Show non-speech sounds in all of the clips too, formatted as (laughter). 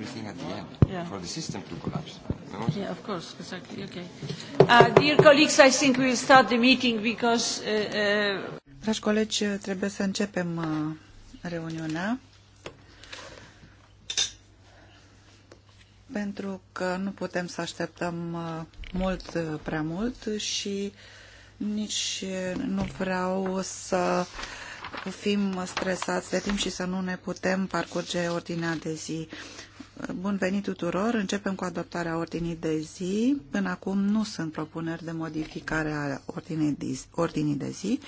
everything at the end yeah. for the system to collapse. No? Yeah, of course, exactly. Okay. Uh, dear colleagues, I think we'll start the meeting because. Uh, uh... Dragi colegi, trebuie să începem uh, reuniunea. pentru că nu putem să așteptăm uh, mult uh, prea mult și nici nu vreau să fim stresați de timp și să nu ne putem parcurge ordinea de zi. Bun venit tuturor. Începem cu adoptarea ordinii de zi. Până acum nu sunt propuneri de modificare a ordinii de zi,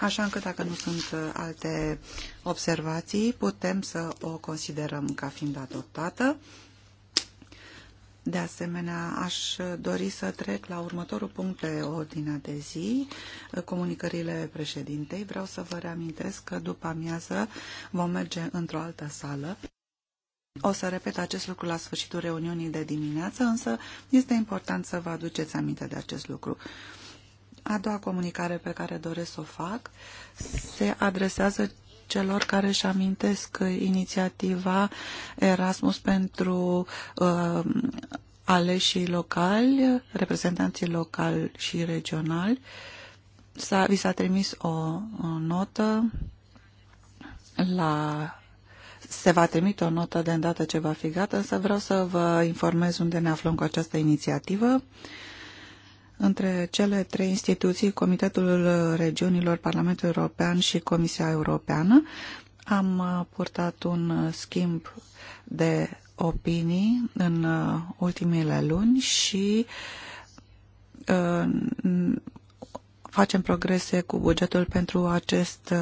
așa încât dacă nu sunt uh, alte observații, putem să o considerăm ca fiind adoptată. De asemenea, aș dori să trec la următorul punct pe ordinea de zi, uh, comunicările președintei. Vreau să vă reamintesc că după amiază vom merge într-o altă sală. O să repet acest lucru la sfârșitul reuniunii de dimineață, însă este important să vă aduceți aminte de acest lucru. A doua comunicare pe care doresc să o fac se adresează celor care își amintesc inițiativa Erasmus pentru uh, aleșii locali, reprezentanții locali și regionali. S-a, vi s-a trimis o, o notă la se va trimite o notă de îndată ce va fi gata, însă vreau să vă informez unde ne aflăm cu această inițiativă. Între cele trei instituții, Comitetul Regiunilor, Parlamentul European și Comisia Europeană, am uh, purtat un uh, schimb de opinii în uh, ultimile luni și facem progrese cu bugetul pentru acest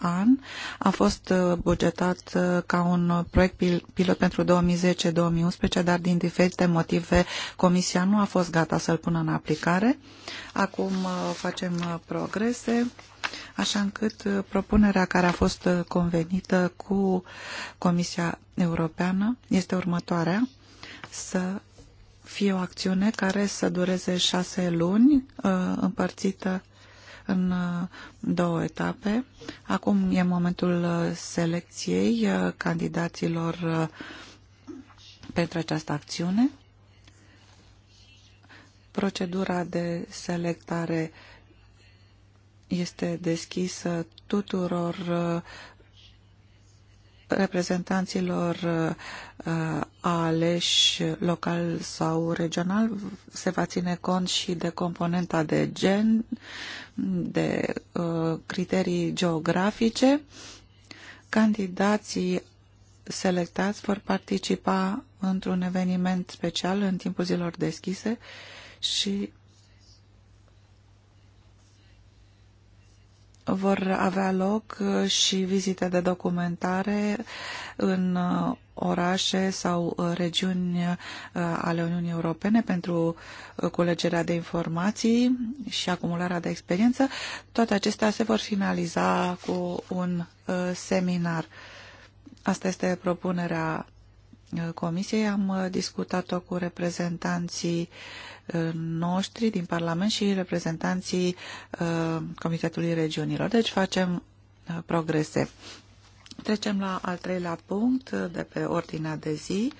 an a fost uh, bugetat uh, ca un proiect pilot pentru 2010-2011, dar din diferite motive Comisia nu a fost gata să-l pună în aplicare. Acum uh, facem progrese, așa încât propunerea care a fost convenită cu Comisia Europeană este următoarea să fie o acțiune care să dureze șase luni, împărțită în uh, două etape. Acum e momentul uh, selecției uh, candidaților pentru această acțiune. Procedura de selectare este deschisă tuturor reprezentanților uh, aleși local sau regional se va ține cont și de componenta de gen, de uh, criterii geografice. Candidații selectați vor participa într-un eveniment special în timpul zilor deschise și vor avea loc uh, și vizite de documentare în uh, orașe sau uh, regiuni ale Uniunii Europene pentru culegerea de informații și acumularea de experiență. Toate acestea se vor finaliza cu un seminar. Asta este propunerea Comisiei, am uh, discutat-o cu reprezentanții uh, noștri din Parlament și reprezentanții uh, Comitetului Regiunilor. Deci facem progrese. Trecem la al treilea punct de pe ordinea de zi.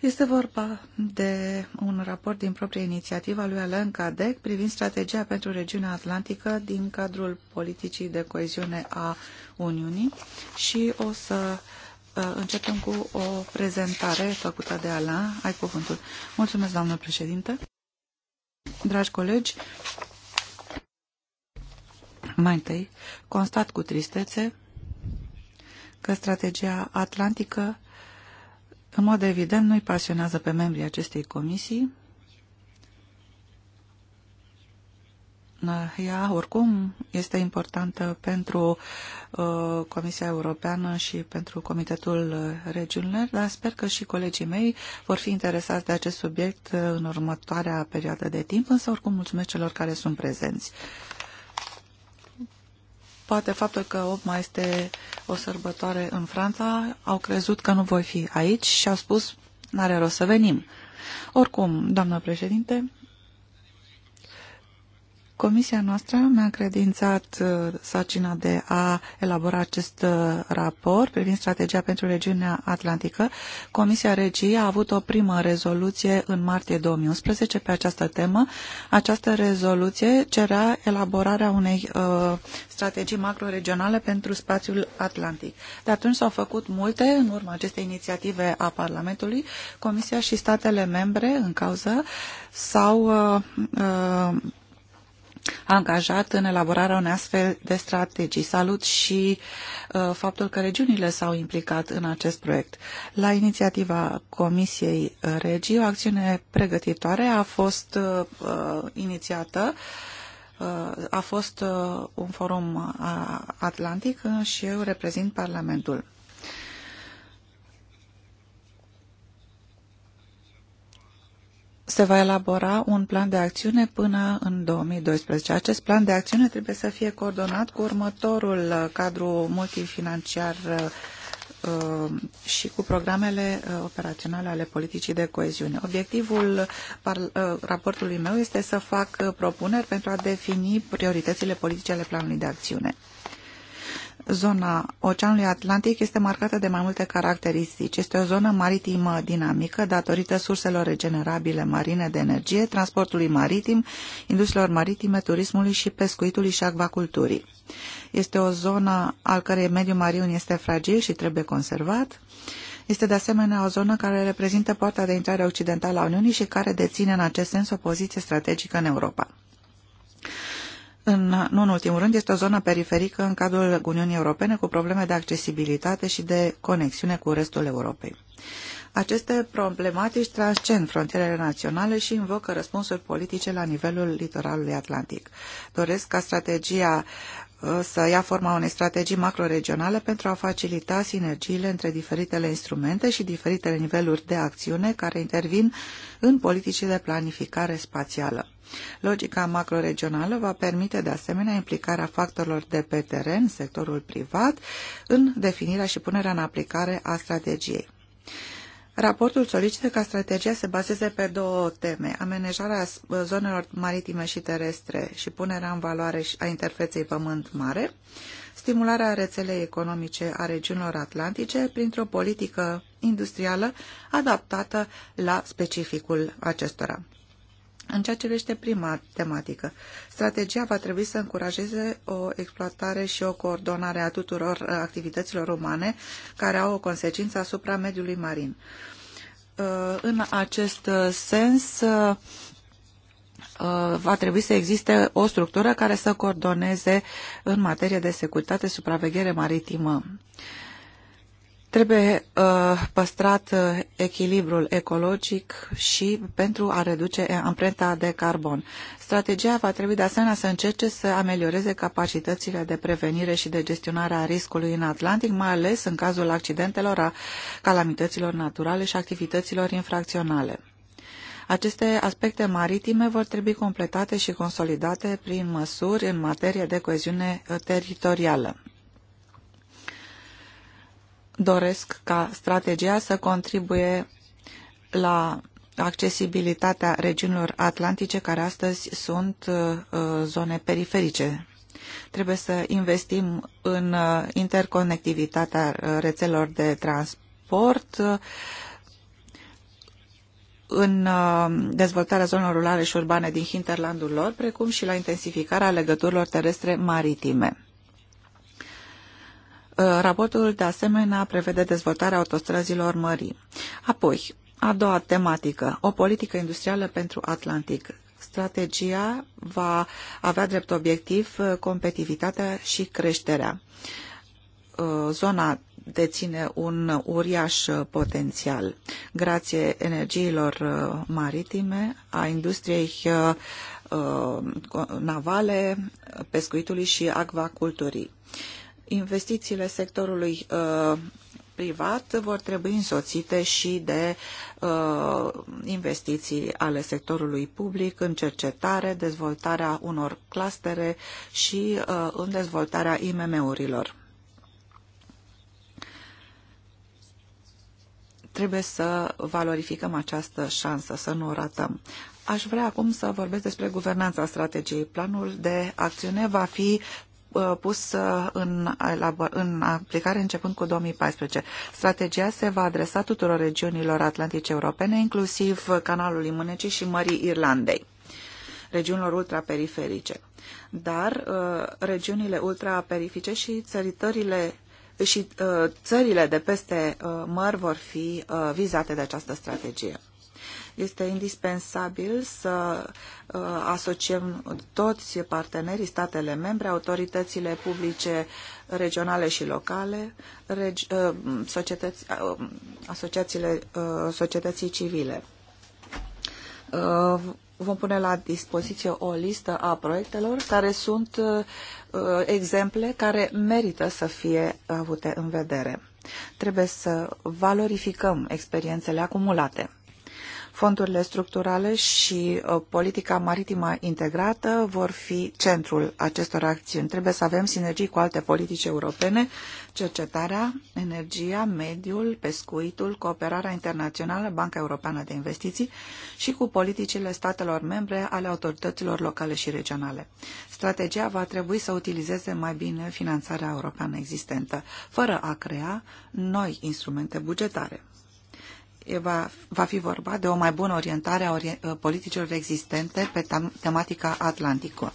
Este vorba de un raport din proprie inițiativă a lui Alain Cadec privind strategia pentru regiunea atlantică din cadrul politicii de coeziune a Uniunii și o să Uh, începem cu o prezentare făcută de Ala. Ai cuvântul. Mulțumesc, doamnă președinte. Dragi colegi, mai întâi, constat cu tristețe că strategia atlantică, în mod evident, nu-i pasionează pe membrii acestei comisii, ea oricum este importantă pentru uh, Comisia Europeană și pentru Comitetul uh, Regiunilor, dar sper că și colegii mei vor fi interesați de acest subiect uh, în următoarea perioadă de timp, însă oricum mulțumesc celor care sunt prezenți. Poate faptul că 8 mai este o sărbătoare în Franța, au crezut că nu voi fi aici și au spus, n-are rost să venim. Oricum, doamnă președinte, Comisia noastră mi-a credințat uh, sacina de a elabora acest uh, raport privind strategia pentru regiunea atlantică. Comisia Regii a avut o primă rezoluție în martie 2011 pe această temă. Această rezoluție cerea elaborarea unei uh, strategii macroregionale pentru spațiul atlantic. De atunci s-au făcut multe în urma acestei inițiative a Parlamentului. Comisia și statele membre în cauză s-au uh, uh, angajat în elaborarea unei astfel de strategii. Salut și uh, faptul că regiunile s-au implicat în acest proiect. La inițiativa Comisiei Regii, o acțiune pregătitoare a fost uh, uh inițiată uh, a fost uh, un forum atlantic și eu reprezint Parlamentul. se va elabora un plan de acțiune până în 2012. Acest plan de acțiune trebuie să fie coordonat cu următorul uh, cadru multifinanciar uh, uh, și cu programele operaționale ale politicii de coeziune. Obiectivul raportului meu este să fac propuneri pentru a defini prioritățile politice ale planului de acțiune. Zona Oceanului Atlantic este marcată de mai multe caracteristici. Este o zonă maritimă dinamică datorită surselor regenerabile marine de energie, transportului maritim, industriilor maritime, turismului și pescuitului și acvaculturii. Este o zonă al cărei mediu marin este fragil și trebuie conservat. Este de asemenea o zonă care reprezintă poarta de intrare occidentală a Uniunii și care deține în acest sens o poziție strategică în Europa. În, nu în ultimul rând, este o zonă periferică în cadrul Uniunii Europene cu probleme de accesibilitate și de conexiune cu restul Europei. Aceste problematici transcend frontierele naționale și invocă răspunsuri politice la nivelul litoralului atlantic. Doresc ca strategia uh, să ia forma unei strategii macroregionale pentru a facilita sinergiile între diferitele instrumente și diferitele niveluri de acțiune care intervin în politicile de planificare spațială. Logica macroregională va permite de asemenea implicarea factorilor de pe teren, sectorul privat, în definirea și punerea în aplicare a strategiei. Raportul solicită ca strategia să bazeze pe două teme, amenajarea zonelor maritime și terestre și punerea în valoare a interfeței pământ-mare, stimularea rețelei economice a regiunilor atlantice printr-o politică industrială adaptată la specificul acestora. În ceea ce privește prima tematică, strategia va trebui să încurajeze o exploatare și o coordonare a tuturor uh, activităților umane care au o consecință asupra mediului marin. Uh, în acest uh, sens, va trebui să existe o structură care să coordoneze în materie de securitate supraveghere maritimă. Trebuie uh, păstrat uh, echilibrul ecologic și pentru a reduce uh, amprenta de carbon. Strategia va trebui de asemenea să încerce să amelioreze capacitățile de prevenire și de gestionare a riscului în Atlantic, mai ales în cazul accidentelor, a calamităților naturale și activităților infracționale. Aceste aspecte maritime vor trebui completate și consolidate prin măsuri în materie de coeziune uh, teritorială doresc ca strategia să contribuie la accesibilitatea regiunilor atlantice care astăzi sunt uh, zone periferice. Trebuie să investim în uh, interconectivitatea uh, rețelor de transport, în dezvoltarea zonelor rurale și urbane din hinterlandul lor, precum și la intensificarea legăturilor terestre maritime. Uh, raportul, de asemenea, prevede dezvoltarea autostrăzilor mării. Apoi, a doua tematică, o politică industrială pentru Atlantic. Strategia va avea drept obiectiv uh, competitivitatea și creșterea. Uh, zona deține un uriaș potențial. Grație energiilor maritime, a industriei navale, pescuitului și acvaculturii. Investițiile sectorului uh, privat vor trebui însoțite și de uh, investiții ale sectorului public în cercetare, dezvoltarea unor clastere și uh, în dezvoltarea IMM-urilor. Trebuie să valorificăm această șansă, să nu o ratăm. Aș vrea acum să vorbesc despre guvernanța strategiei. Planul de acțiune va fi Uh, pus uh, în, în aplicare începând cu 2014. Strategia se va adresa tuturor regiunilor atlantice europene, inclusiv canalului Mânecii și Mării Irlandei, regiunilor ultraperiferice. Dar uh, regiunile ultraperifice și țăritările și țările de peste măr vor fi vizate de această strategie. Este indispensabil să uh, asociem toți partenerii, statele membre, autoritățile publice regionale și locale, uh, uh, asociațiile societății civile vom pune la dispoziție o listă a proiectelor care sunt exemple care merită să fie avute în vedere. Trebuie să valorificăm experiențele acumulate. Fondurile structurale și uh, politica maritimă integrată vor fi centrul acestor acțiuni. Trebuie să avem sinergii cu alte politici europene, cercetarea, energia, mediul, pescuitul, cooperarea internațională, Banca Europeană de Investiții și cu politicile statelor membre ale autorităților locale și regionale. Strategia va trebui să utilizeze mai bine finanțarea europeană existentă, fără a crea noi instrumente bugetare va, va fi vorba de o mai bună orientare a ori ă, politicilor existente pe tematica atlantică.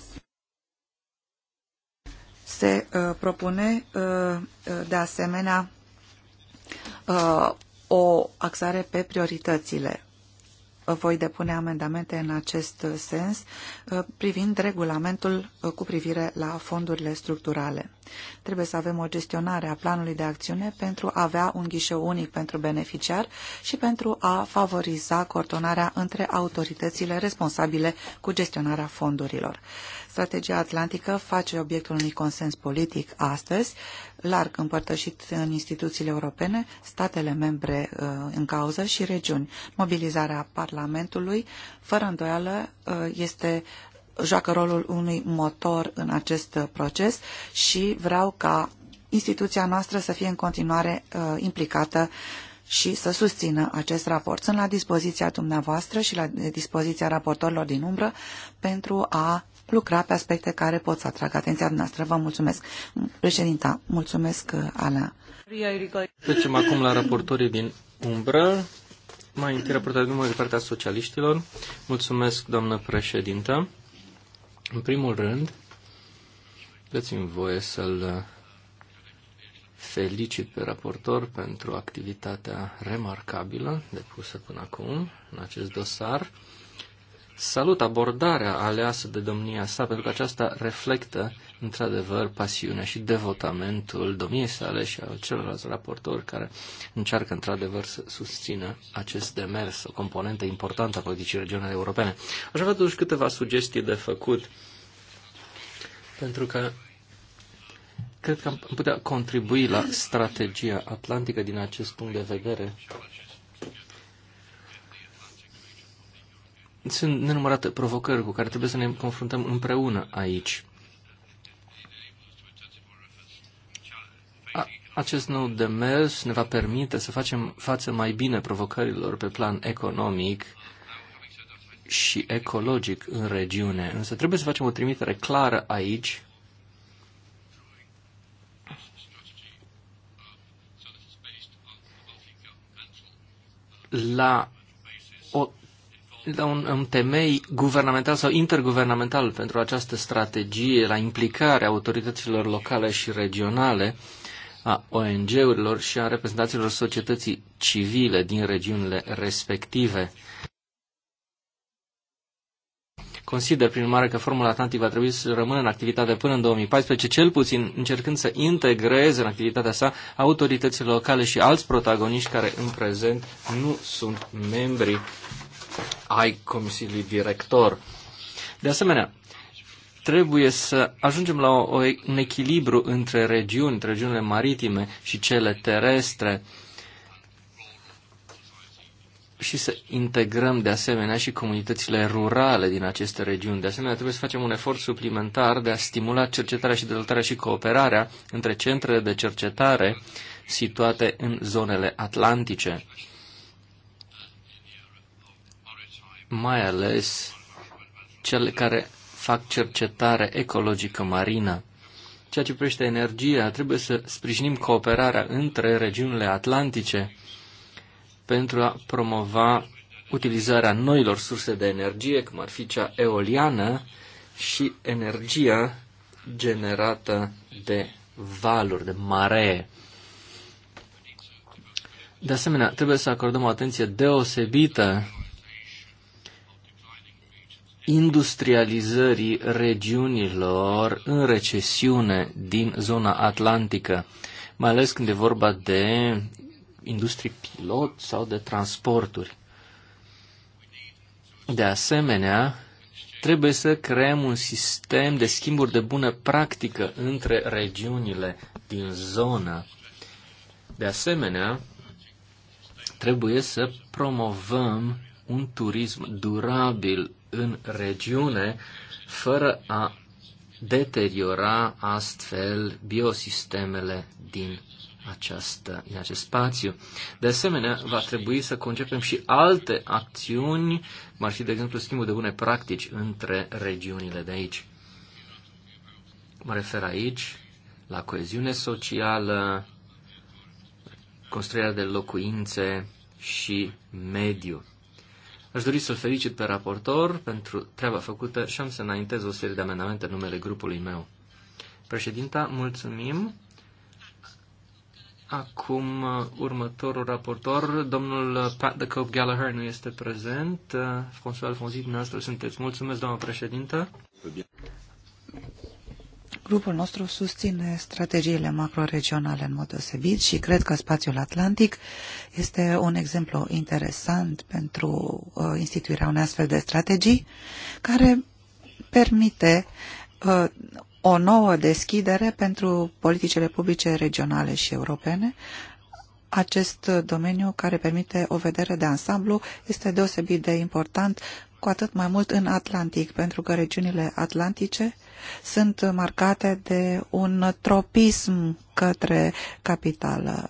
Se uh, propune uh, de asemenea uh, o axare pe prioritățile voi depune amendamente în acest sens uh, privind regulamentul uh, cu privire la fondurile structurale. Trebuie să avem o gestionare a planului de acțiune pentru a avea un ghișeu unic pentru beneficiar și pentru a favoriza coordonarea între autoritățile responsabile cu gestionarea fondurilor. Strategia Atlantică face obiectul unui consens politic astăzi, larg împărtășit în instituțiile europene, statele membre uh, în cauză și regiuni. Mobilizarea Parlamentului, fără îndoială, uh, este joacă rolul unui motor în acest uh, proces și vreau ca instituția noastră să fie în continuare implicată și să susțină acest raport. Sunt la dispoziția dumneavoastră și la dispoziția raportorilor din umbră pentru a lucra pe aspecte care pot să atragă atenția noastră. Vă mulțumesc. Președinta, mulțumesc, uh, Ala. Trecem acum la raportorii din umbră. Mai întâi raportorii din de partea socialiștilor. Mulțumesc, doamnă președintă. În primul rând, dați-mi voie să-l uh, felicit pe raportor pentru activitatea remarcabilă depusă până acum în acest dosar salut abordarea aleasă de domnia sa, pentru că aceasta reflectă, într-adevăr, pasiunea și devotamentul domniei sale și al celorlalți raportori care încearcă, într-adevăr, să susțină acest demers, o componentă importantă a politicii regionale europene. Aș avea totuși câteva sugestii de făcut, pentru că cred că am putea contribui la strategia atlantică din acest punct de vedere. sunt nenumărate provocări cu care trebuie să ne confruntăm împreună aici. acest nou demers ne va permite să facem față mai bine provocărilor pe plan economic și ecologic în regiune. Însă trebuie să facem o trimitere clară aici la da un, un temei guvernamental sau interguvernamental pentru această strategie la implicarea autorităților locale și regionale a ONG-urilor și a reprezentanților societății civile din regiunile respective. Consider, prin urmare, că formula Atlantic va trebui să rămână în activitate până în 2014, cel puțin încercând să integreze în activitatea sa autoritățile locale și alți protagoniști care în prezent nu sunt membri ai Comisiei Director. De asemenea, trebuie să ajungem la o, un echilibru între regiuni, între regiunile maritime și cele terestre și să integrăm de asemenea și comunitățile rurale din aceste regiuni. De asemenea, trebuie să facem un efort suplimentar de a stimula cercetarea și dezvoltarea și cooperarea între centrele de cercetare situate în zonele atlantice. mai ales cele care fac cercetare ecologică marină. Ceea ce privește energia, trebuie să sprijinim cooperarea între regiunile atlantice pentru a promova utilizarea noilor surse de energie, cum ar fi cea eoliană și energia generată de valuri, de maree. De asemenea, trebuie să acordăm o atenție deosebită industrializării regiunilor în recesiune din zona atlantică, mai ales când e vorba de industrii pilot sau de transporturi. De asemenea, trebuie să creăm un sistem de schimburi de bună practică între regiunile din zonă. De asemenea, trebuie să promovăm un turism durabil în regiune, fără a deteriora astfel biosistemele din această, în acest spațiu. De asemenea, va trebui să concepem și alte acțiuni, cum ar fi, de exemplu, schimbul de bune practici între regiunile de aici. Mă refer aici la coeziune socială, construirea de locuințe și mediu. Aș dori să-l felicit pe raportor pentru treaba făcută și am să înaintez o serie de amendamente în numele grupului meu. Președinta, mulțumim. Acum, următorul raportor, domnul Pat de Cope Gallagher nu este prezent. François Alfonsi, dumneavoastră sunteți. Mulțumesc, doamnă președintă. Grupul nostru susține strategiile macroregionale în mod deosebit și cred că spațiul atlantic este un exemplu interesant pentru uh, instituirea unei astfel de strategii care permite uh, o nouă deschidere pentru politicile publice regionale și europene. Acest domeniu care permite o vedere de ansamblu este deosebit de important cu atât mai mult în Atlantic, pentru că regiunile atlantice sunt marcate de un tropism către capitală,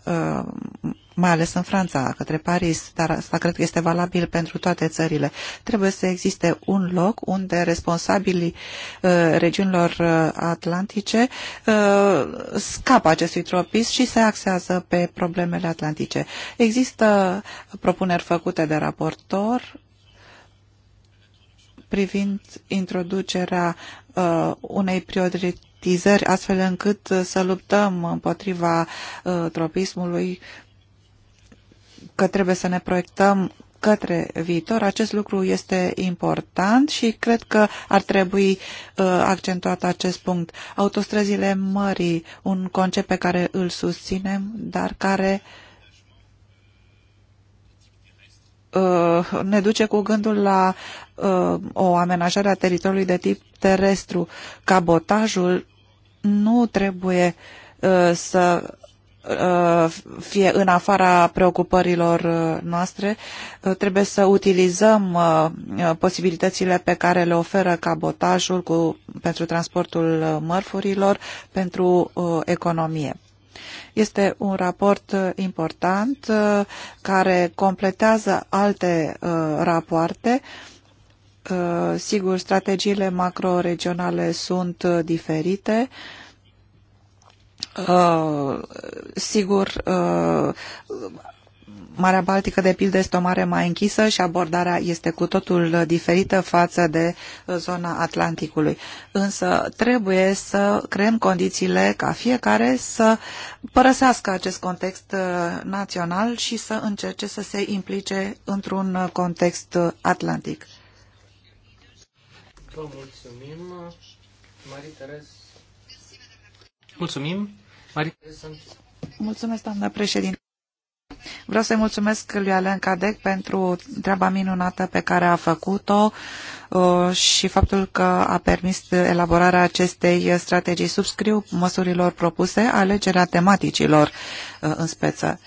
uh, mai ales în Franța, către Paris, dar asta cred că este valabil pentru toate țările. Trebuie să existe un loc unde responsabilii uh, regiunilor uh, atlantice scapă acestui tropism și se axează pe problemele atlantice. Există propuneri făcute de raportor privind introducerea uh, unei prioritizări astfel încât uh, să luptăm împotriva uh, tropismului că trebuie să ne proiectăm către viitor. Acest lucru este important și cred că ar trebui uh, accentuat acest punct. Autostrăzile mării, un concept pe care îl susținem, dar care uh, Uh, ne duce cu gândul la uh, o amenajare a teritoriului de tip terestru. Cabotajul nu trebuie uh, să fie în afara preocupărilor noastre, trebuie să utilizăm posibilitățile pe care le oferă cabotajul cu, pentru transportul mărfurilor, pentru economie. Este un raport uh, important uh, care completează alte uh, rapoarte sigur, strategiile macroregionale sunt diferite. sigur, Marea Baltică, de pildă, este o mare mai închisă și abordarea este cu totul diferită față de uh, zona Atlanticului. Însă trebuie să creăm condițiile ca fiecare să părăsească acest context uh, național și să încerce să se implice într-un uh, context atlantic. Vă mulțumim, Marie Teres. Mulțumim, Marie Teres. Mulțumesc, doamnă președinte. Vreau să-i mulțumesc lui Alen Cadec pentru treaba minunată pe care a făcut-o uh, și faptul că a permis elaborarea acestei strategii. Subscriu măsurilor propuse, alegerea tematicilor uh, în speță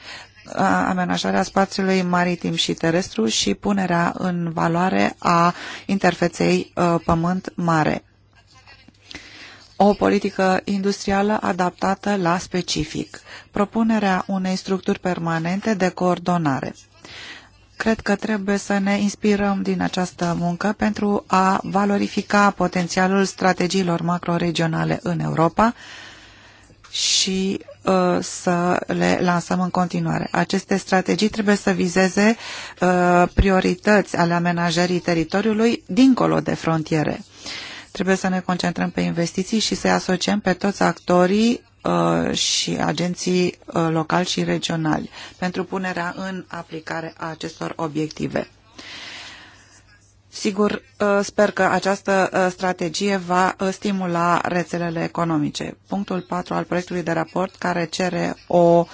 uh, amenajarea spațiului maritim și terestru și punerea în valoare a interfeței pământ-mare o politică industrială adaptată la specific, propunerea unei structuri permanente de coordonare. Cred că trebuie să ne inspirăm din această muncă pentru a valorifica potențialul strategiilor macroregionale în Europa și uh, să le lansăm în continuare. Aceste strategii trebuie să vizeze uh, priorități ale amenajării teritoriului dincolo de frontiere Trebuie să ne concentrăm pe investiții și să-i asociem pe toți actorii uh, și agenții uh, locali și regionali pentru punerea în aplicare a acestor obiective. Sigur, uh, sper că această strategie va stimula rețelele economice. Punctul 4 al proiectului de raport care cere o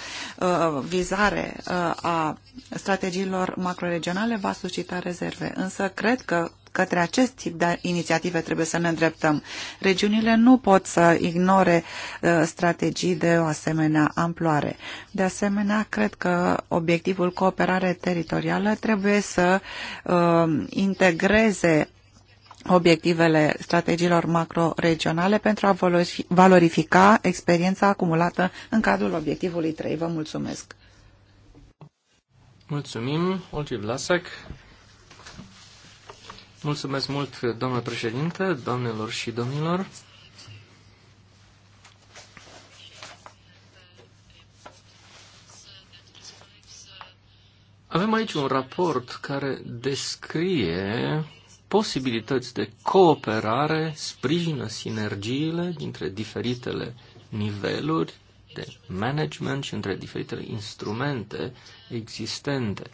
vizare a strategiilor macroregionale va suscita rezerve, însă cred că către acest tip de inițiative trebuie să ne îndreptăm. Regiunile nu pot să ignore uh, strategii de o asemenea amploare. De asemenea, cred că obiectivul cooperare teritorială trebuie să uh, integreze obiectivele strategiilor macro-regionale pentru a valorifica experiența acumulată în cadrul obiectivului 3. Vă mulțumesc! Mulțumim, Olgi Vlasac. Mulțumesc mult, domnule președinte, doamnelor și domnilor. Avem aici un raport care descrie posibilități de cooperare, sprijină sinergiile dintre diferitele niveluri de management și între diferitele instrumente existente.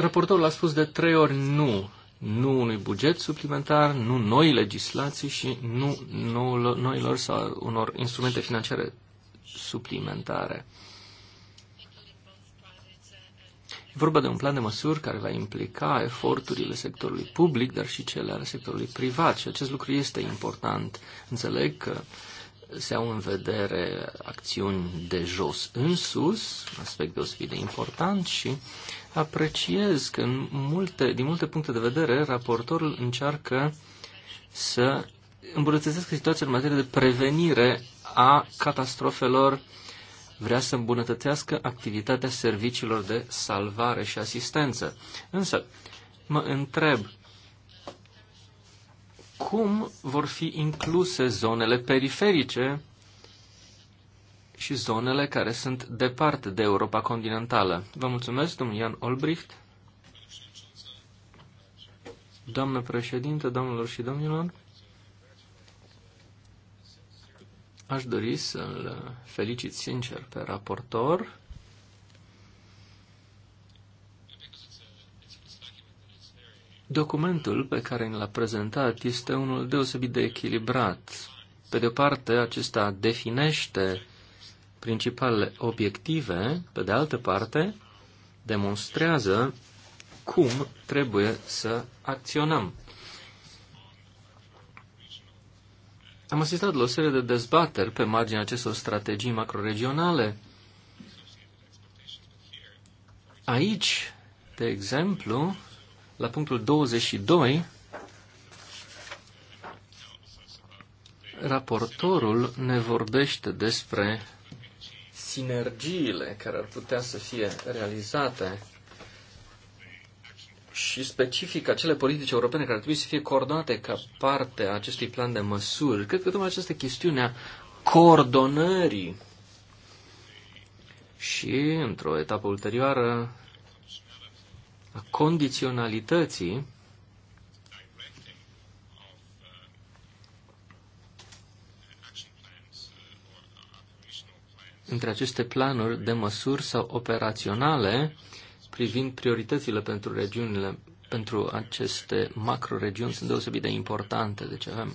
Raportorul a spus de trei ori nu. Nu unui buget suplimentar, nu noi legislații și nu noilor, sau unor instrumente financiare suplimentare. E vorba de un plan de măsuri care va implica eforturile sectorului public, dar și cele ale sectorului privat și acest lucru este important. Înțeleg că uh, se au în vedere acțiuni de jos în sus, aspect deosebit de important și apreciez că în multe, din multe puncte de vedere raportorul încearcă să îmbunătățească situația în materie de prevenire a catastrofelor, vrea să îmbunătățească activitatea serviciilor de salvare și asistență. Însă, mă întreb, cum vor fi incluse zonele periferice și zonele care sunt departe de Europa continentală. Vă mulțumesc, domnul Ian Olbricht. Doamnă președinte, domnilor și domnilor, aș dori să-l felicit sincer pe raportor Documentul pe care l-a prezentat este unul deosebit de echilibrat. Pe de o parte, acesta definește principalele obiective, pe de altă parte, demonstrează cum trebuie să acționăm. Am asistat la o serie de dezbateri pe marginea acestor strategii macroregionale. Aici, de exemplu, la punctul 22, raportorul ne vorbește despre sinergiile care ar putea să fie realizate și specific acele politici europene care ar trebui să fie coordonate ca parte a acestui plan de măsuri. Cred că tocmai această chestiune a coordonării și, într-o etapă ulterioară, a condiționalității între aceste planuri de măsuri sau operaționale privind prioritățile pentru regiunile, pentru aceste macroregiuni sunt deosebit de importante. Deci avem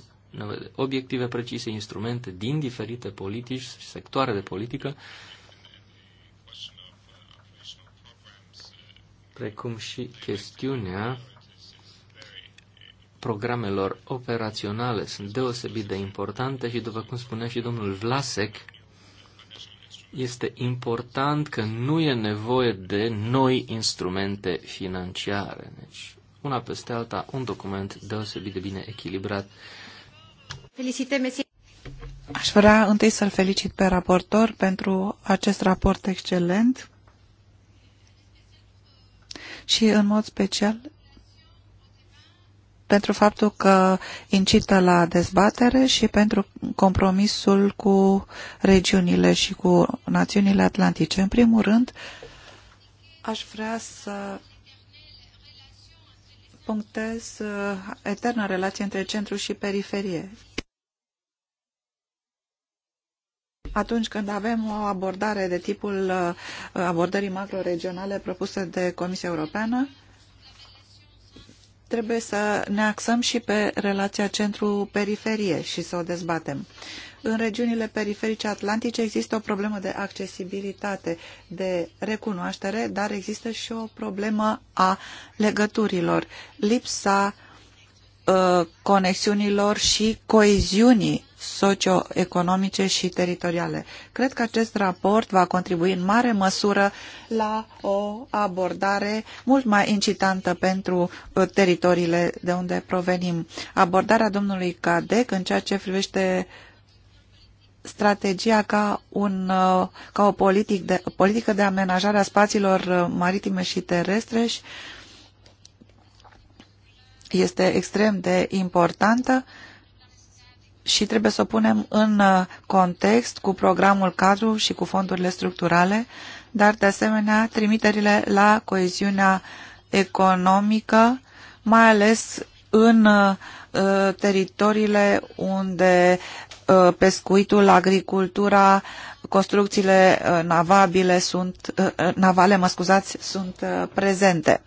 obiective precise, instrumente din diferite politici, sectoare de politică precum și chestiunea programelor operaționale sunt deosebit de importante și, după cum spunea și domnul Vlasek, este important că nu e nevoie de noi instrumente financiare. Deci, una peste alta, un document deosebit de bine echilibrat. Felicităm, Aș vrea întâi să-l felicit pe raportor pentru acest raport excelent și în mod special pentru faptul că incită la dezbatere și pentru compromisul cu regiunile și cu națiunile atlantice. În primul rând, aș vrea să punctez uh, eterna relație între centru și periferie. atunci când avem o abordare de tipul uh, abordării macro-regionale propuse de Comisia Europeană, trebuie să ne axăm și pe relația centru-periferie și să o dezbatem. În regiunile periferice atlantice există o problemă de accesibilitate, de recunoaștere, dar există și o problemă a legăturilor. Lipsa Uh, conexiunilor și coeziunii socioeconomice și teritoriale. Cred că acest raport va contribui în mare măsură la o abordare mult mai incitantă pentru uh, teritoriile de unde provenim. Abordarea domnului Cadec în ceea ce privește strategia ca, un, uh, ca o politic de, politică de amenajare a spațiilor maritime și terestre și este extrem de importantă și trebuie să o punem în uh, context cu programul cadru și cu fondurile structurale, dar de asemenea trimiterile la coeziunea economică, mai ales în uh, teritoriile unde uh, pescuitul, agricultura, construcțiile navabile sunt, navale, mă scuzați, sunt prezente.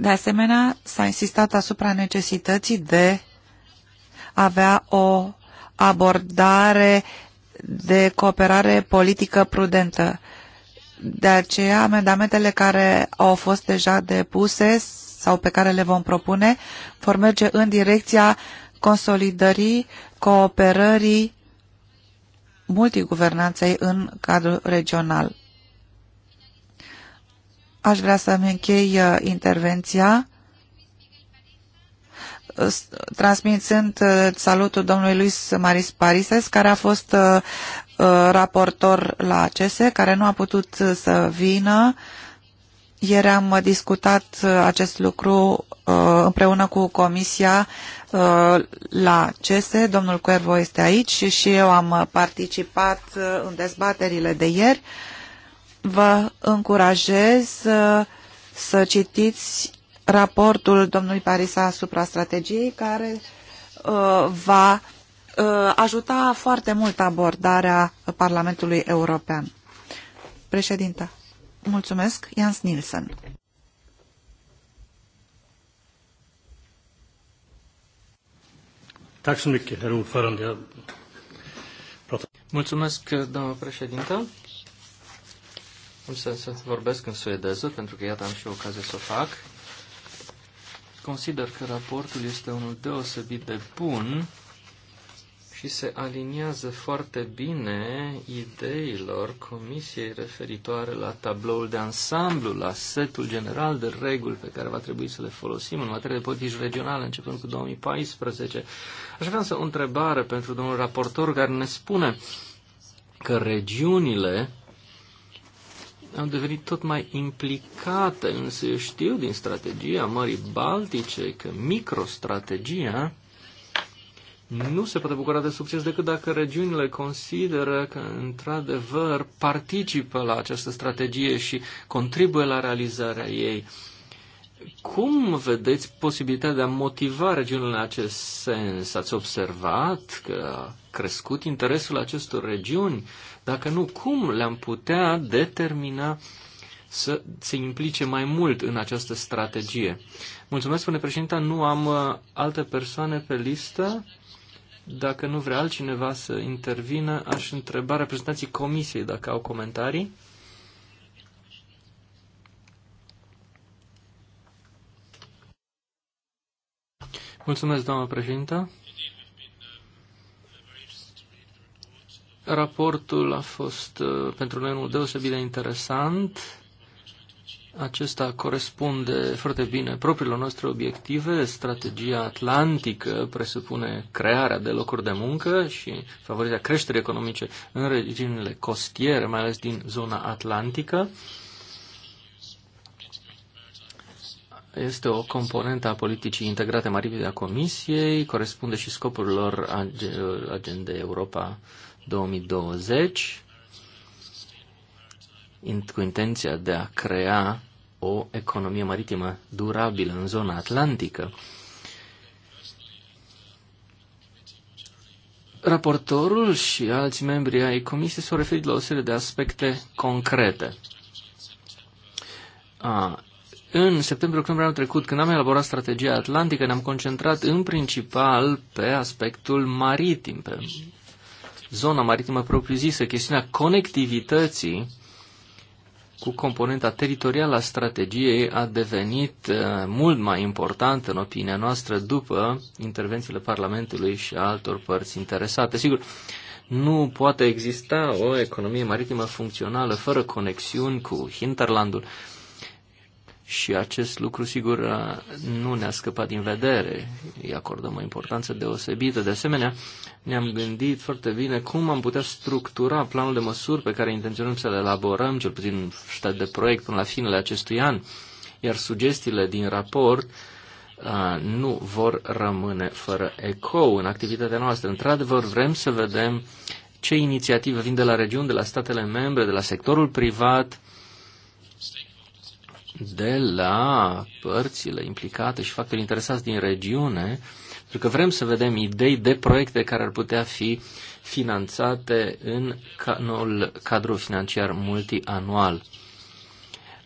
De asemenea, s-a insistat asupra necesității de a avea o abordare de cooperare politică prudentă. De aceea, amendamentele care au fost deja depuse sau pe care le vom propune vor merge în direcția consolidării, cooperării multiguvernanței în cadrul regional. Aș vrea să-mi închei uh, intervenția transmițând uh, salutul domnului Luis Maris Parises, care a fost uh, raportor la ACESE, care nu a putut să vină. Ieri am discutat acest lucru împreună cu Comisia la CESE. Domnul Cuervo este aici și eu am participat în dezbaterile de ieri. Vă încurajez uh, să citiți raportul domnului Parisa asupra strategiei care uh, va uh, ajuta foarte mult abordarea Parlamentului European. Președinta, mulțumesc, Jans Nielsen. Mulțumesc, doamnă președintă. Cum să, să vorbesc în suedeză, pentru că iată am și ocazia să o fac. Consider că raportul este unul deosebit de bun și se aliniază foarte bine ideilor comisiei referitoare la tabloul de ansamblu, la setul general de reguli pe care va trebui să le folosim în materie de politici regionale începând cu 2014. Aș avea însă o întrebare pentru domnul raportor care ne spune că regiunile am devenit tot mai implicată însă eu știu din strategia Mării Baltice că microstrategia nu se poate bucura de succes decât dacă regiunile consideră că, într-adevăr, participă la această strategie și contribuie la realizarea ei. Cum vedeți posibilitatea de a motiva regiunile în acest sens? Ați observat că a crescut interesul acestor regiuni? Dacă nu, cum le-am putea determina să se implice mai mult în această strategie? Mulțumesc, spune președinta, nu am uh, alte persoane pe listă. Dacă nu vrea altcineva să intervină, aș întreba reprezentanții comisiei dacă au comentarii. Mulțumesc, doamnă președintă. Raportul a fost uh, pentru noi unul deosebit de interesant. Acesta corespunde foarte bine propriilor noastre obiective. Strategia atlantică presupune crearea de locuri de muncă și favorizarea creșterii economice în regiunile costiere, mai ales din zona atlantică. este o componentă a politicii integrate maritime a Comisiei, corespunde și scopurilor agendei Europa 2020 cu intenția de a crea o economie maritimă durabilă în zona atlantică. Raportorul și alți membri ai comisiei s-au referit la o serie de aspecte concrete. A în septembrie-octombrie anul trecut, când am elaborat strategia atlantică, ne-am concentrat în principal pe aspectul maritim, pe zona maritimă propriu-zisă, chestiunea conectivității cu componenta teritorială a strategiei a devenit uh, mult mai importantă, în opinia noastră, după intervențiile Parlamentului și a altor părți interesate. Sigur, nu poate exista o economie maritimă funcțională fără conexiuni cu hinterlandul. Și acest lucru, sigur, nu ne-a scăpat din vedere. Îi acordăm o importanță deosebită. De asemenea, ne-am gândit foarte bine cum am putea structura planul de măsuri pe care intenționăm să-l elaborăm, cel puțin în stat de proiect, până la finele acestui an. Iar sugestiile din raport nu vor rămâne fără ecou în activitatea noastră. Într-adevăr, vrem să vedem ce inițiative vin de la regiuni, de la statele membre, de la sectorul privat, de la părțile implicate și factorii interesați din regiune, pentru că vrem să vedem idei de proiecte care ar putea fi finanțate în noul cadru financiar multianual.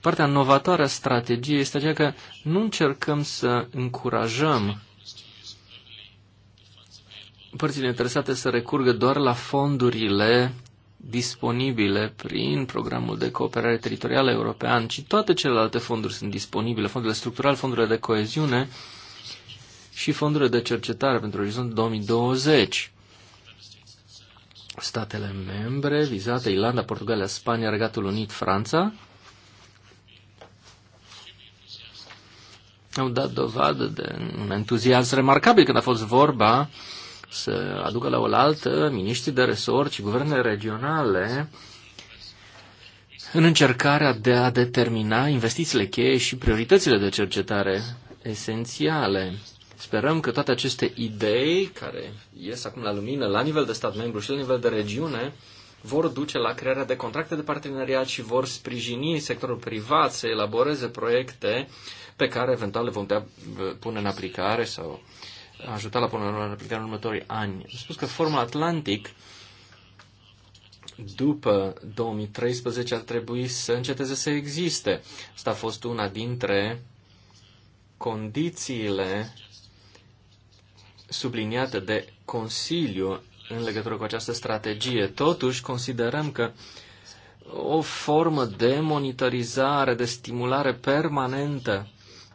Partea novatoare a strategiei este aceea că nu încercăm să încurajăm părțile interesate să recurgă doar la fondurile disponibile prin programul de cooperare teritorială european, ci toate celelalte fonduri sunt disponibile, fondurile structurale, fondurile de coeziune și fondurile de cercetare pentru orizont 2020. Statele membre vizate, Irlanda, Portugalia, Spania, Regatul Unit, Franța, au dat dovadă de un entuziasm remarcabil când a fost vorba să aducă la oaltă miniștrii de resort și guverne regionale în încercarea de a determina investițiile cheie și prioritățile de cercetare esențiale. Sperăm că toate aceste idei care ies acum la lumină la nivel de stat membru și la nivel de regiune vor duce la crearea de contracte de parteneriat și vor sprijini sectorul privat să elaboreze proiecte pe care eventual le vom putea uh, pune în aplicare sau ajuta la punerea în aplicare în următorii ani. Am spus că Forma Atlantic după 2013 ar trebui să înceteze să existe. Asta a fost una dintre condițiile subliniate de Consiliu în legătură cu această strategie. Totuși, considerăm că o formă de monitorizare, de stimulare permanentă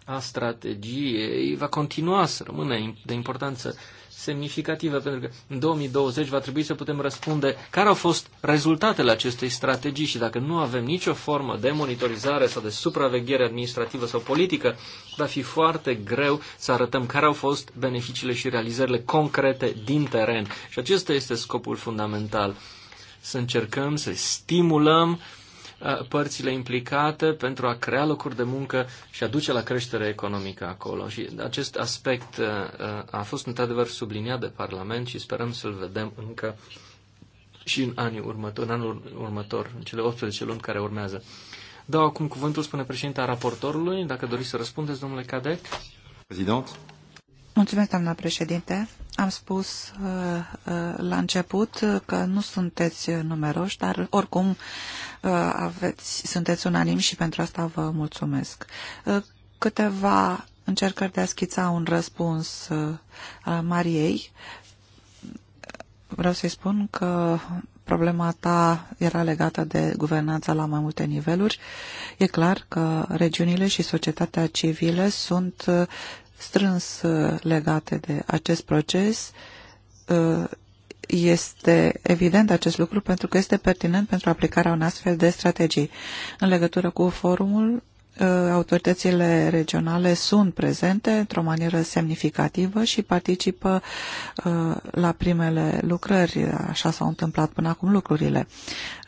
a strategiei va continua să rămână de importanță semnificativă, pentru că în 2020 va trebui să putem răspunde care au fost rezultatele acestei strategii și dacă nu avem nicio formă de monitorizare sau de supraveghere administrativă sau politică, va fi foarte greu să arătăm care au fost beneficiile și realizările concrete din teren. Și acesta este scopul fundamental. Să încercăm să stimulăm părțile implicate pentru a crea locuri de muncă și a duce la creștere economică acolo. Și acest aspect a fost într-adevăr subliniat de Parlament și sperăm să-l vedem încă și în, anii următor, în anul următor, în cele 18 luni care urmează. Dau acum cuvântul, spune președinta raportorului, dacă doriți să răspundeți, domnule Cadec. Prezident. Mulțumesc, doamna președinte. Am spus uh, uh, la început că nu sunteți numeroși, dar oricum uh, aveți, sunteți unanim și pentru asta vă mulțumesc. Câteva încercări de a schița un răspuns a Mariei. Vreau să-i spun că problema ta era legată de guvernanța la mai multe niveluri. E clar că regiunile și societatea civile sunt strâns uh, legate de acest proces. Uh, este evident acest lucru pentru că este pertinent pentru aplicarea unei astfel de strategii. În legătură cu forumul, uh, autoritățile regionale sunt prezente într-o manieră semnificativă și participă la primele lucrări. Așa s-au întâmplat până acum lucrurile.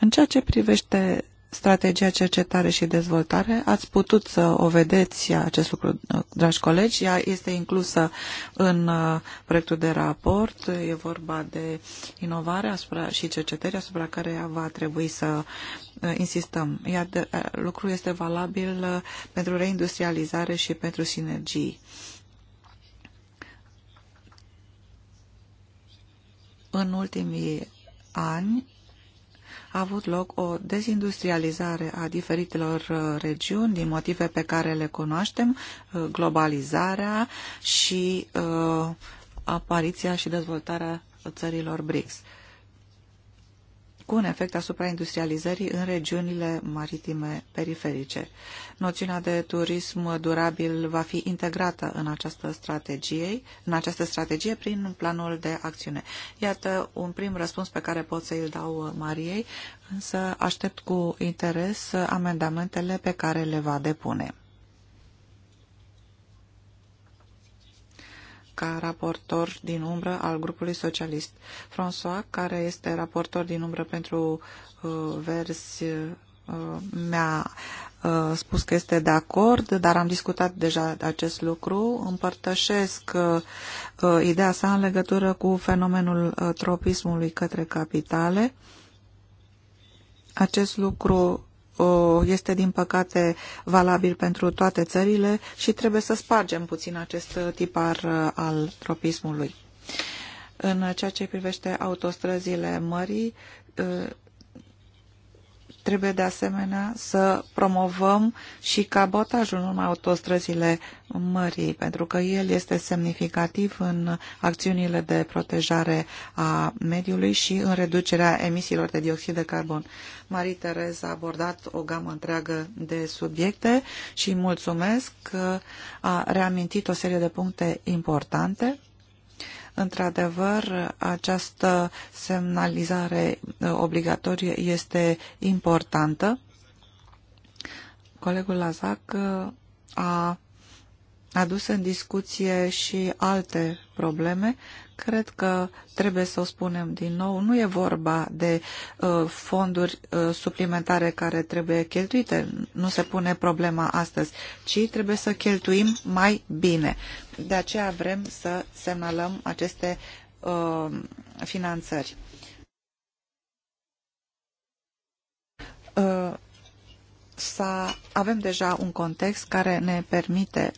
În ceea ce privește strategia cercetare și dezvoltare. Ați putut să o vedeți acest lucru, dragi colegi. Ea este inclusă în uh, proiectul de raport. E vorba de inovare asupra, și cercetări asupra care va trebui să uh, insistăm. Iar de, uh, lucrul este valabil pentru reindustrializare și pentru sinergii. În ultimii ani a avut loc o dezindustrializare a diferitelor uh, regiuni din motive pe care le cunoaștem, uh, globalizarea și uh, apariția și dezvoltarea țărilor BRICS cu un efect asupra industrializării în regiunile maritime periferice. Noțiunea de turism durabil va fi integrată în această strategie, în această strategie prin planul de acțiune. Iată un prim răspuns pe care pot să i dau Mariei, însă aștept cu interes amendamentele pe care le va depune. ca raportor din umbră al grupului socialist. François, care este raportor din umbră pentru uh, versi, uh, mi-a uh, spus că este de acord, dar am discutat deja acest lucru. Împărtășesc uh, uh ideea sa în legătură cu fenomenul uh, tropismului către capitale. Acest lucru este din păcate valabil pentru toate țările și trebuie să spargem puțin acest tipar uh, al tropismului. În ceea ce privește autostrăzile mării, uh, Trebuie de asemenea să promovăm și cabotajul în urma autostrăzile mării, pentru că el este semnificativ în acțiunile de protejare a mediului și în reducerea emisiilor de dioxid de carbon. Marie Tereza a abordat o gamă întreagă de subiecte și mulțumesc că a reamintit o serie de puncte importante Într-adevăr, această semnalizare uh, obligatorie este importantă. Colegul Lazac uh, a adus în discuție și alte probleme Cred că trebuie să o spunem din nou, nu e vorba de uh, fonduri uh, suplimentare care trebuie cheltuite, nu se pune problema astăzi, ci trebuie să cheltuim mai bine. De aceea vrem să semnalăm aceste uh, finanțări. Uh, avem deja un context care ne permite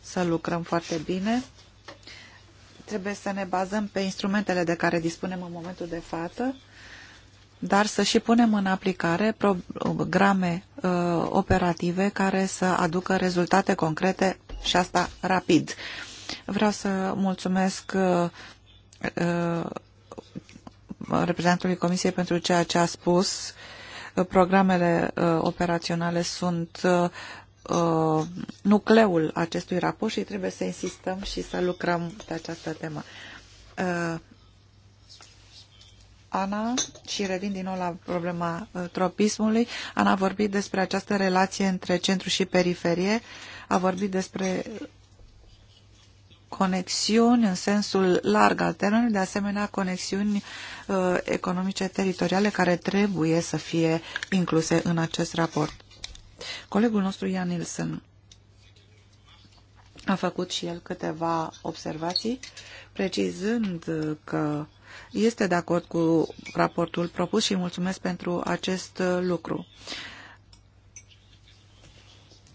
să lucrăm foarte bine Trebuie să ne bazăm pe instrumentele de care dispunem în momentul de față, dar să și punem în aplicare programe uh, operative care să aducă rezultate concrete și asta rapid. Vreau să mulțumesc uh, uh, reprezentantului Comisiei pentru ceea ce a spus. Programele uh, operaționale sunt uh, Uh, nucleul acestui raport și trebuie să insistăm și să lucrăm pe această temă. Uh, Ana, și revin din nou la problema uh, tropismului, Ana a vorbit despre această relație între centru și periferie, a vorbit despre conexiuni în sensul larg al terenului, de asemenea conexiuni uh, economice teritoriale care trebuie să fie incluse în acest raport. Colegul nostru, Ian Nilsson, a făcut și el câteva observații, precizând că este de acord cu raportul propus și mulțumesc pentru acest lucru.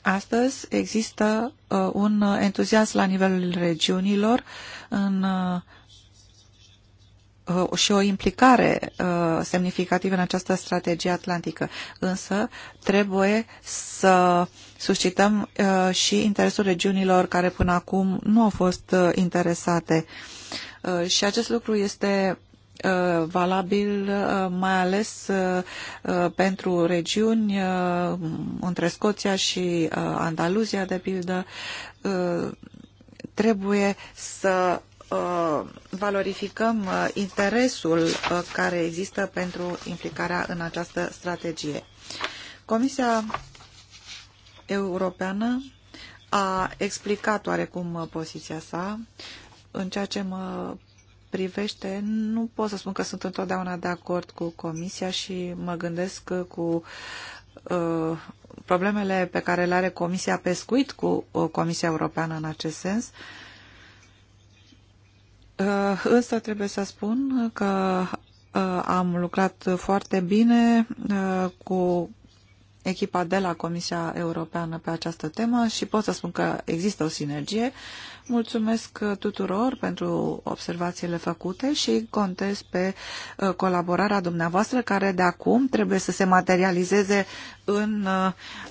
Astăzi există uh, un uh, entuziasm la nivelul regiunilor în uh, Uh, și o implicare uh, semnificativă în această strategie atlantică. Însă trebuie să suscităm uh, și interesul regiunilor care până acum nu au fost interesate. Și acest lucru este valabil mai ales pentru regiuni între Scoția și Andaluzia, de pildă, trebuie să Uh, valorificăm uh, interesul uh, care există pentru implicarea în această strategie. Comisia Europeană a explicat oarecum poziția sa. În ceea ce mă privește, nu pot să spun că sunt întotdeauna de acord cu Comisia și mă gândesc cu uh, problemele pe care le are Comisia Pescuit cu Comisia Europeană în acest sens. Uh, Uh, însă trebuie să spun că uh, am lucrat foarte bine uh, cu echipa de la Comisia Europeană pe această temă și pot să spun că există o sinergie. Mulțumesc tuturor pentru observațiile făcute și contez pe colaborarea dumneavoastră care de acum trebuie să se materializeze în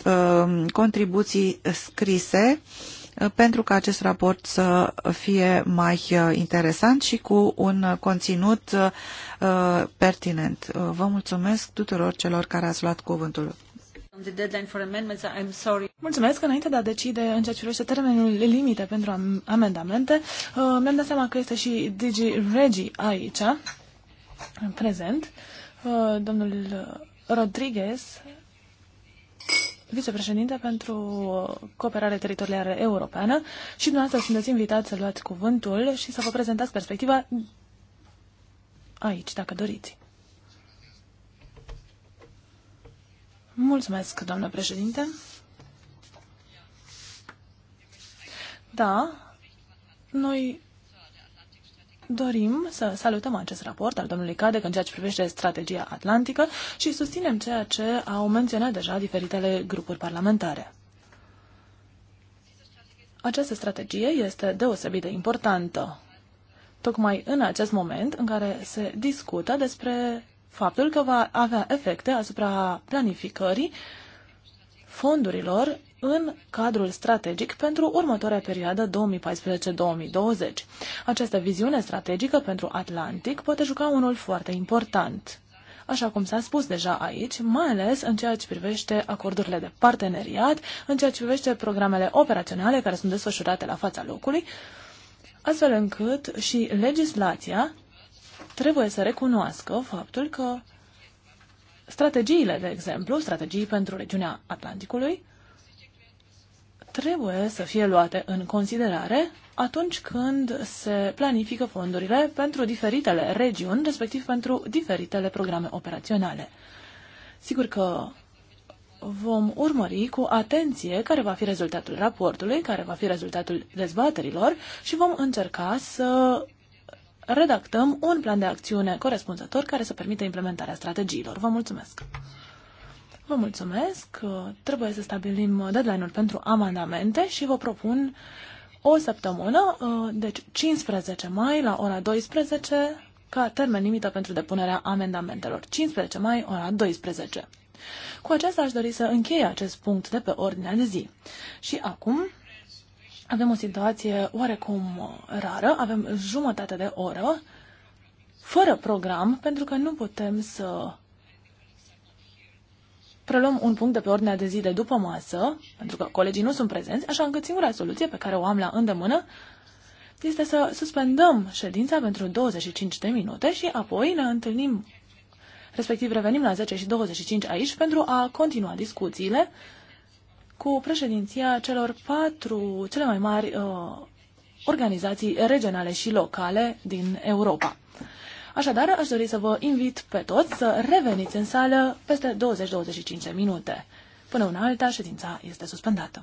um, contribuții scrise Uh, pentru ca acest raport să fie mai uh, interesant și cu un conținut uh, pertinent. Vă mulțumesc tuturor celor care ați luat cuvântul. Mulțumesc. Înainte de a decide în ceea ce privește termenul limite pentru amendamente, mi-am dat seama că este și Digi Regi aici, în prezent. Domnul Rodriguez vicepreședinte pentru uh, cooperare teritorială europeană și dumneavoastră sunteți invitați să luați cuvântul și să vă prezentați perspectiva aici, dacă doriți. Mulțumesc, doamnă președinte. Da, noi dorim să salutăm acest raport al domnului Cadec în ceea ce privește strategia atlantică și susținem ceea ce au menționat deja diferitele grupuri parlamentare. Această strategie este deosebit de importantă, tocmai în acest moment în care se discută despre faptul că va avea efecte asupra planificării fondurilor în cadrul strategic pentru următoarea perioadă 2014-2020. Această viziune strategică pentru Atlantic poate juca unul foarte important așa cum s-a spus deja aici, mai ales în ceea ce privește acordurile de parteneriat, în ceea ce privește programele operaționale care sunt desfășurate la fața locului, astfel încât și legislația trebuie să recunoască faptul că strategiile, de exemplu, strategii pentru regiunea Atlanticului, trebuie să fie luate în considerare atunci când se planifică fondurile pentru diferitele regiuni, respectiv pentru diferitele programe operaționale. Sigur că vom urmări cu atenție care va fi rezultatul raportului, care va fi rezultatul dezbaterilor și vom încerca să redactăm un plan de acțiune corespunzător care să permită implementarea strategiilor. Vă mulțumesc! Vă mulțumesc. Trebuie să stabilim deadline-ul pentru amendamente și vă propun o săptămână, deci 15 mai la ora 12, ca termen limită pentru depunerea amendamentelor. 15 mai, ora 12. Cu aceasta aș dori să încheie acest punct de pe ordinea de zi. Și acum avem o situație oarecum rară, avem jumătate de oră fără program, pentru că nu putem să preluăm un punct de pe ordinea de zi de după masă, pentru că colegii nu sunt prezenți, așa încât singura soluție pe care o am la îndemână este să suspendăm ședința pentru 25 de minute și apoi ne întâlnim, respectiv revenim la 10 și 25 aici pentru a continua discuțiile cu președinția celor patru cele mai mari uh, organizații regionale și locale din Europa. Așadar, aș dori să vă invit pe toți să reveniți în sală peste 20-25 de minute. Până una alta, ședința este suspendată.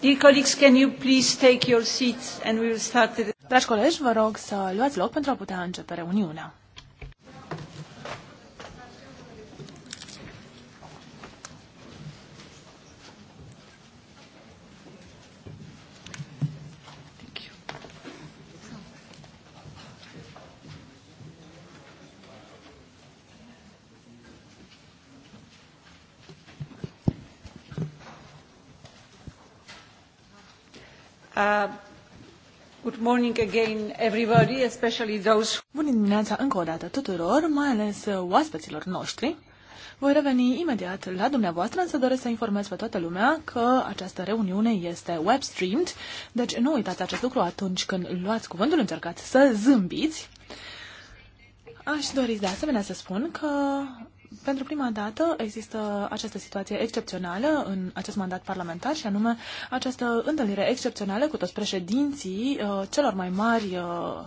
can you please take your seats and we will start the... Dragi colegi, vă rog să luați loc pentru a putea începe reuniunea. Bună dimineața încă o dată tuturor, mai ales uh, oaspeților noștri. Voi reveni imediat la dumneavoastră, însă doresc să informez pe toată lumea că această reuniune este web-streamed, deci nu uitați acest lucru atunci când luați cuvântul, încercați să zâmbiți. Aș dori de asemenea să spun că pentru prima dată există această situație excepțională în acest mandat parlamentar și anume această întâlnire excepțională cu toți președinții uh, celor mai mari uh,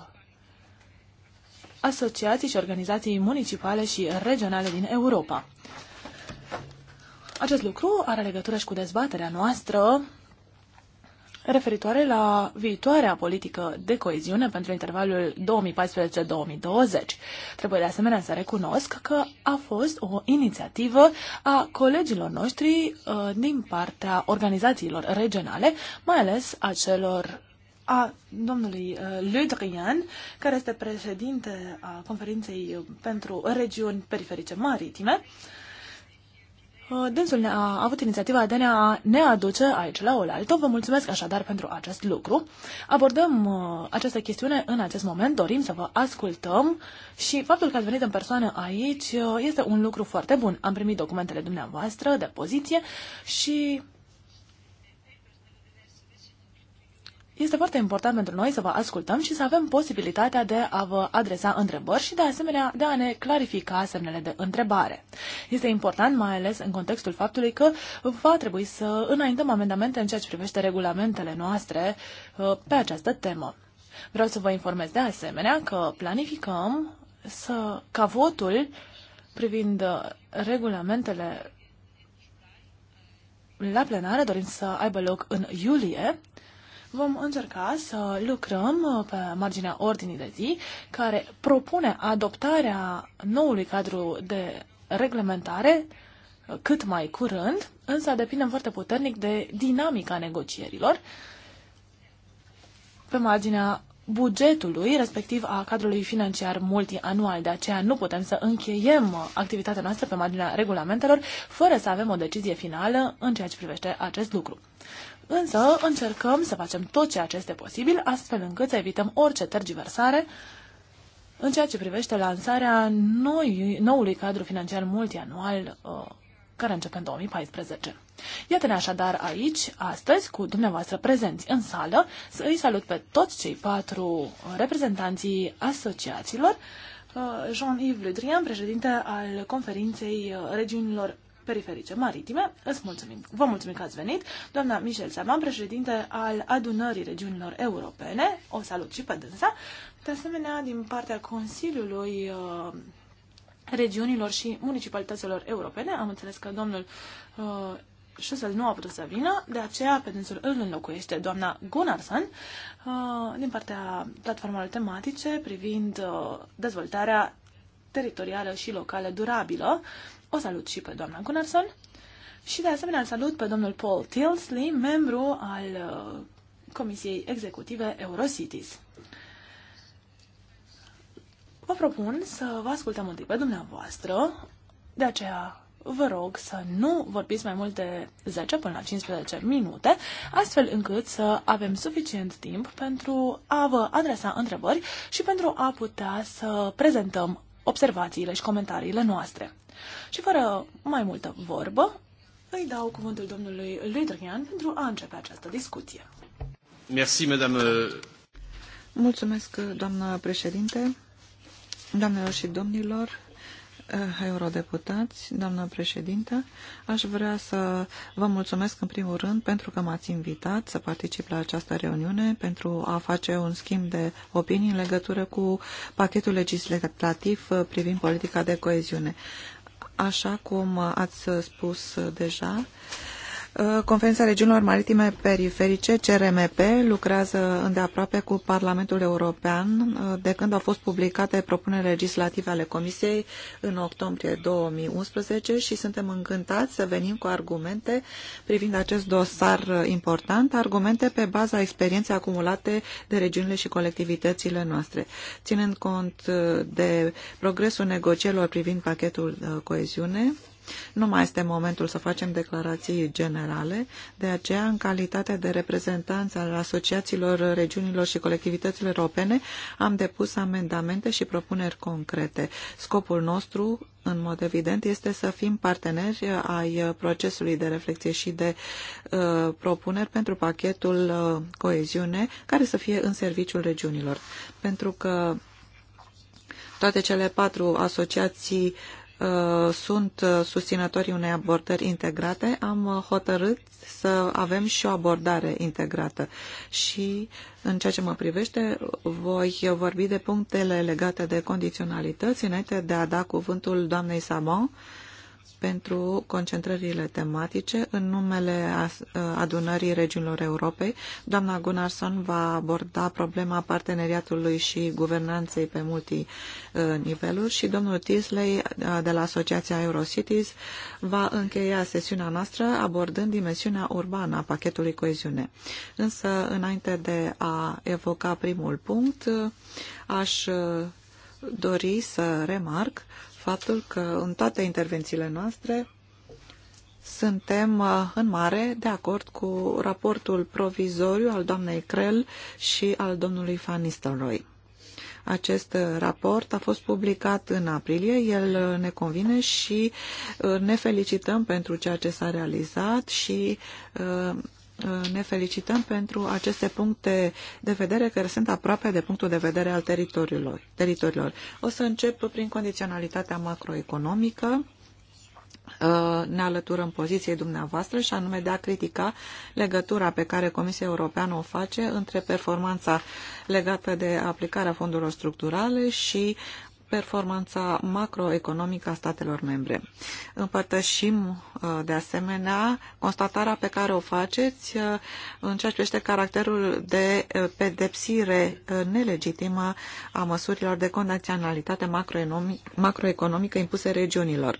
asociații și organizații municipale și regionale din Europa. Acest lucru are legătură și cu dezbaterea noastră referitoare la viitoarea politică de coeziune pentru intervalul 2014-2020. Trebuie de asemenea să recunosc că a fost o inițiativă a colegilor noștri uh, din partea organizațiilor regionale, mai ales a celor a domnului uh, Ludrian, care este președinte a conferinței pentru regiuni periferice maritime, Uh, dânsul ne a avut inițiativa de a ne aduce aici la oaltă. Vă mulțumesc așadar pentru acest lucru. Abordăm uh, această chestiune în acest moment, dorim să vă ascultăm și faptul că ați venit în persoană aici uh, este un lucru foarte bun. Am primit documentele dumneavoastră de poziție și Este foarte important pentru noi să vă ascultăm și să avem posibilitatea de a vă adresa întrebări și, de asemenea, de a ne clarifica semnele de întrebare. Este important, mai ales în contextul faptului că va trebui să înaintăm amendamente în ceea ce privește regulamentele noastre uh, pe această temă. Vreau să vă informez de asemenea că planificăm să, ca votul privind uh, regulamentele la plenară, dorim să aibă loc în iulie, Vom încerca să lucrăm uh, pe marginea ordinii de zi, care propune adoptarea noului cadru de reglementare uh, cât mai curând, însă depindem foarte puternic de dinamica negocierilor pe marginea bugetului, respectiv a cadrului financiar multianual. De aceea nu putem să încheiem uh, activitatea noastră pe marginea regulamentelor fără să avem o decizie finală în ceea ce privește acest lucru. Însă încercăm să facem tot ceea ce este posibil, astfel încât să evităm orice tergiversare în ceea ce privește lansarea noi, noului cadru financiar multianual uh, care începe în 2014. Iată-ne așadar aici, astăzi, cu dumneavoastră prezenți în sală, să îi salut pe toți cei patru reprezentanții asociațiilor, uh, Jean-Yves Le Drian, președinte al conferinței uh, regiunilor periferice maritime. Îți mulțumim. Vă mulțumim că ați venit. Doamna Michel Saban, președinte al Adunării Regiunilor Europene, o salut și pe dânsa. De asemenea, din partea Consiliului uh, Regiunilor și Municipalităților Europene, am înțeles că domnul uh, Schussel nu a putut să vină, de aceea pe dânsul îl înlocuiește doamna Gunnarsson uh, din partea platformelor tematice privind uh, dezvoltarea teritorială și locală durabilă, o salut și pe doamna Gunnarsson și de asemenea îl salut pe domnul Paul Tilsley, membru al uh, Comisiei Executive Eurocities. Vă propun să vă ascultăm întâi pe dumneavoastră, de aceea vă rog să nu vorbiți mai mult de 10 până la 15 minute, astfel încât să avem suficient timp pentru a vă adresa întrebări și pentru a putea să prezentăm observațiile și comentariile noastre. Și fără mai multă vorbă, îi dau cuvântul domnului Ludrian pentru a începe această discuție. Merci, madame. Mulțumesc, doamna președinte, doamnelor și domnilor, eh, eurodeputați, doamnă președinte. aș vrea să vă mulțumesc în primul rând pentru că m-ați invitat să particip la această reuniune pentru a face un schimb de opinii în legătură cu pachetul legislativ eh, privind politica de coeziune. Așa cum ați spus deja, Uh, Conferința Regiunilor Maritime Periferice, CRMP, lucrează îndeaproape cu Parlamentul European uh, de când au fost publicate propunerile legislative ale Comisiei în octombrie 2011 și suntem încântați să venim cu argumente privind acest dosar uh, important, argumente pe baza experienței acumulate de regiunile și colectivitățile noastre. Ținând cont de progresul negocierilor privind pachetul coeziune, nu mai este momentul să facem declarații generale, de aceea, în calitate de reprezentanți al asociațiilor, regiunilor și colectivităților europene, am depus amendamente și propuneri concrete. Scopul nostru în mod evident, este să fim parteneri ai procesului de reflexie și de uh, propuneri pentru pachetul uh, coeziune, care să fie în serviciul regiunilor. Pentru că toate cele patru asociații uh, Uh, sunt uh, susținătorii unei abordări integrate, am uh, hotărât să avem și o abordare integrată. Și în ceea ce mă privește, voi vorbi de punctele legate de condiționalități înainte de a da cuvântul doamnei Sabon, pentru concentrările tematice în numele adunării regiunilor Europei. Doamna Gunnarsson va aborda problema parteneriatului și guvernanței pe multi niveluri și domnul Tisley de la Asociația Eurocities va încheia sesiunea noastră abordând dimensiunea urbană a pachetului coeziune. Însă, înainte de a evoca primul punct, aș dori să remarc faptul că în toate intervențiile noastre suntem uh, în mare de acord cu raportul provizoriu al doamnei Krell și al domnului Van Nistelrooy. Acest uh, raport a fost publicat în aprilie, el uh, ne convine și ne felicităm pentru ceea ce s-a realizat și Uh, ne felicităm pentru aceste puncte de vedere care sunt aproape de punctul de vedere al teritoriilor. teritoriilor. O să încep prin condiționalitatea macroeconomică. Uh, ne alăturăm poziției dumneavoastră și anume de a critica legătura pe care Comisia Europeană o face între performanța legată de aplicarea fondurilor structurale și performanța macroeconomică a statelor membre. Împărtășim, uh, de asemenea, constatarea pe care o faceți uh, în ceea ce privește caracterul de uh, pedepsire nelegitimă a măsurilor de condaționalitate macroeconomică impuse regiunilor.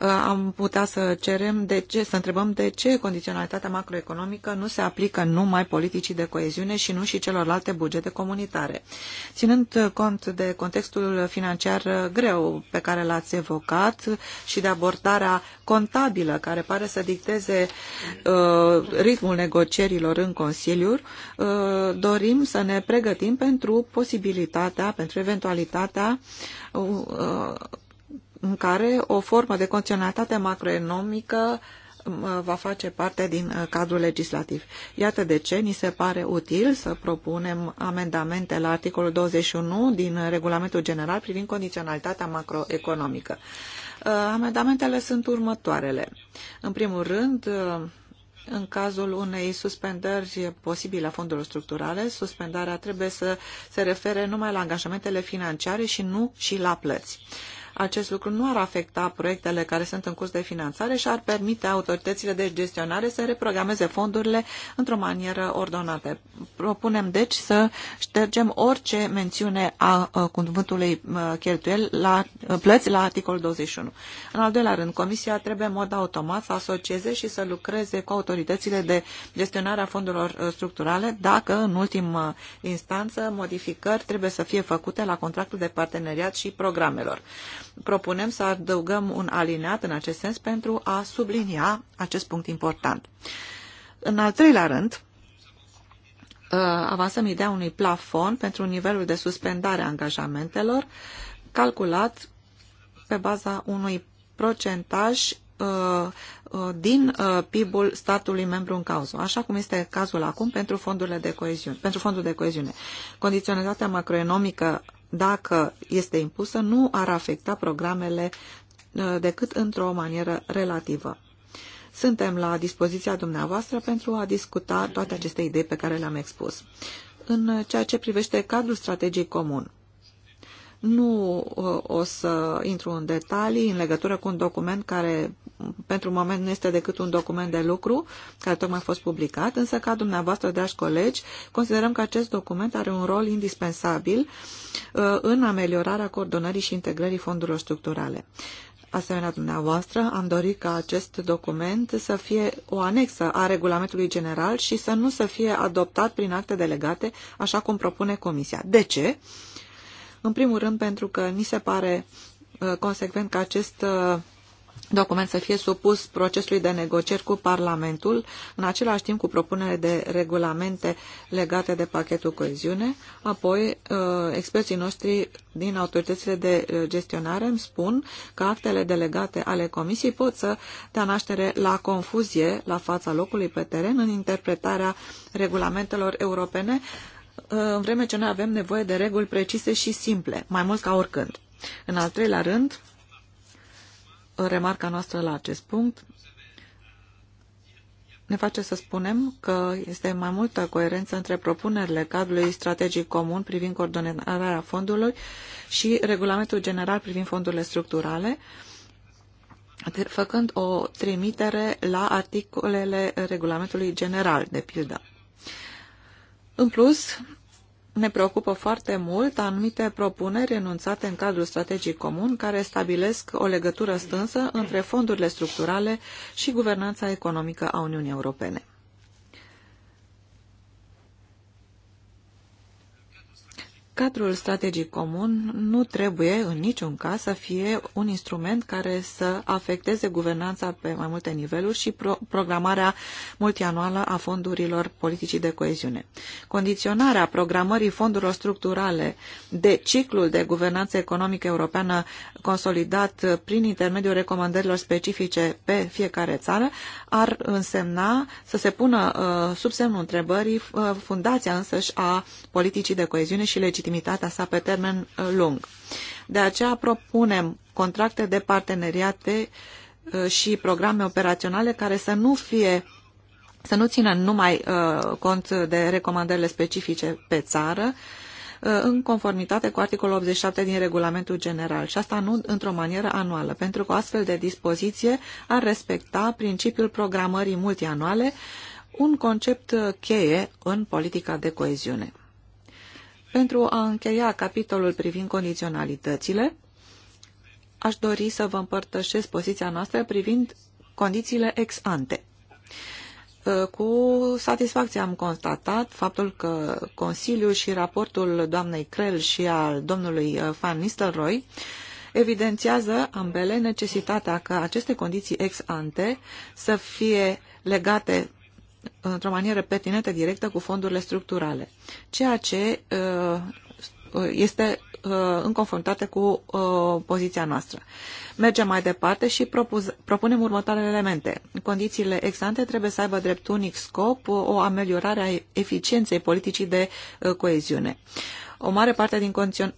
Uh, am putea să cerem de ce, să întrebăm de ce condiționalitatea macroeconomică nu se aplică numai politicii de coeziune și nu și celorlalte bugete comunitare. Ținând cont de contextul financiar greu pe care l-ați evocat și de abordarea contabilă care pare să dicteze uh, ritmul negocierilor în Consiliu, uh, dorim să ne pregătim pentru posibilitatea, pentru eventualitatea uh, uh în care o formă de condiționalitate macroeconomică va face parte din uh, cadrul legislativ. Iată de ce ni se pare util să propunem amendamente la articolul 21 din regulamentul general privind condiționalitatea macroeconomică. Uh, amendamentele sunt următoarele. În primul rând, uh, în cazul unei suspendări posibile a fondurilor structurale, suspendarea trebuie să se refere numai la angajamentele financiare și nu și la plăți. Acest lucru nu ar afecta proiectele care sunt în curs de finanțare și ar permite autoritățile de gestionare să reprogrameze fondurile într-o manieră ordonată. Propunem deci să ștergem orice mențiune a cuvântului cheltuiel la plăți la articolul 21. În al doilea rând, Comisia trebuie în mod automat să asocieze și să lucreze cu autoritățile de gestionare a fondurilor structurale dacă, în ultimă instanță, modificări trebuie să fie făcute la contractul de parteneriat și programelor propunem să adăugăm un alineat în acest sens pentru a sublinia acest punct important. În al treilea rând, uh, avansăm ideea unui plafon pentru nivelul de suspendare a angajamentelor calculat pe baza unui procentaj uh, uh, din PIB-ul statului membru în cauză, așa cum este cazul acum pentru fondurile de coeziune, pentru fondul de coeziune. Condiționalitatea macroeconomică dacă este impusă, nu ar afecta programele uh, decât într-o manieră relativă. Suntem la dispoziția dumneavoastră pentru a discuta toate aceste idei pe care le-am expus. În ceea ce privește cadrul strategic comun, nu uh, o să intru în detalii în legătură cu un document care pentru moment nu este decât un document de lucru care tocmai a fost publicat, însă ca dumneavoastră, dragi colegi, considerăm că acest document are un rol indispensabil uh, în ameliorarea coordonării și integrării fondurilor structurale. Asemenea, dumneavoastră, am dorit ca acest document să fie o anexă a regulamentului general și să nu să fie adoptat prin acte delegate, așa cum propune Comisia. De ce? În primul rând pentru că ni se pare uh, consecvent că acest uh, document să fie supus procesului de negocieri cu Parlamentul, în același timp cu propunere de regulamente legate de pachetul coeziune. Apoi, uh, experții noștri din autoritățile de gestionare îmi spun că actele delegate ale Comisiei pot să dea naștere la confuzie la fața locului pe teren în interpretarea regulamentelor europene, Uh, în vreme ce noi avem nevoie de reguli precise și simple, mai mult ca oricând. În al treilea rând, remarca noastră la acest punct ne face să spunem că este mai multă coerență între propunerile cadrului strategic comun privind coordonarea fondurilor și regulamentul general privind fondurile structurale, făcând o trimitere la articolele regulamentului general, de pildă. În plus, ne preocupă foarte mult anumite propuneri enunțate în cadrul strategic comun care stabilesc o legătură stânsă între fondurile structurale și guvernanța economică a Uniunii Europene. Cadrul strategic comun nu trebuie în niciun caz să fie un instrument care să afecteze guvernanța pe mai multe niveluri și pro programarea multianuală a fondurilor politicii de coeziune. Condiționarea programării fondurilor structurale de ciclul de guvernanță economică europeană consolidat prin intermediul recomandărilor specifice pe fiecare țară ar însemna să se pună uh, sub semnul întrebării uh, fundația însăși a politicii de coeziune și legitimitatea legitimitatea sa pe termen uh, lung. De aceea propunem contracte de parteneriate uh, și programe operaționale care să nu fie să nu țină numai uh, cont de recomandările specifice pe țară, uh, în conformitate cu articolul 87 din regulamentul general și asta nu într-o manieră anuală, pentru că o astfel de dispoziție ar respecta principiul programării multianuale, un concept cheie în politica de coeziune. Pentru a încheia capitolul privind condiționalitățile, aș dori să vă împărtășesc poziția noastră privind condițiile ex ante. Ă, cu satisfacție am constatat faptul că Consiliul și raportul doamnei Crel și al domnului ă, Van Nistelrooy evidențiază ambele necesitatea ca aceste condiții ex ante să fie legate într-o manieră pertinentă directă cu fondurile structurale, ceea ce uh, uh, este uh, în conformitate cu poziția noastră. Mergem mai departe și propunem următoarele elemente. Condițiile exante trebuie să aibă drept unic scop o ameliorare a eficienței politicii de coeziune. O mare parte din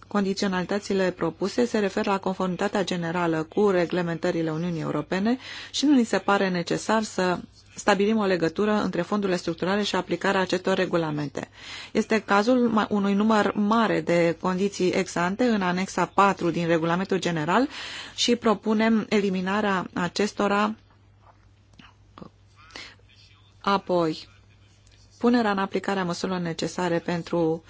condiționalitățile propuse se referă la conformitatea generală cu reglementările Uniunii Europene și nu ni se pare necesar să stabilim o legătură între fondurile structurale și aplicarea acestor regulamente. Este cazul unui număr mare de condiții exante în anexa 4 din regulamentul general și propunem eliminarea acestora apoi punerea în aplicare a măsurilor necesare pentru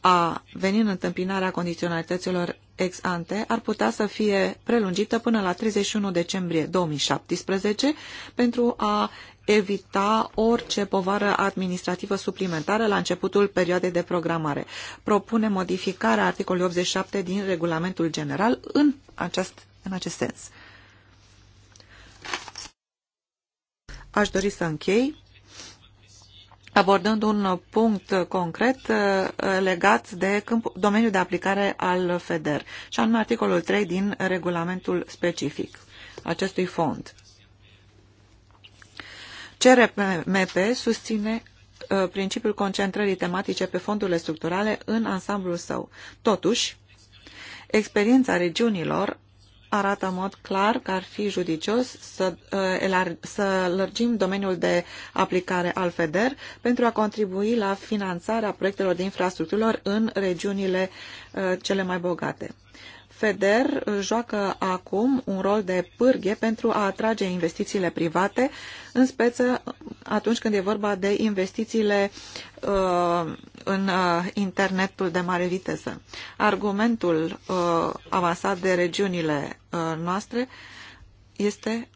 a veni în întâmpinarea condiționalităților ex ante ar putea să fie prelungită până la 31 decembrie 2017 pentru a evita orice povară administrativă suplimentară la începutul perioadei de programare. Propune modificarea articolului 87 din regulamentul general în acest, în acest sens. Aș dori să închei abordând un punct concret uh, legat de câmp, domeniul de aplicare al FEDER, și anume articolul 3 din regulamentul specific acestui fond. CRMP susține uh, principiul concentrării tematice pe fondurile structurale în ansamblul său. Totuși, experiența regiunilor arată în mod clar că ar fi judicios să, uh, să lărgim domeniul de aplicare al FEDER pentru a contribui la finanțarea proiectelor de infrastructură în regiunile uh, cele mai bogate. FEDER joacă acum un rol de pârghie pentru a atrage investițiile private, în speță atunci când e vorba de investițiile uh, în uh, internetul de mare viteză. Argumentul uh, avansat de regiunile uh, noastre este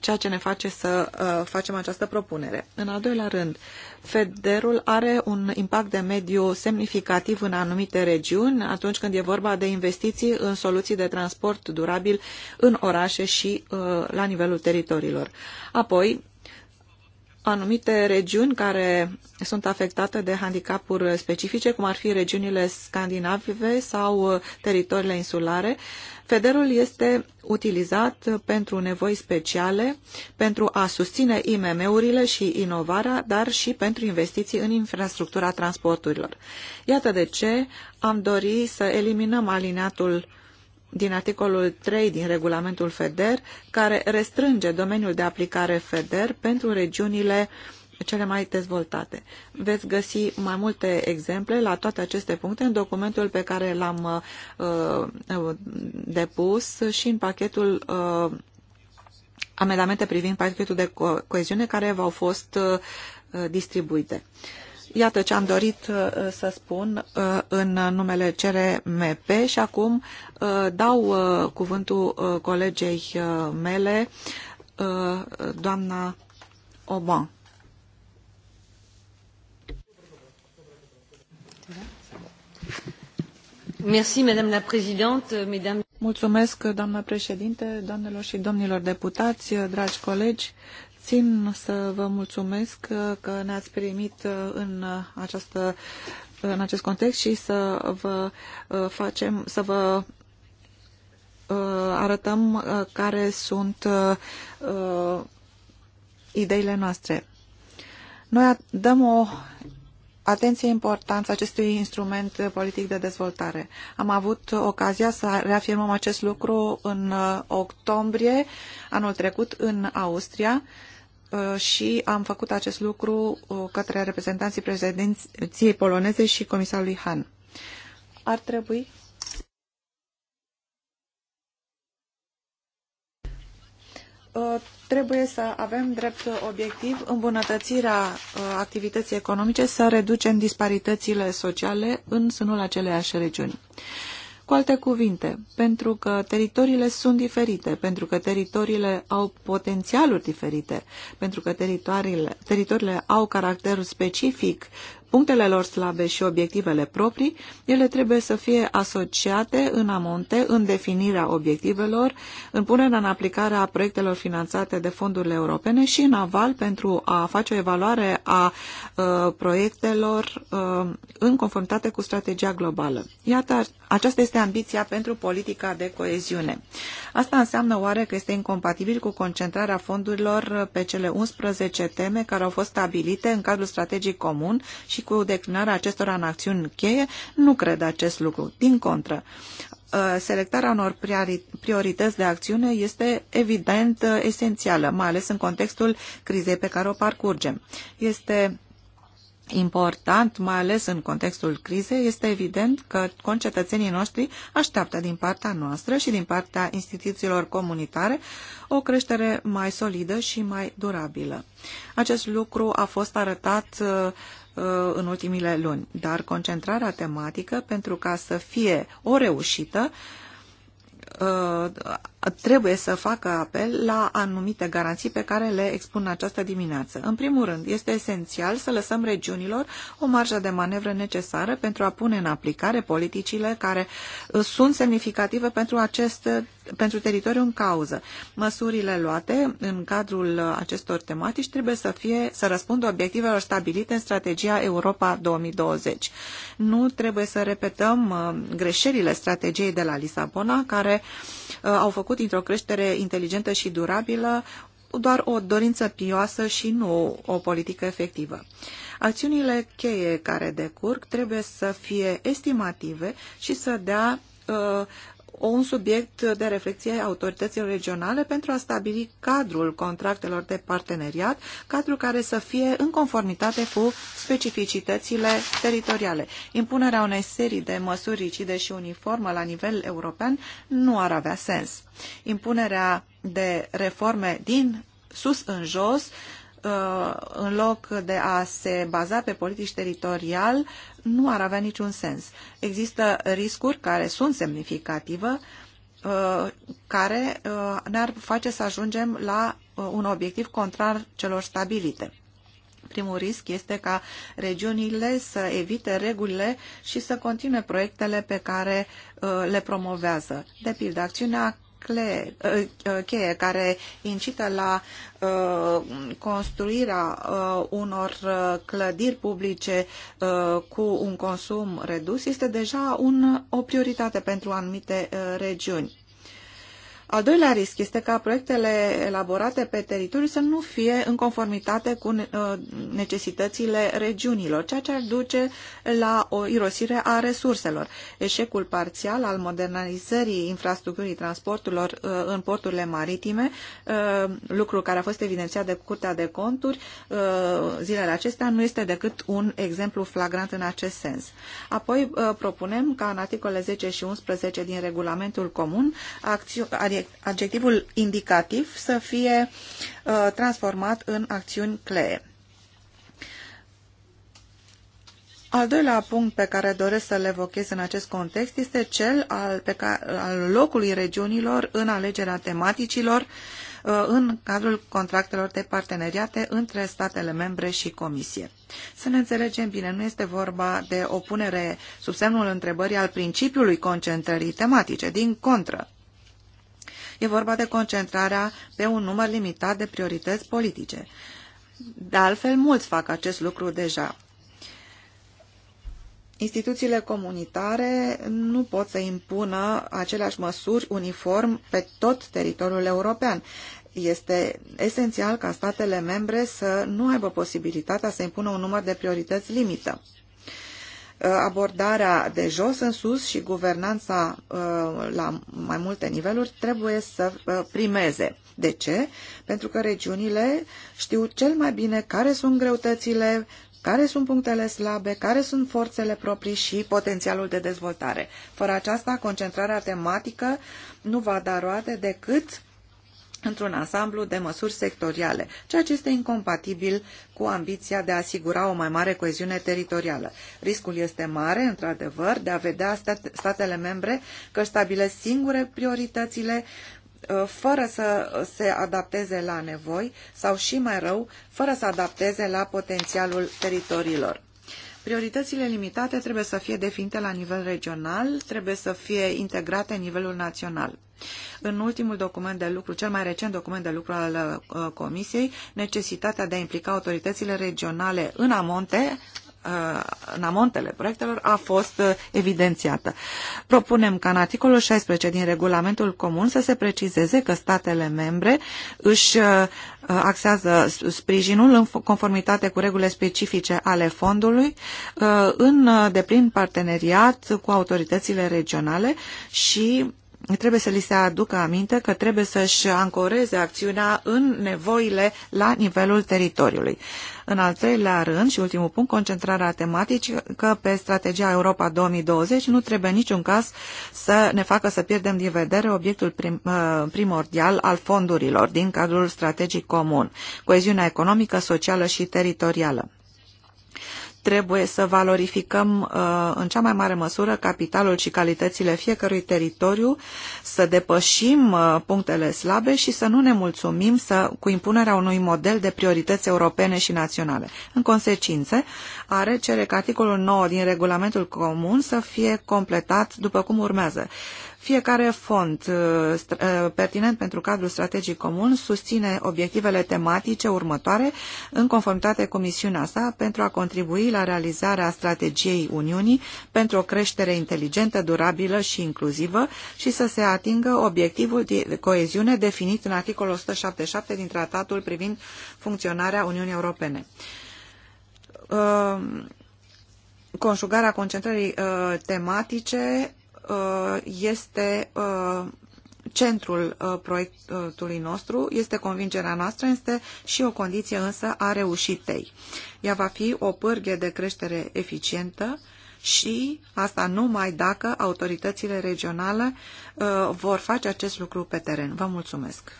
ceea ce ne face să uh, facem această propunere. În al doilea rând, federul are un impact de mediu semnificativ în anumite regiuni atunci când e vorba de investiții în soluții de transport durabil în orașe și uh, la nivelul teritoriilor. Apoi, anumite regiuni care sunt afectate de handicapuri specifice, cum ar fi regiunile scandinave sau uh, teritoriile insulare. Federul este utilizat pentru nevoi speciale, pentru a susține IMM-urile și inovarea, dar și pentru investiții în infrastructura transporturilor. Iată de ce am dori să eliminăm alineatul din articolul 3 din regulamentul FEDER, care restrânge domeniul de aplicare FEDER pentru regiunile cele mai dezvoltate. Veți găsi mai multe exemple la toate aceste puncte în documentul pe care l-am uh, uh depus și în pachetul uh, amendamente privind pachetul de co coeziune care v-au fost uh, distribuite. Uh, Iată ce am dorit uh, să spun uh, în numele CRMP și acum uh, dau cuvântul colegei mele, doamna Oban. Mulțumesc, doamna președinte, doamnelor și domnilor deputați, dragi colegi. Țin să vă mulțumesc că ne-ați primit în, această, în acest context și să vă uh, facem, să vă uh, arătăm uh, care sunt ideile noastre. Noi dăm o atenție importanță acestui instrument politic de dezvoltare. Am avut ocazia să reafirmăm acest lucru în octombrie anul trecut în Austria Uh, și am făcut acest lucru uh, către reprezentanții președinției poloneze și comisarului Han. Ar trebui uh, trebuie să avem drept obiectiv îmbunătățirea activității economice, să reducem disparitățile sociale în sânul aceleiași regiuni. Cu alte cuvinte, pentru că teritoriile sunt diferite, pentru că teritoriile au potențialuri diferite, pentru că teritoriile, teritoriile au caracterul specific punctele lor slabe și obiectivele proprii, ele trebuie să fie asociate în amonte, în definirea obiectivelor, în punerea în aplicare a proiectelor finanțate de fondurile europene și în aval pentru a face o evaluare a uh, proiectelor uh, în conformitate cu strategia globală. Iată, aceasta este ambiția pentru politica de coeziune. Asta înseamnă oare că este incompatibil cu concentrarea fondurilor pe cele 11 teme care au fost stabilite în cadrul strategic comun și cu declinarea acestor în acțiuni cheie, nu cred acest lucru. Din contră, uh, selectarea unor priorități de acțiune este evident uh, esențială, mai ales în contextul crizei pe care o parcurgem. Este important, mai ales în contextul crizei, este evident că concetățenii noștri așteaptă din partea noastră și din partea instituțiilor comunitare o creștere mai solidă și mai durabilă. Acest lucru a fost arătat uh, Uh, în ultimile luni, dar concentrarea tematică, pentru ca să fie o reușită, uh, trebuie să facă apel la anumite garanții pe care le expun această dimineață. În primul rând, este esențial să lăsăm regiunilor o marjă de manevră necesară pentru a pune în aplicare politicile care uh, sunt semnificative pentru, acest, uh, pentru teritoriul în cauză. Măsurile luate în cadrul uh, acestor tematici trebuie să, fie, să răspundă obiectivelor stabilite în strategia Europa 2020. Nu trebuie să repetăm greșelile strategiei de la Lisabona, care au făcut făcut dintr-o creștere inteligentă și durabilă doar o dorință pioasă și nu o politică efectivă. Acțiunile cheie care decurg trebuie să fie estimative și să dea uh, un subiect de reflexie a autorităților regionale pentru a stabili cadrul contractelor de parteneriat, cadrul care să fie în conformitate cu specificitățile teritoriale. Impunerea unei serii de măsuri rigide și uniformă la nivel european nu ar avea sens. Impunerea de reforme din sus în jos Uh, în loc de a se baza pe politici teritorial, nu ar avea niciun sens. Există riscuri care sunt semnificative, uh, care uh, ne-ar face să ajungem la un obiectiv contrar celor stabilite. Primul risc este ca regiunile să evite regulile și să continue proiectele pe care le promovează. De pildă, acțiunea cle, uh, uh, cheie care incită la uh, construirea unor clădiri publice cu un consum redus este deja un, o prioritate pentru anumite regiuni. Al doilea risc este ca proiectele elaborate pe teritoriu să nu fie în conformitate cu uh, necesitățile regiunilor, ceea ce ar duce la o irosire a resurselor. Eșecul parțial al modernizării infrastructurii transporturilor uh, în porturile maritime, uh, lucru care a fost evidențiat de Curtea de Conturi zilele acestea, nu este decât un exemplu flagrant în acest sens. Apoi propunem ca în articole 10 și 11 din regulamentul comun, adică adjectivul indicativ să fie uh, transformat în acțiuni clee. Al doilea punct pe care doresc să-l evochez în acest context este cel al, pe care, al locului regiunilor în alegerea tematicilor uh, în cadrul contractelor de parteneriate între statele membre și Comisie. Să ne înțelegem bine, nu este vorba de o punere sub semnul întrebării al principiului concentrării tematice. Din contră, E vorba de concentrarea pe un număr limitat de priorități politice. De altfel, mulți fac acest lucru deja. Instituțiile comunitare nu pot să impună aceleași măsuri uniform pe tot teritoriul european. Este esențial ca statele membre să nu aibă posibilitatea să impună un număr de priorități limită. Uh, abordarea de jos în sus și guvernanța uh, la mai multe niveluri trebuie să uh, primeze. De ce? Pentru că regiunile știu cel mai bine care sunt greutățile, care sunt punctele slabe, care sunt forțele proprii și potențialul de dezvoltare. Fără aceasta, concentrarea tematică nu va da roade decât într-un ansamblu de măsuri sectoriale, ceea ce este incompatibil cu ambiția de a asigura o mai mare coeziune teritorială. Riscul este mare, într-adevăr, de a vedea statele membre că stabilesc singure prioritățile ă, fără să se adapteze la nevoi sau și mai rău, fără să adapteze la potențialul teritoriilor. Prioritățile limitate trebuie să fie definite la nivel regional, trebuie să fie integrate în nivelul național. În ultimul document de lucru, cel mai recent document de lucru al uh, Comisiei, necesitatea de a implica autoritățile regionale în amonte uh, în amontele proiectelor a fost uh, evidențiată. Propunem ca în articolul 16 din regulamentul comun să se precizeze că statele membre își axează sprijinul în conformitate cu regulile specifice ale fondului în deplin parteneriat cu autoritățile regionale și trebuie să li se aducă aminte că trebuie să-și ancoreze acțiunea în nevoile la nivelul teritoriului. În al treilea rând și ultimul punct, concentrarea tematică pe strategia Europa 2020 nu trebuie în niciun caz să ne facă să pierdem din vedere obiectul prim, uh, primordial al fondurilor din cadrul strategic comun, coeziunea economică, socială și teritorială trebuie să valorificăm uh, în cea mai mare măsură capitalul și calitățile fiecărui teritoriu, să depășim uh, punctele slabe și să nu ne mulțumim să, cu impunerea unui model de priorități europene și naționale. În consecință, are cere că articolul 9 din regulamentul comun să fie completat după cum urmează fiecare fond uh, uh, pertinent pentru cadrul strategic comun susține obiectivele tematice următoare în conformitate cu misiunea sa pentru a contribui la realizarea strategiei Uniunii pentru o creștere inteligentă, durabilă și inclusivă și să se atingă obiectivul de coeziune definit în articolul 177 din tratatul privind funcționarea Uniunii Europene uh, conjugarea concentrării tematice Uh, este uh, centrul uh, proiectului nostru, este convingerea noastră, este și o condiție însă a reușitei. Ea va fi o pârghie de creștere eficientă și asta numai dacă autoritățile regionale vor face acest lucru pe teren. Vă mulțumesc!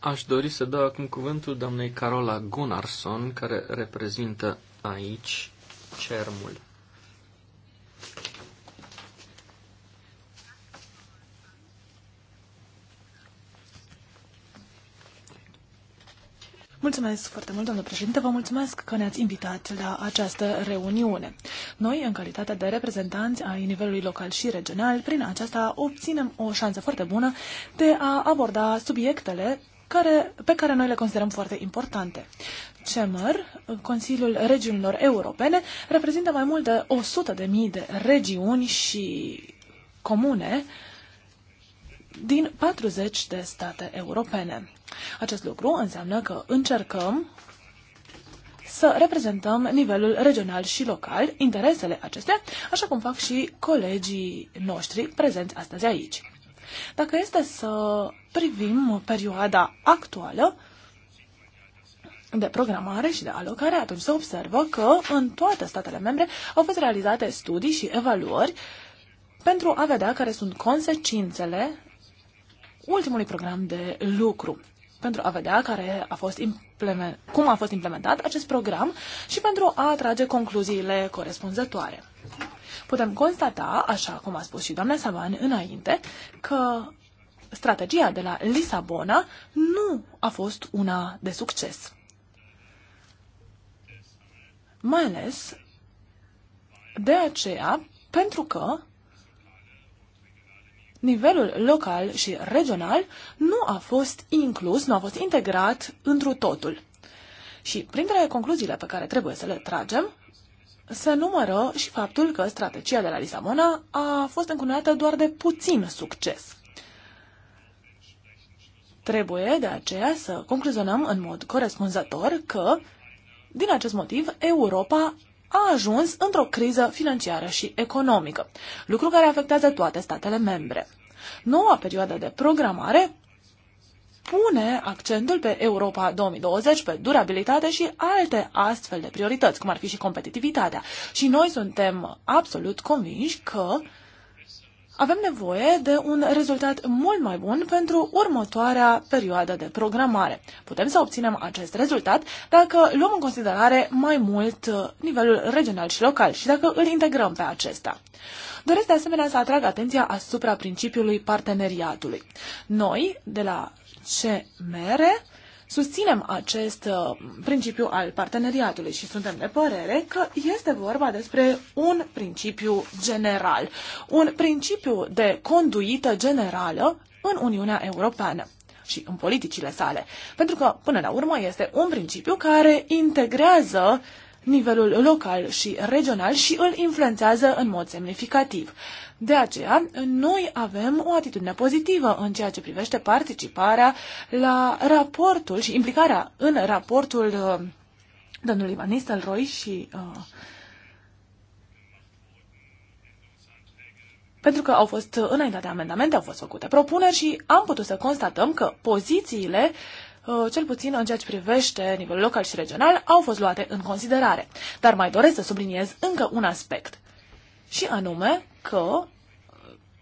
Aș dori să dau acum cuvântul doamnei Carola Gunnarsson, care reprezintă aici cermul. Mulțumesc foarte mult, domnule președinte. Vă mulțumesc că ne-ați invitat la această reuniune. Noi, în calitate de reprezentanți ai nivelului local și regional, prin aceasta obținem o șansă foarte bună de a aborda subiectele care, pe care noi le considerăm foarte importante. CEMER, Consiliul Regiunilor Europene, reprezintă mai mult de 100.000 de, de regiuni și comune din 40 de state europene. Acest lucru înseamnă că încercăm să reprezentăm nivelul regional și local, interesele acestea, așa cum fac și colegii noștri prezenți astăzi aici. Dacă este să privim perioada actuală, de programare și de alocare, atunci se observă că în toate statele membre au fost realizate studii și evaluări pentru a vedea care sunt consecințele ultimului program de lucru pentru a vedea care a fost cum a fost implementat acest program și pentru a trage concluziile corespunzătoare. Putem constata, așa cum a spus și doamna Savan înainte, că strategia de la Lisabona nu a fost una de succes. Mai ales de aceea, pentru că nivelul local și regional nu a fost inclus, nu a fost integrat întru totul. Și printre concluziile pe care trebuie să le tragem, se numără și faptul că strategia de la Lisabona a fost încununată doar de puțin succes. Trebuie de aceea să concluzionăm în mod corespunzător că din acest motiv, Europa a ajuns într-o criză financiară și economică, lucru care afectează toate statele membre. Noua perioadă de programare pune accentul pe Europa 2020, pe durabilitate și alte astfel de priorități, cum ar fi și competitivitatea. Și noi suntem absolut convinși că avem nevoie de un rezultat mult mai bun pentru următoarea perioadă de programare. Putem să obținem acest rezultat dacă luăm în considerare mai mult uh, nivelul regional și local și dacă îl integrăm pe acesta. Doresc de asemenea să atrag atenția asupra principiului parteneriatului. Noi, de la CMR, susținem acest uh, principiu al parteneriatului și suntem de părere că este vorba despre un principiu general, un principiu de conduită generală în Uniunea Europeană și în politicile sale. Pentru că, până la urmă, este un principiu care integrează uh, nivelul local și regional și îl influențează în mod semnificativ. De aceea, noi avem o atitudine pozitivă în ceea ce privește participarea la raportul și implicarea în raportul uh, domnului Van Nistelrooy și uh, pentru că au fost înaintate amendamente, au fost făcute propuneri și am putut să constatăm că pozițiile uh, Uh, cel puțin în ceea ce privește nivelul local și regional, au fost luate în considerare. Dar mai doresc să subliniez încă un aspect, și anume că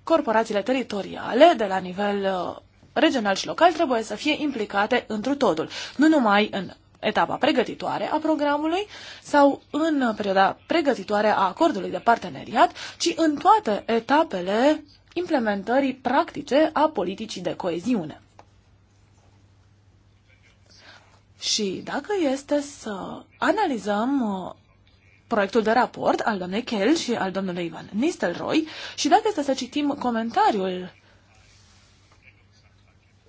corporațiile teritoriale de la nivel uh, regional și local trebuie să fie implicate întru totul, nu numai în etapa pregătitoare a programului sau în perioada pregătitoare a acordului de parteneriat, ci în toate etapele implementării practice a politicii de coeziune. Și dacă este să analizăm uh, proiectul de raport al doamnei Kell și al domnului Ivan Nistelrooy și dacă este să citim comentariul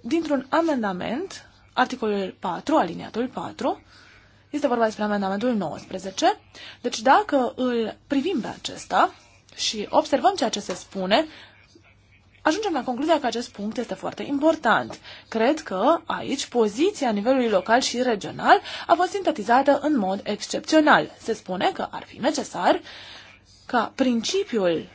dintr-un amendament, articolul 4, aliniatul 4, este vorba despre amendamentul 19, deci dacă îl privim pe acesta și observăm ceea ce se spune, ajungem la concluzia că acest punct este foarte important. Cred că aici poziția nivelului local și regional a fost sintetizată în mod excepțional. Se spune că ar fi necesar ca principiul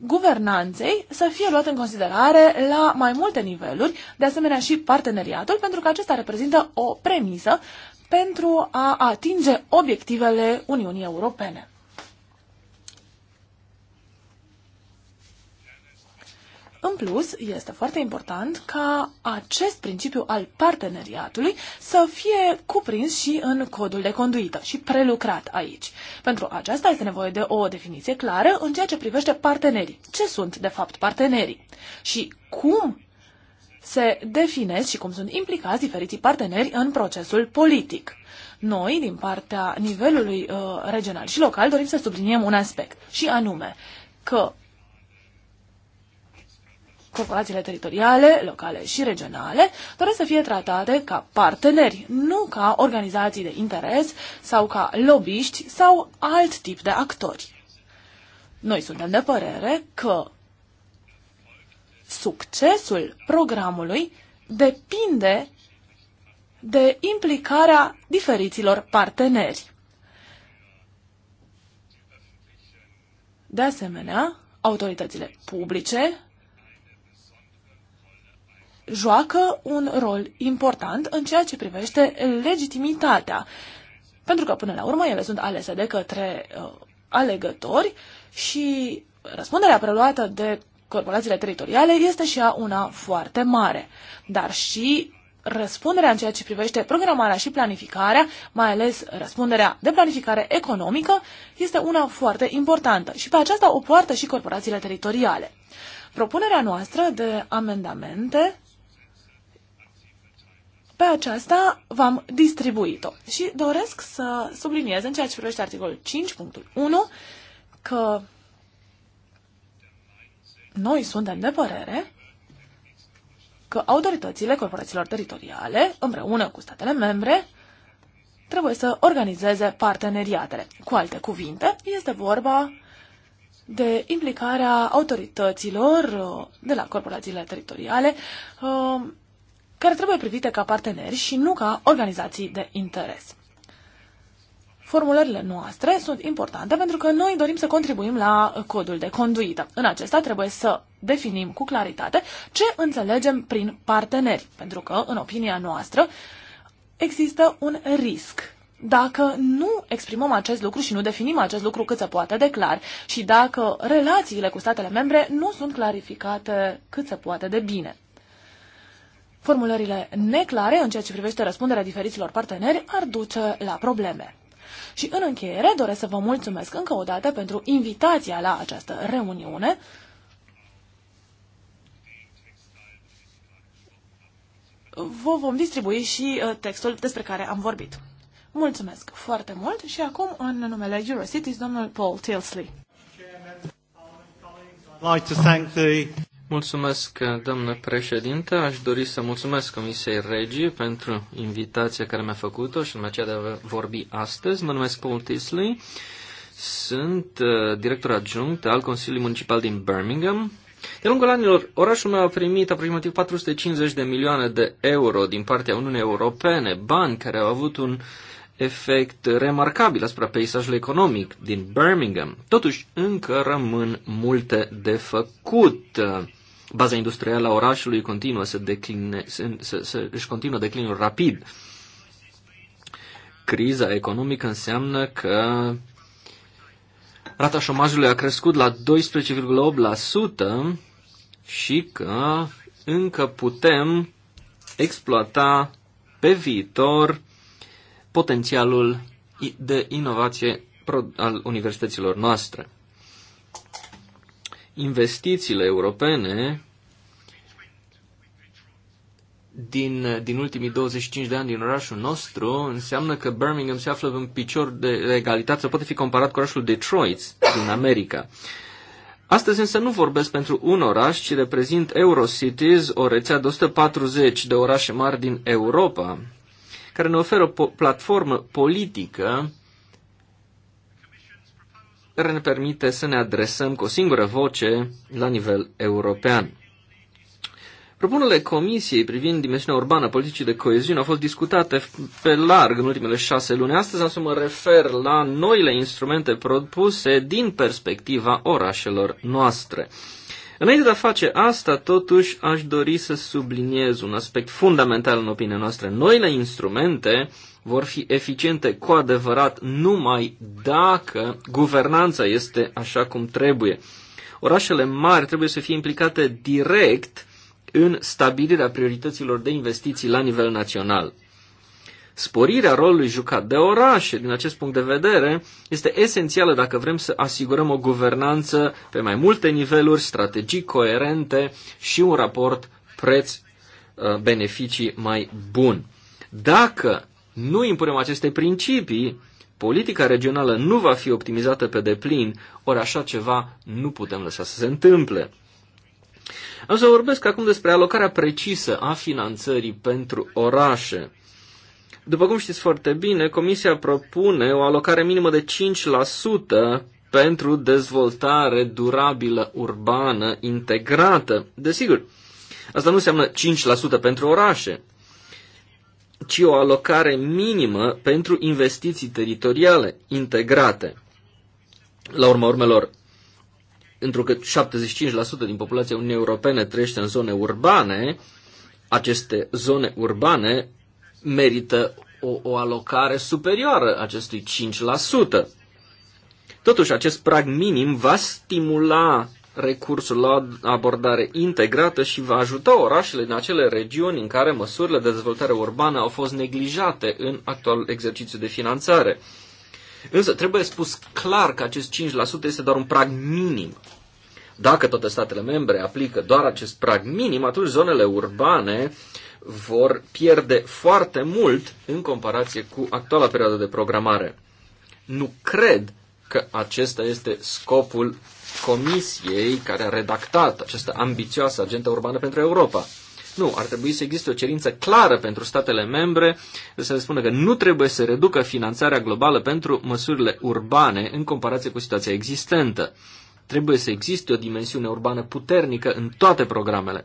guvernanței să fie luat în considerare la mai multe niveluri, de asemenea și parteneriatul, pentru că acesta reprezintă o premisă pentru a atinge obiectivele Uniunii Europene. În plus, este foarte important ca acest principiu al parteneriatului să fie cuprins și în codul de conduită și prelucrat aici. Pentru aceasta este nevoie de o definiție clară în ceea ce privește partenerii. Ce sunt, de fapt, partenerii? Și cum se definesc și cum sunt implicați diferiții parteneri în procesul politic. Noi, din partea nivelului uh, regional și local, dorim să subliniem un aspect, și anume că corporațiile teritoriale, locale și regionale doresc să fie tratate ca parteneri, nu ca organizații de interes sau ca lobbyști sau alt tip de actori. Noi suntem de părere că succesul programului depinde de implicarea diferiților parteneri. De asemenea, autoritățile publice joacă un rol important în ceea ce privește legitimitatea. Pentru că, până la urmă, ele sunt alese de către uh, alegători și răspunderea preluată de corporațiile teritoriale este și ea una foarte mare. Dar și răspunderea în ceea ce privește programarea și planificarea, mai ales răspunderea de planificare economică, este una foarte importantă și pe aceasta o poartă și corporațiile teritoriale. Propunerea noastră de amendamente pe aceasta v-am distribuit-o și doresc să subliniez în ceea ce privește articolul 5.1 că noi suntem de părere că autoritățile corporațiilor teritoriale, împreună cu statele membre, trebuie să organizeze parteneriatele. Cu alte cuvinte, este vorba de implicarea autorităților uh, de la corporațiile teritoriale uh, care trebuie privite ca parteneri și nu ca organizații de interes. Formulările noastre sunt importante pentru că noi dorim să contribuim la codul de conduită. În acesta trebuie să definim cu claritate ce înțelegem prin parteneri, pentru că, în opinia noastră, există un risc dacă nu exprimăm acest lucru și nu definim acest lucru cât se poate de clar și dacă relațiile cu statele membre nu sunt clarificate cât se poate de bine. Formulările neclare în ceea ce privește răspunderea diferiților parteneri ar duce la probleme. Și în încheiere doresc să vă mulțumesc încă o dată pentru invitația la această reuniune. Vă vom distribui și uh, textul despre care am vorbit. Mulțumesc foarte mult și acum în numele Eurocities domnul Paul Tilsley. Mulțumesc, domnule președinte. Aș dori să mulțumesc Comisiei Regii pentru invitația care mi-a făcut-o și numai aceea de a vorbi astăzi. Mă numesc Paul Tisley, sunt uh, director adjunct al Consiliului Municipal din Birmingham. De lungul anilor, orașul meu a primit aproximativ 450 de milioane de euro din partea Uniunii Europene, bani care au avut un efect remarcabil asupra peisajului economic din Birmingham. Totuși, încă rămân multe de făcut baza industrială a orașului continuă să decline, să să, să, își continuă declinul rapid. Criza economică înseamnă că rata șomajului a crescut la 12,8% și că încă putem exploata pe viitor potențialul de inovație al universităților noastre investițiile europene din, din ultimii 25 de ani din orașul nostru înseamnă că Birmingham se află în picior de egalitate, sau poate fi comparat cu orașul Detroit din America. Astăzi însă nu vorbesc pentru un oraș, ci reprezint Eurocities, o rețea de 140 de orașe mari din Europa, care ne oferă o platformă politică ne permite să ne adresăm cu o singură voce la nivel european. Propunerile Comisiei privind dimensiunea urbană a politicii de coeziune au fost discutate pe larg în ultimele șase luni. Astăzi am să mă refer la noile instrumente propuse din perspectiva orașelor noastre. Înainte de a face asta, totuși, aș dori să subliniez un aspect fundamental în opinia noastră. Noile instrumente vor fi eficiente cu adevărat numai dacă guvernanța este așa cum trebuie. Orașele mari trebuie să fie implicate direct în stabilirea priorităților de investiții la nivel național. Sporirea rolului jucat de orașe, din acest punct de vedere, este esențială dacă vrem să asigurăm o guvernanță pe mai multe niveluri, strategii coerente și un raport preț-beneficii uh, mai bun. Dacă nu impunem aceste principii, politica regională nu va fi optimizată pe deplin, ori așa ceva nu putem lăsa să se întâmple. Am să vorbesc acum despre alocarea precisă a finanțării pentru orașe. După cum știți foarte bine, Comisia propune o alocare minimă de 5% pentru dezvoltare durabilă urbană integrată. Desigur, asta nu înseamnă 5% pentru orașe, ci o alocare minimă pentru investiții teritoriale integrate. La urma urmelor, întrucât 75% din populația Uniunii Europene trăiește în zone urbane, aceste zone urbane merită o, o alocare superioară acestui 5%. Totuși, acest prag minim va stimula recursul la abordare integrată și va ajuta orașele din acele regiuni în care măsurile de dezvoltare urbană au fost neglijate în actualul exercițiu de finanțare. Însă trebuie spus clar că acest 5% este doar un prag minim. Dacă toate statele membre aplică doar acest prag minim, atunci zonele urbane uh, vor pierde foarte mult în comparație cu actuala perioadă de programare. Nu cred că acesta este scopul comisiei care a redactat această ambițioasă agenda urbană pentru Europa. Nu, ar trebui să existe o cerință clară pentru statele membre să le spună că nu trebuie să reducă finanțarea globală pentru măsurile urbane în comparație cu situația existentă. Trebuie să existe o dimensiune urbană puternică în toate programele.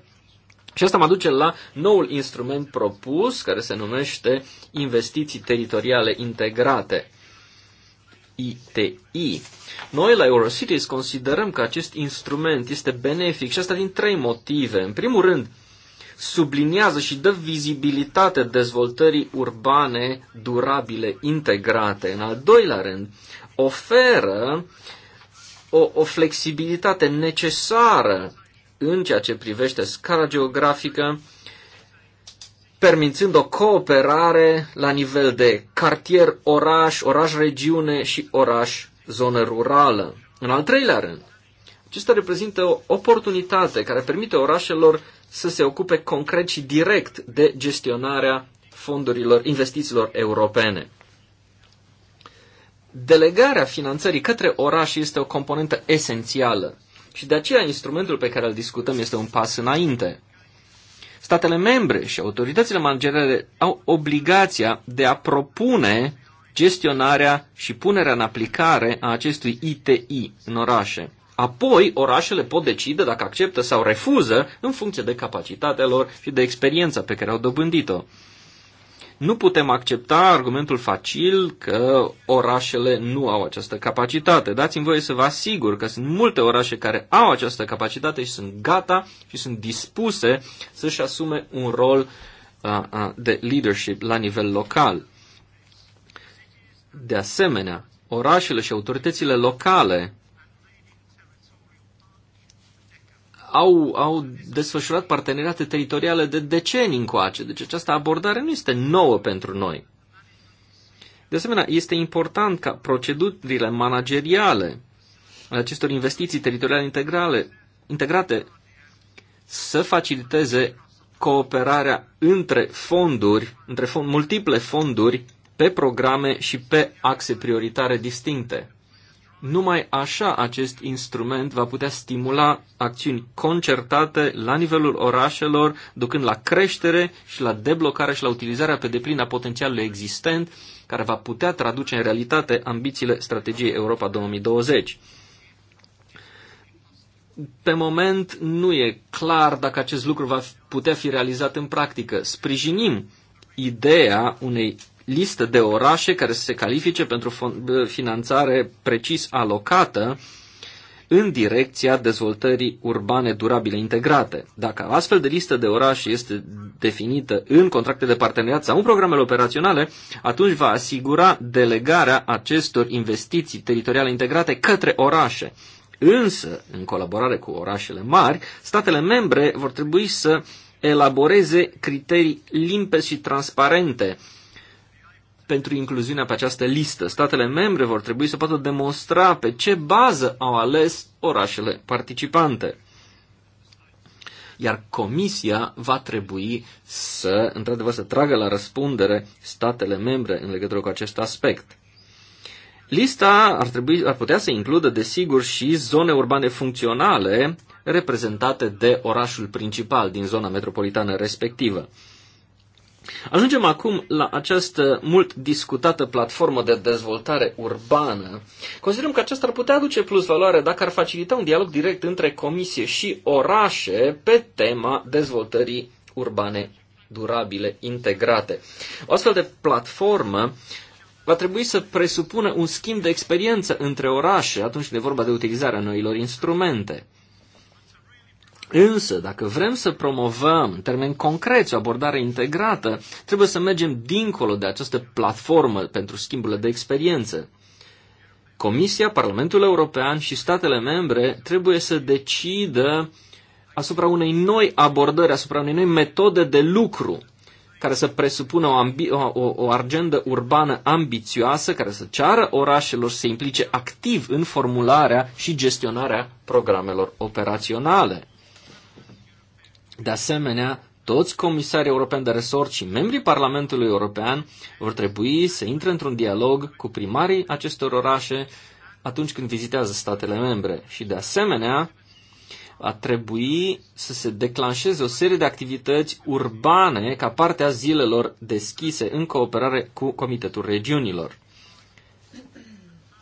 Și asta mă duce la noul instrument propus, care se numește Investiții Teritoriale Integrate, ITI. Noi la Eurocities considerăm că acest instrument este benefic și asta din trei motive. În primul rând, subliniază și dă vizibilitate dezvoltării urbane durabile integrate. În al doilea rând, oferă o, o flexibilitate necesară în ceea ce privește scara geografică, permițând o cooperare la nivel de cartier, oraș, oraș-regiune și oraș-zonă rurală. În al treilea rând, acesta reprezintă o oportunitate care permite orașelor să se ocupe concret și direct de gestionarea fondurilor investițiilor europene. Delegarea finanțării către oraș este o componentă esențială și de aceea instrumentul pe care îl discutăm este un pas înainte. Statele membre și autoritățile manageriale au obligația de a propune gestionarea și punerea în aplicare a acestui ITI în orașe. Apoi, orașele pot decide dacă acceptă sau refuză în funcție de capacitatea lor și de experiența pe care au dobândit-o. Nu putem accepta argumentul facil că orașele nu au această capacitate. Dați-mi voie să vă asigur că sunt multe orașe care au această capacitate și sunt gata și sunt dispuse să-și asume un rol de leadership la nivel local. De asemenea, orașele și autoritățile locale au, au desfășurat parteneriate teritoriale de decenii încoace. Deci această abordare nu este nouă pentru noi. De asemenea, este important ca procedurile manageriale ale acestor investiții teritoriale integrale, integrate să faciliteze cooperarea între fonduri, între fond, multiple fonduri, pe programe și pe axe prioritare distincte. Numai așa acest instrument va putea stimula acțiuni concertate la nivelul orașelor, ducând la creștere și la deblocarea și la utilizarea pe deplin a potențialului existent, care va putea traduce în realitate ambițiile strategiei Europa 2020. Pe moment nu e clar dacă acest lucru va putea fi realizat în practică. Sprijinim ideea unei listă de orașe care să se califice pentru finanțare precis alocată în direcția dezvoltării urbane durabile integrate. Dacă astfel de listă de orașe este definită în contracte de parteneriat sau în programele operaționale, atunci va asigura delegarea acestor investiții teritoriale integrate către orașe. Însă, în colaborare cu orașele mari, statele membre vor trebui să elaboreze criterii limpe și transparente uh, pentru incluziunea pe această listă. Statele membre vor trebui să poată demonstra pe ce bază au ales orașele participante. Iar comisia va trebui să, într-adevăr, să tragă la răspundere statele membre în legătură cu acest aspect. Lista ar, trebui, ar putea să includă, desigur, și zone urbane funcționale reprezentate de orașul principal din zona metropolitană respectivă. Ajungem acum la această mult discutată platformă de dezvoltare urbană. Considerăm că aceasta ar putea aduce plus valoare dacă ar facilita un dialog direct între comisie și orașe pe tema dezvoltării urbane durabile, integrate. O astfel de platformă va trebui să presupună un schimb de experiență între orașe atunci când e vorba de utilizarea noilor instrumente. Însă, dacă vrem să promovăm în termeni concreți o abordare integrată, trebuie să mergem dincolo de această platformă pentru schimburile de experiență. Comisia, Parlamentul European și statele membre trebuie să decidă asupra unei noi abordări, asupra unei noi metode de lucru care să presupună o, ambi- o, o agendă urbană ambițioasă, care să ceară orașelor să se implice activ în formularea și gestionarea programelor operaționale. De asemenea, toți comisarii europeni de resort și membrii Parlamentului European vor trebui să intre într-un dialog cu primarii acestor orașe atunci când vizitează statele membre. Și de asemenea, a trebui să se declanșeze o serie de activități urbane ca parte a zilelor deschise în cooperare cu Comitetul Regiunilor.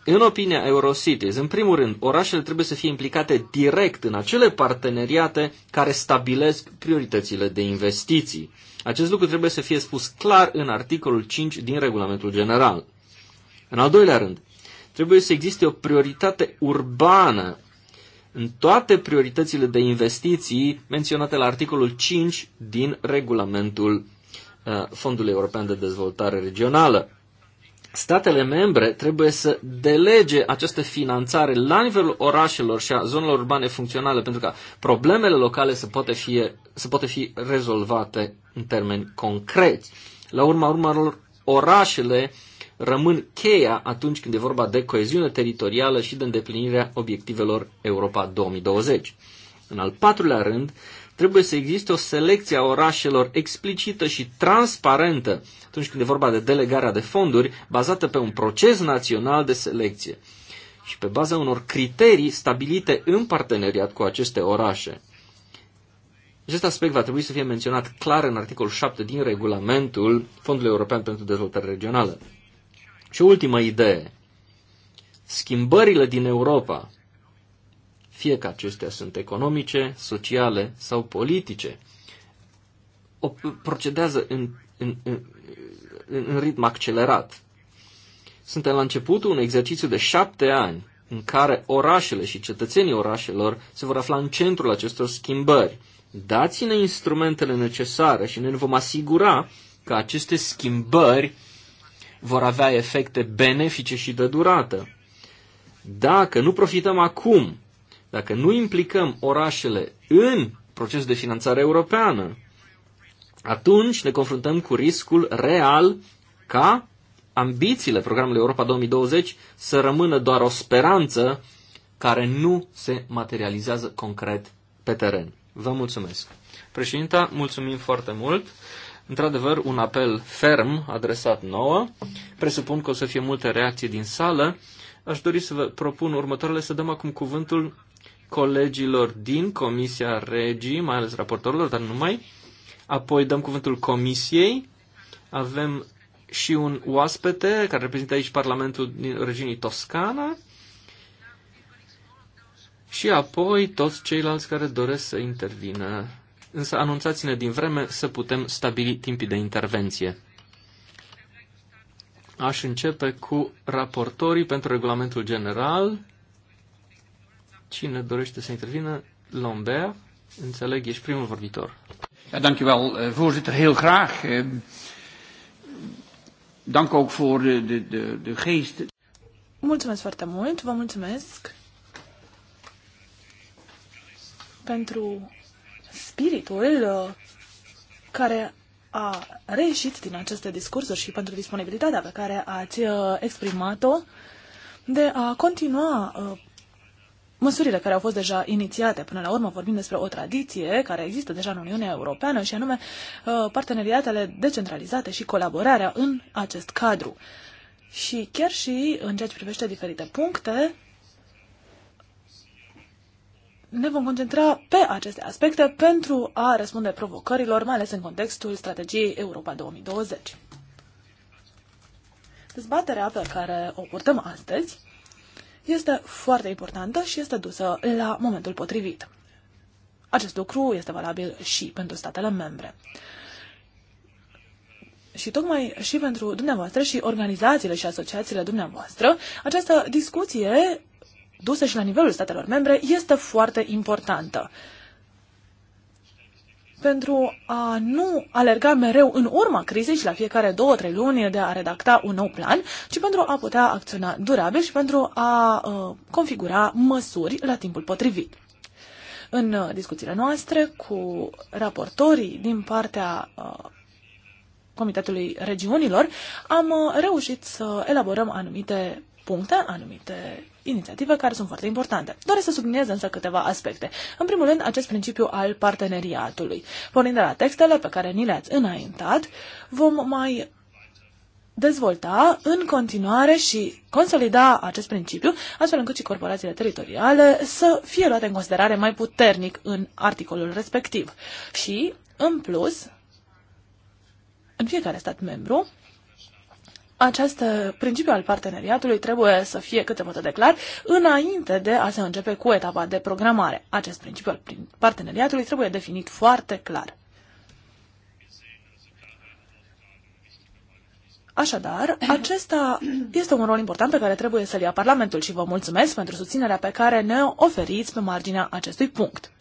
În opinia Eurocities, în primul rând, orașele trebuie să fie implicate direct în acele parteneriate care stabilesc prioritățile de investiții. Acest lucru trebuie să fie spus clar în articolul 5 din regulamentul general. În al doilea rând, trebuie să existe o prioritate urbană în toate prioritățile de investiții menționate la articolul 5 din regulamentul uh, Fondului European de Dezvoltare Regională statele membre trebuie să delege această finanțare la nivelul orașelor și a zonelor urbane funcționale, pentru ca problemele locale să poate fi, să poate fi rezolvate în termeni concreți. La urma urmărilor, orașele rămân cheia atunci când e vorba de coeziune teritorială și de îndeplinirea obiectivelor Europa 2020. În al patrulea rând, Trebuie să existe o selecție a orașelor explicită și transparentă atunci când e vorba de delegarea de fonduri, bazată pe un proces național de selecție și pe baza unor criterii stabilite în parteneriat cu aceste orașe. Acest aspect va trebui să fie menționat clar în articolul 7 din regulamentul Fondului European pentru Dezvoltare Regională. Și ultima idee. Schimbările din Europa fie că acestea sunt economice, sociale sau politice, o procedează în, în, în, în ritm accelerat. Suntem la începutul unui exercițiu de șapte ani în care orașele și cetățenii orașelor se vor afla în centrul acestor schimbări. Dați-ne instrumentele necesare și ne vom asigura că aceste schimbări vor avea efecte benefice și de durată. Dacă nu profităm acum dacă nu implicăm orașele în procesul de finanțare europeană, atunci ne confruntăm cu riscul real ca ambițiile programului Europa 2020 să rămână doar o speranță care nu se materializează concret pe teren. Vă mulțumesc. Președinta, mulțumim foarte mult. Într-adevăr, un apel ferm adresat nouă. Presupun că o să fie multe reacții din sală. Aș dori să vă propun următoarele, să dăm acum cuvântul colegilor din Comisia Regii, mai ales raportorilor, dar numai. Apoi dăm cuvântul Comisiei. Avem și un oaspete care reprezintă aici Parlamentul din regiunii Toscana. Și apoi toți ceilalți care doresc să intervină. Însă anunțați-ne din vreme să putem stabili timpii de intervenție. Aș începe cu raportorii pentru regulamentul general Cine dorește să intervină? Lambert. Înțeleg, ești primul vorbitor. Ja, dankjewel, eh, voorzitter. Heel graag. Ehm, dank ook voor de, de, de, de geest. Mulțumesc foarte mult, vă mulțumesc pentru spiritul eh, care a reieșit din aceste discursuri și pentru disponibilitatea pe care ați eh, exprimat-o de a continua măsurile care au fost deja inițiate. Până la urmă vorbim despre o tradiție care există deja în Uniunea Europeană și anume uh, parteneriatele decentralizate și colaborarea în acest cadru. Și chiar și în ceea ce privește diferite puncte, ne vom concentra pe aceste aspecte pentru a răspunde provocărilor, mai ales în contextul strategiei Europa 2020. Dezbaterea pe care o purtăm astăzi este foarte importantă și este dusă la momentul potrivit. Acest lucru este valabil și pentru statele membre. Și tocmai și pentru dumneavoastră și organizațiile și asociațiile dumneavoastră, această discuție dusă și la nivelul statelor membre este foarte importantă pentru a nu alerga mereu în urma crizei și la fiecare două, trei luni de a redacta un nou plan, ci pentru a putea acționa durabil și pentru a uh, configura măsuri la timpul potrivit. În uh, discuțiile noastre cu raportorii din partea uh, Comitetului Regiunilor, am uh, reușit să elaborăm anumite puncte, anumite inițiative care sunt foarte importante. Doresc să subliniez însă câteva aspecte. În primul rând, acest principiu al parteneriatului. Pornind de la textele pe care ni le-ați înaintat, vom mai dezvolta în continuare și consolida acest principiu, astfel încât și corporațiile teritoriale să fie luate în considerare mai puternic în articolul respectiv. Și, în plus, în fiecare stat membru, acest principiu al parteneriatului trebuie să fie cât se de clar înainte de a se începe cu etapa de programare. Acest principiu al parteneriatului trebuie definit foarte clar. Așadar, acesta este un rol important pe care trebuie să-l ia Parlamentul și vă mulțumesc pentru susținerea pe care ne oferiți pe marginea acestui punct.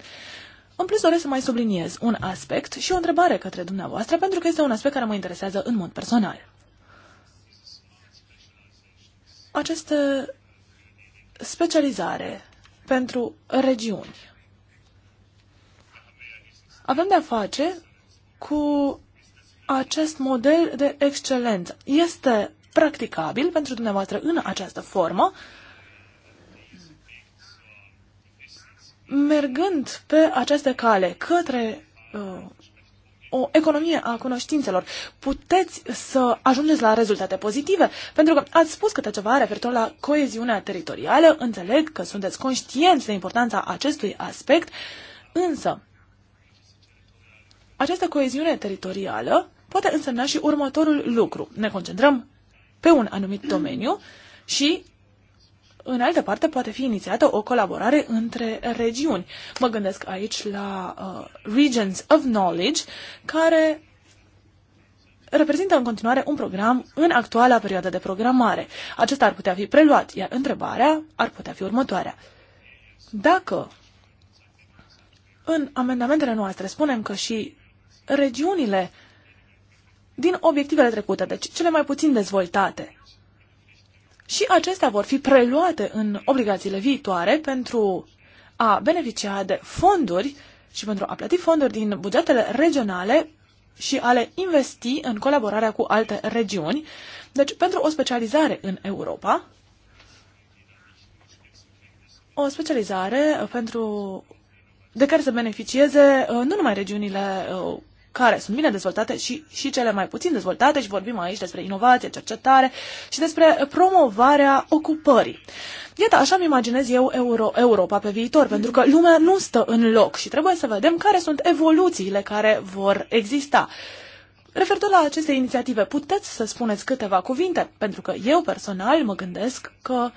În plus, doresc să mai subliniez un aspect și o întrebare către dumneavoastră, pentru că este un aspect care mă interesează în mod personal această specializare pentru regiuni. Avem de-a face cu acest model de excelență. Este practicabil pentru dumneavoastră în această formă, mergând pe această cale către uh, o economie a cunoștințelor. Puteți să ajungeți la rezultate pozitive, pentru că ați spus câte ceva referitor la coeziunea teritorială, înțeleg că sunteți conștienți de importanța acestui aspect, însă această coeziune teritorială poate însemna și următorul lucru. Ne concentrăm pe un anumit domeniu și în altă parte poate fi inițiată o colaborare între regiuni. Mă gândesc aici la uh, Regions of Knowledge, care reprezintă în continuare un program în actuala perioadă de programare. Acesta ar putea fi preluat, iar întrebarea ar putea fi următoarea. Dacă în amendamentele noastre spunem că și regiunile din obiectivele trecute, deci cele mai puțin dezvoltate, și acestea vor fi preluate în obligațiile viitoare pentru a beneficia de fonduri și pentru a plăti fonduri din bugetele regionale și a le investi în colaborarea cu alte regiuni, deci pentru o specializare în Europa, o specializare pentru de care să beneficieze uh, nu numai regiunile uh, care sunt bine dezvoltate și, și cele mai puțin dezvoltate și vorbim aici despre inovație, cercetare și despre promovarea ocupării. Iată, așa îmi imaginez eu Euro, Europa pe viitor, pentru că lumea nu stă în loc și trebuie să vedem care sunt evoluțiile care vor exista. Referitor la aceste inițiative, puteți să spuneți câteva cuvinte, pentru că eu personal mă gândesc că uh,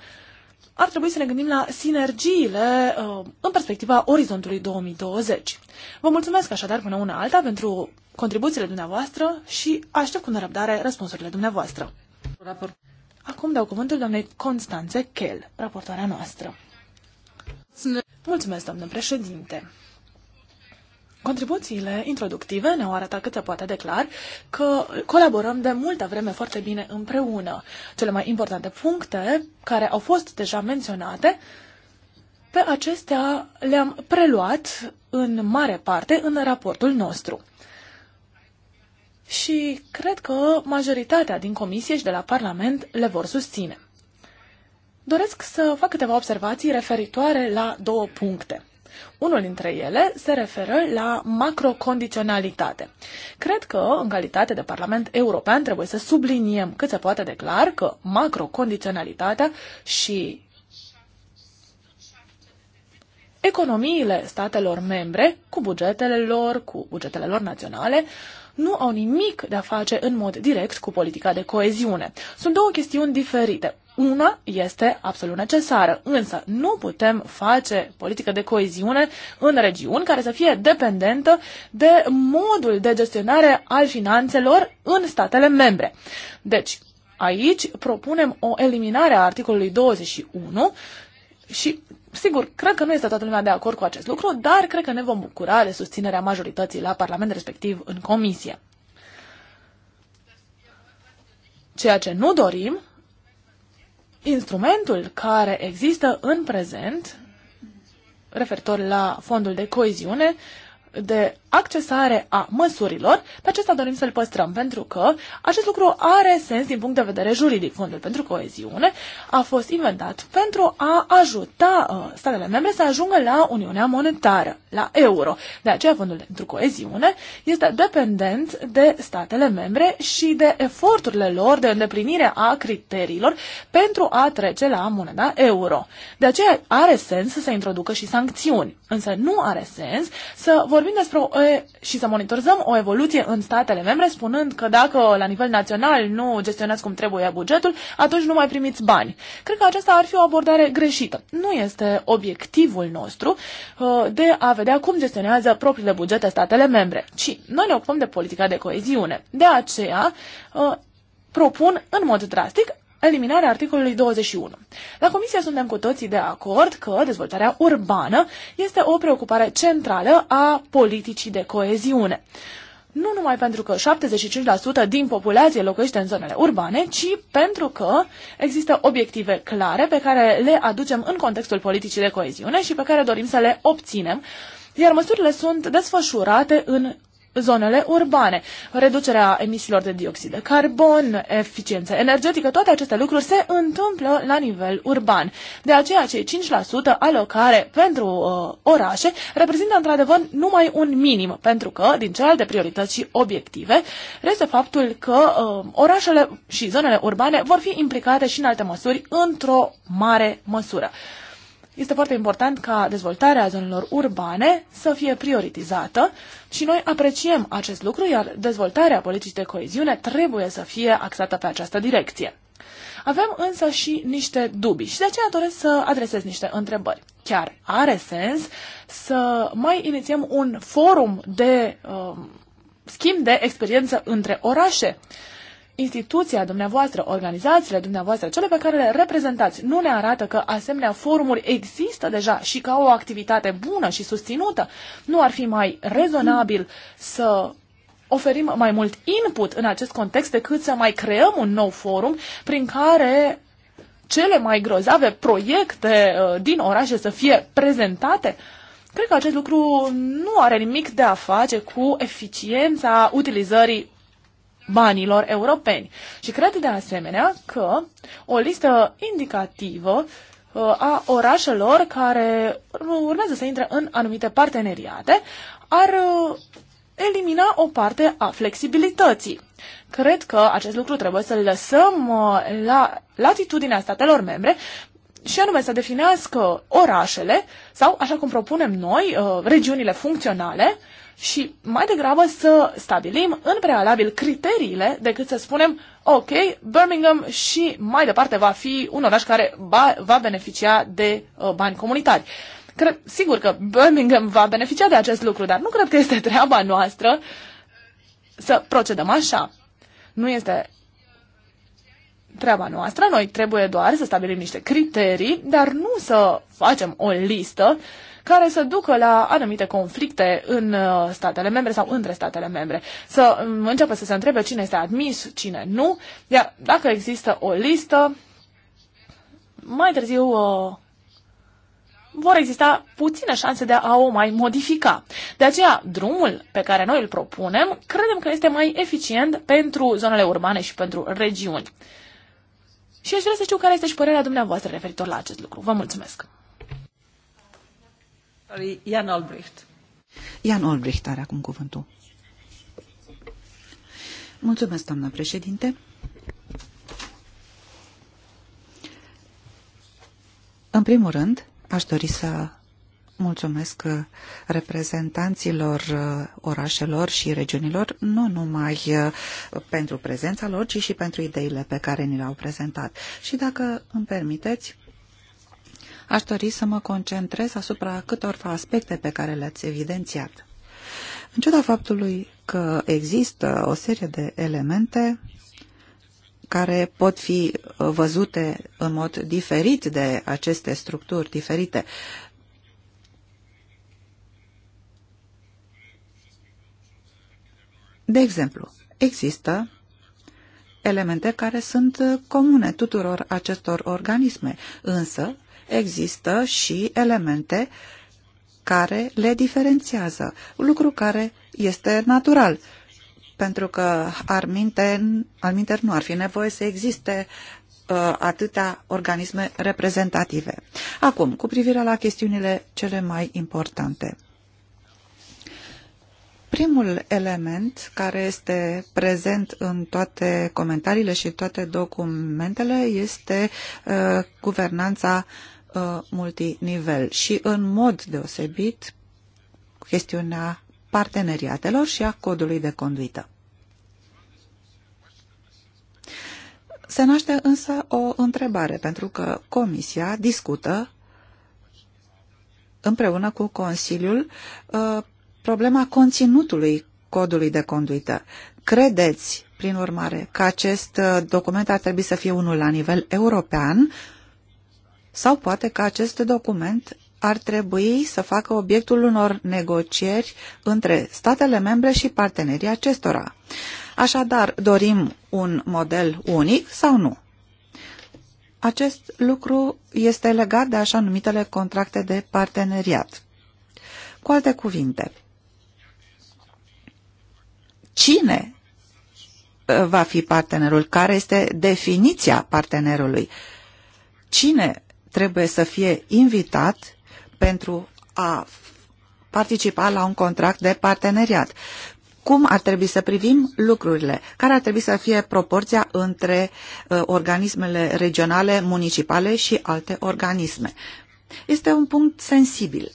ar trebui să ne gândim la sinergiile uh, în perspectiva orizontului 2020. Vă mulțumesc așadar până una alta pentru contribuțiile dumneavoastră și aștept cu nerăbdare răspunsurile dumneavoastră. Raport. Acum dau cuvântul doamnei Constanțe Kell, raportoarea noastră. Mulțumesc, doamnă președinte. Contribuțiile introductive ne-au arătat cât se poate de clar că colaborăm de multă vreme foarte bine împreună. Cele mai importante puncte care au fost deja menționate, pe acestea le-am preluat în mare parte în raportul nostru. Și cred că majoritatea din comisie și de la Parlament le vor susține. Doresc să fac câteva observații referitoare la două puncte. Unul dintre ele se referă la macrocondiționalitate. Cred că, în calitate de Parlament European, trebuie să subliniem cât se poate declar că macrocondiționalitatea și economiile statelor membre, cu bugetele lor, cu bugetele lor naționale, nu au nimic de a face în mod direct cu politica de coeziune. Sunt două chestiuni diferite una este absolut necesară, însă nu putem face politică de coeziune în regiuni care să fie dependentă de modul de gestionare al finanțelor în statele membre. Deci, aici propunem o eliminare a articolului 21 și Sigur, cred că nu este toată lumea de acord cu acest lucru, dar cred că ne vom bucura de susținerea majorității la Parlament, respectiv în Comisie. Ceea ce nu dorim instrumentul care există în prezent referitor la fondul de coeziune de accesare a măsurilor, pe acesta dorim să-l păstrăm, pentru că acest lucru are sens din punct de vedere juridic. Fondul pentru coeziune a fost inventat pentru a ajuta uh, statele membre să ajungă la Uniunea Monetară, la euro. De aceea, fondul pentru coeziune este dependent de statele membre și de eforturile lor de îndeplinire a criteriilor pentru a trece la moneda euro. De aceea are sens să se introducă și sancțiuni, însă nu are sens să vorbim vorbim despre o, și să monitorizăm o evoluție în statele membre, spunând că dacă la nivel național nu gestionați cum trebuie bugetul, atunci nu mai primiți bani. Cred că aceasta ar fi o abordare greșită. Nu este obiectivul nostru uh, de a vedea cum gestionează propriile bugete statele membre, ci noi ne ocupăm de politica de coeziune. De aceea uh, propun în mod drastic eliminarea articolului 21. La Comisie suntem cu toții de acord că dezvoltarea urbană este o preocupare centrală a politicii de coeziune nu numai pentru că 75% din populație locuiește în zonele urbane, ci pentru că există obiective clare pe care le aducem în contextul politicii de coeziune și pe care dorim să le obținem, iar măsurile sunt desfășurate în zonele urbane, reducerea emisiilor de dioxid de carbon, eficiență energetică, toate aceste lucruri se întâmplă la nivel urban. De aceea, cei 5% alocare pentru uh, orașe reprezintă într-adevăr numai un minim, pentru că, din celelalte priorități și obiective, reste faptul că uh, orașele și zonele urbane vor fi implicate și în alte măsuri într-o mare măsură. Este foarte important ca dezvoltarea zonelor urbane să fie prioritizată și noi apreciem acest lucru, iar dezvoltarea politicii de coeziune trebuie să fie axată pe această direcție. Avem însă și niște dubii și de aceea doresc să adresez niște întrebări. Chiar are sens să mai inițiem un forum de uh, schimb de experiență între orașe? Uh, instituția dumneavoastră, organizațiile dumneavoastră, cele pe care le reprezentați, nu ne arată că asemenea forumuri există deja și ca o activitate bună și susținută, nu ar fi mai rezonabil să oferim mai mult input în acest context decât să mai creăm un nou forum prin care cele mai grozave proiecte uh, din orașe să fie prezentate? Cred că acest lucru nu are nimic de a face cu eficiența utilizării banilor europeni. Și cred de asemenea că o listă indicativă uh, a orașelor care urmează să intre în anumite parteneriate ar uh, elimina o parte a flexibilității. Cred că acest lucru trebuie să-l lăsăm uh, la latitudinea statelor membre și anume să definească orașele sau, așa cum propunem noi, regiunile funcționale și mai degrabă să stabilim în prealabil criteriile decât să spunem, ok, Birmingham și mai departe va fi un oraș care ba, va beneficia de uh, bani comunitari. Cred, sigur că Birmingham va beneficia de acest lucru, dar nu cred că este (laughs) treaba noastră să procedăm așa. Nu este treaba noastră, noi trebuie doar să stabilim niște criterii, dar nu să facem o listă uh, care să ducă la anumite conflicte în uh, statele membre sau între statele membre. Să um, înceapă să se întrebe cine este admis, cine nu, iar dacă există o listă, mai târziu uh, vor exista puține șanse de a o mai modifica. De aceea, drumul pe care noi îl propunem, credem că este mai eficient pentru zonele urbane și pentru regiuni. Și aș vrea să știu care este și părerea dumneavoastră referitor la acest lucru. Vă mulțumesc! Ian Albrecht. Ian Albrecht are acum cuvântul. Mulțumesc, doamnă președinte. În primul rând, aș dori să mulțumesc reprezentanților orașelor și regiunilor, nu numai pentru prezența lor, ci și pentru ideile pe care ni le-au prezentat. Și dacă îmi permiteți, aș dori să mă concentrez asupra câtorva aspecte pe care le-ați evidențiat. În ciuda faptului că există o serie de elemente care pot fi uh, văzute în mod diferit de aceste structuri diferite, De exemplu, există elemente care sunt uh, comune tuturor acestor organisme, însă există și elemente care le diferențiază, lucru care este natural, pentru că arminter, arminter nu ar fi nevoie să existe uh, atâtea organisme reprezentative. Acum, cu privire la chestiunile cele mai importante. Primul element care este prezent în toate comentariile și toate documentele este uh, guvernanța uh, Uh, multinivel și în mod deosebit chestiunea parteneriatelor și a codului de conduită. Se naște însă o întrebare, pentru că Comisia discută împreună cu Consiliul uh, problema conținutului codului de conduită. Credeți, prin urmare, că acest uh, document ar trebui să fie unul la nivel european sau poate că acest document ar trebui să facă obiectul unor negocieri între statele membre și partenerii acestora. Așadar, dorim un model unic sau nu? Acest lucru este legat de așa numitele contracte de parteneriat. Cu alte cuvinte, cine uh, va fi partenerul? Care este definiția partenerului? Cine trebuie să fie invitat pentru a participa la un contract de parteneriat. Cum ar trebui să privim lucrurile? Care ar trebui să fie proporția între uh, organismele regionale, municipale și alte organisme? Este un punct sensibil,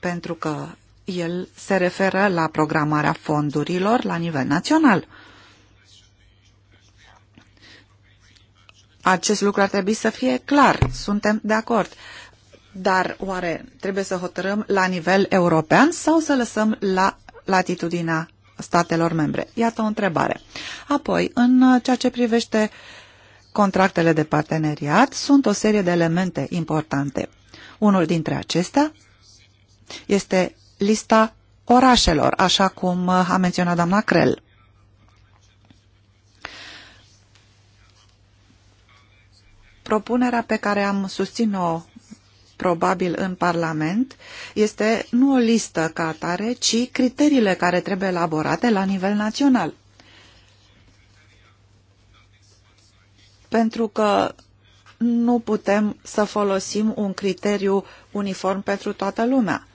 pentru că el se referă la programarea fondurilor la nivel național. Uh, Acest lucru ar trebui să fie clar, suntem de acord. Dar oare trebuie să hotărâm la nivel european sau să lăsăm la latitudinea statelor membre? Iată o întrebare. Apoi, în ceea ce privește contractele de parteneriat, sunt o serie de elemente importante. Unul dintre acestea este lista orașelor, așa cum a menționat doamna Crel. propunerea pe care am susțin-o probabil în Parlament, este nu o listă ca atare, ci criteriile care trebuie elaborate la nivel național. Pentru că nu putem să folosim un criteriu uniform pentru toată lumea.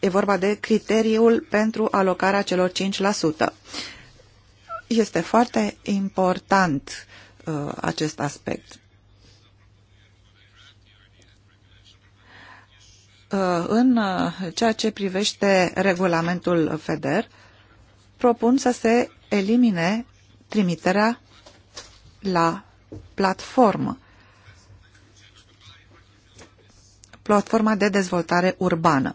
E vorba de criteriul pentru alocarea celor 5%. Este foarte important Uh, acest aspect. Uh, în uh, ceea ce privește regulamentul FEDER, propun să se elimine trimiterea la platformă. Platforma de dezvoltare urbană.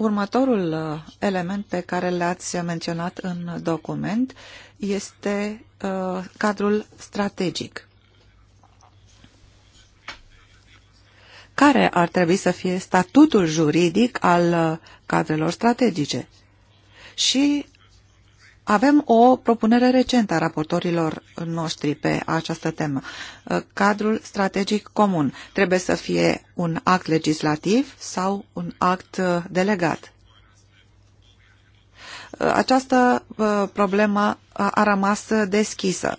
Următorul uh, element pe care l-ați menționat în document este uh, cadrul strategic. Care ar trebui să fie statutul juridic al uh, cadrelor strategice? Și avem o propunere recentă a raportorilor noștri pe această temă. Uh, cadrul strategic comun trebuie să fie un act legislativ sau un act uh, delegat. Uh, această problemă a rămas deschisă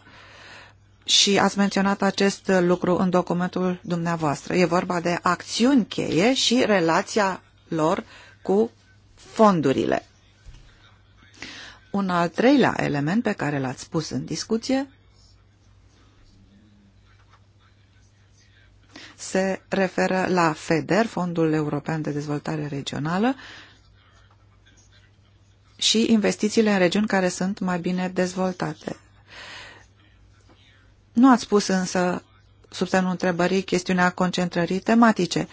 și ați menționat acest lucru în documentul dumneavoastră. E vorba de acțiuni cheie și relația lor cu fondurile. Un al treilea element pe care l-ați spus în discuție se referă la FEDER, Fondul European de Dezvoltare Regională, și investițiile în regiuni care sunt mai bine dezvoltate. Nu ați spus însă sub semnul întrebării chestiunea concentrării tematice.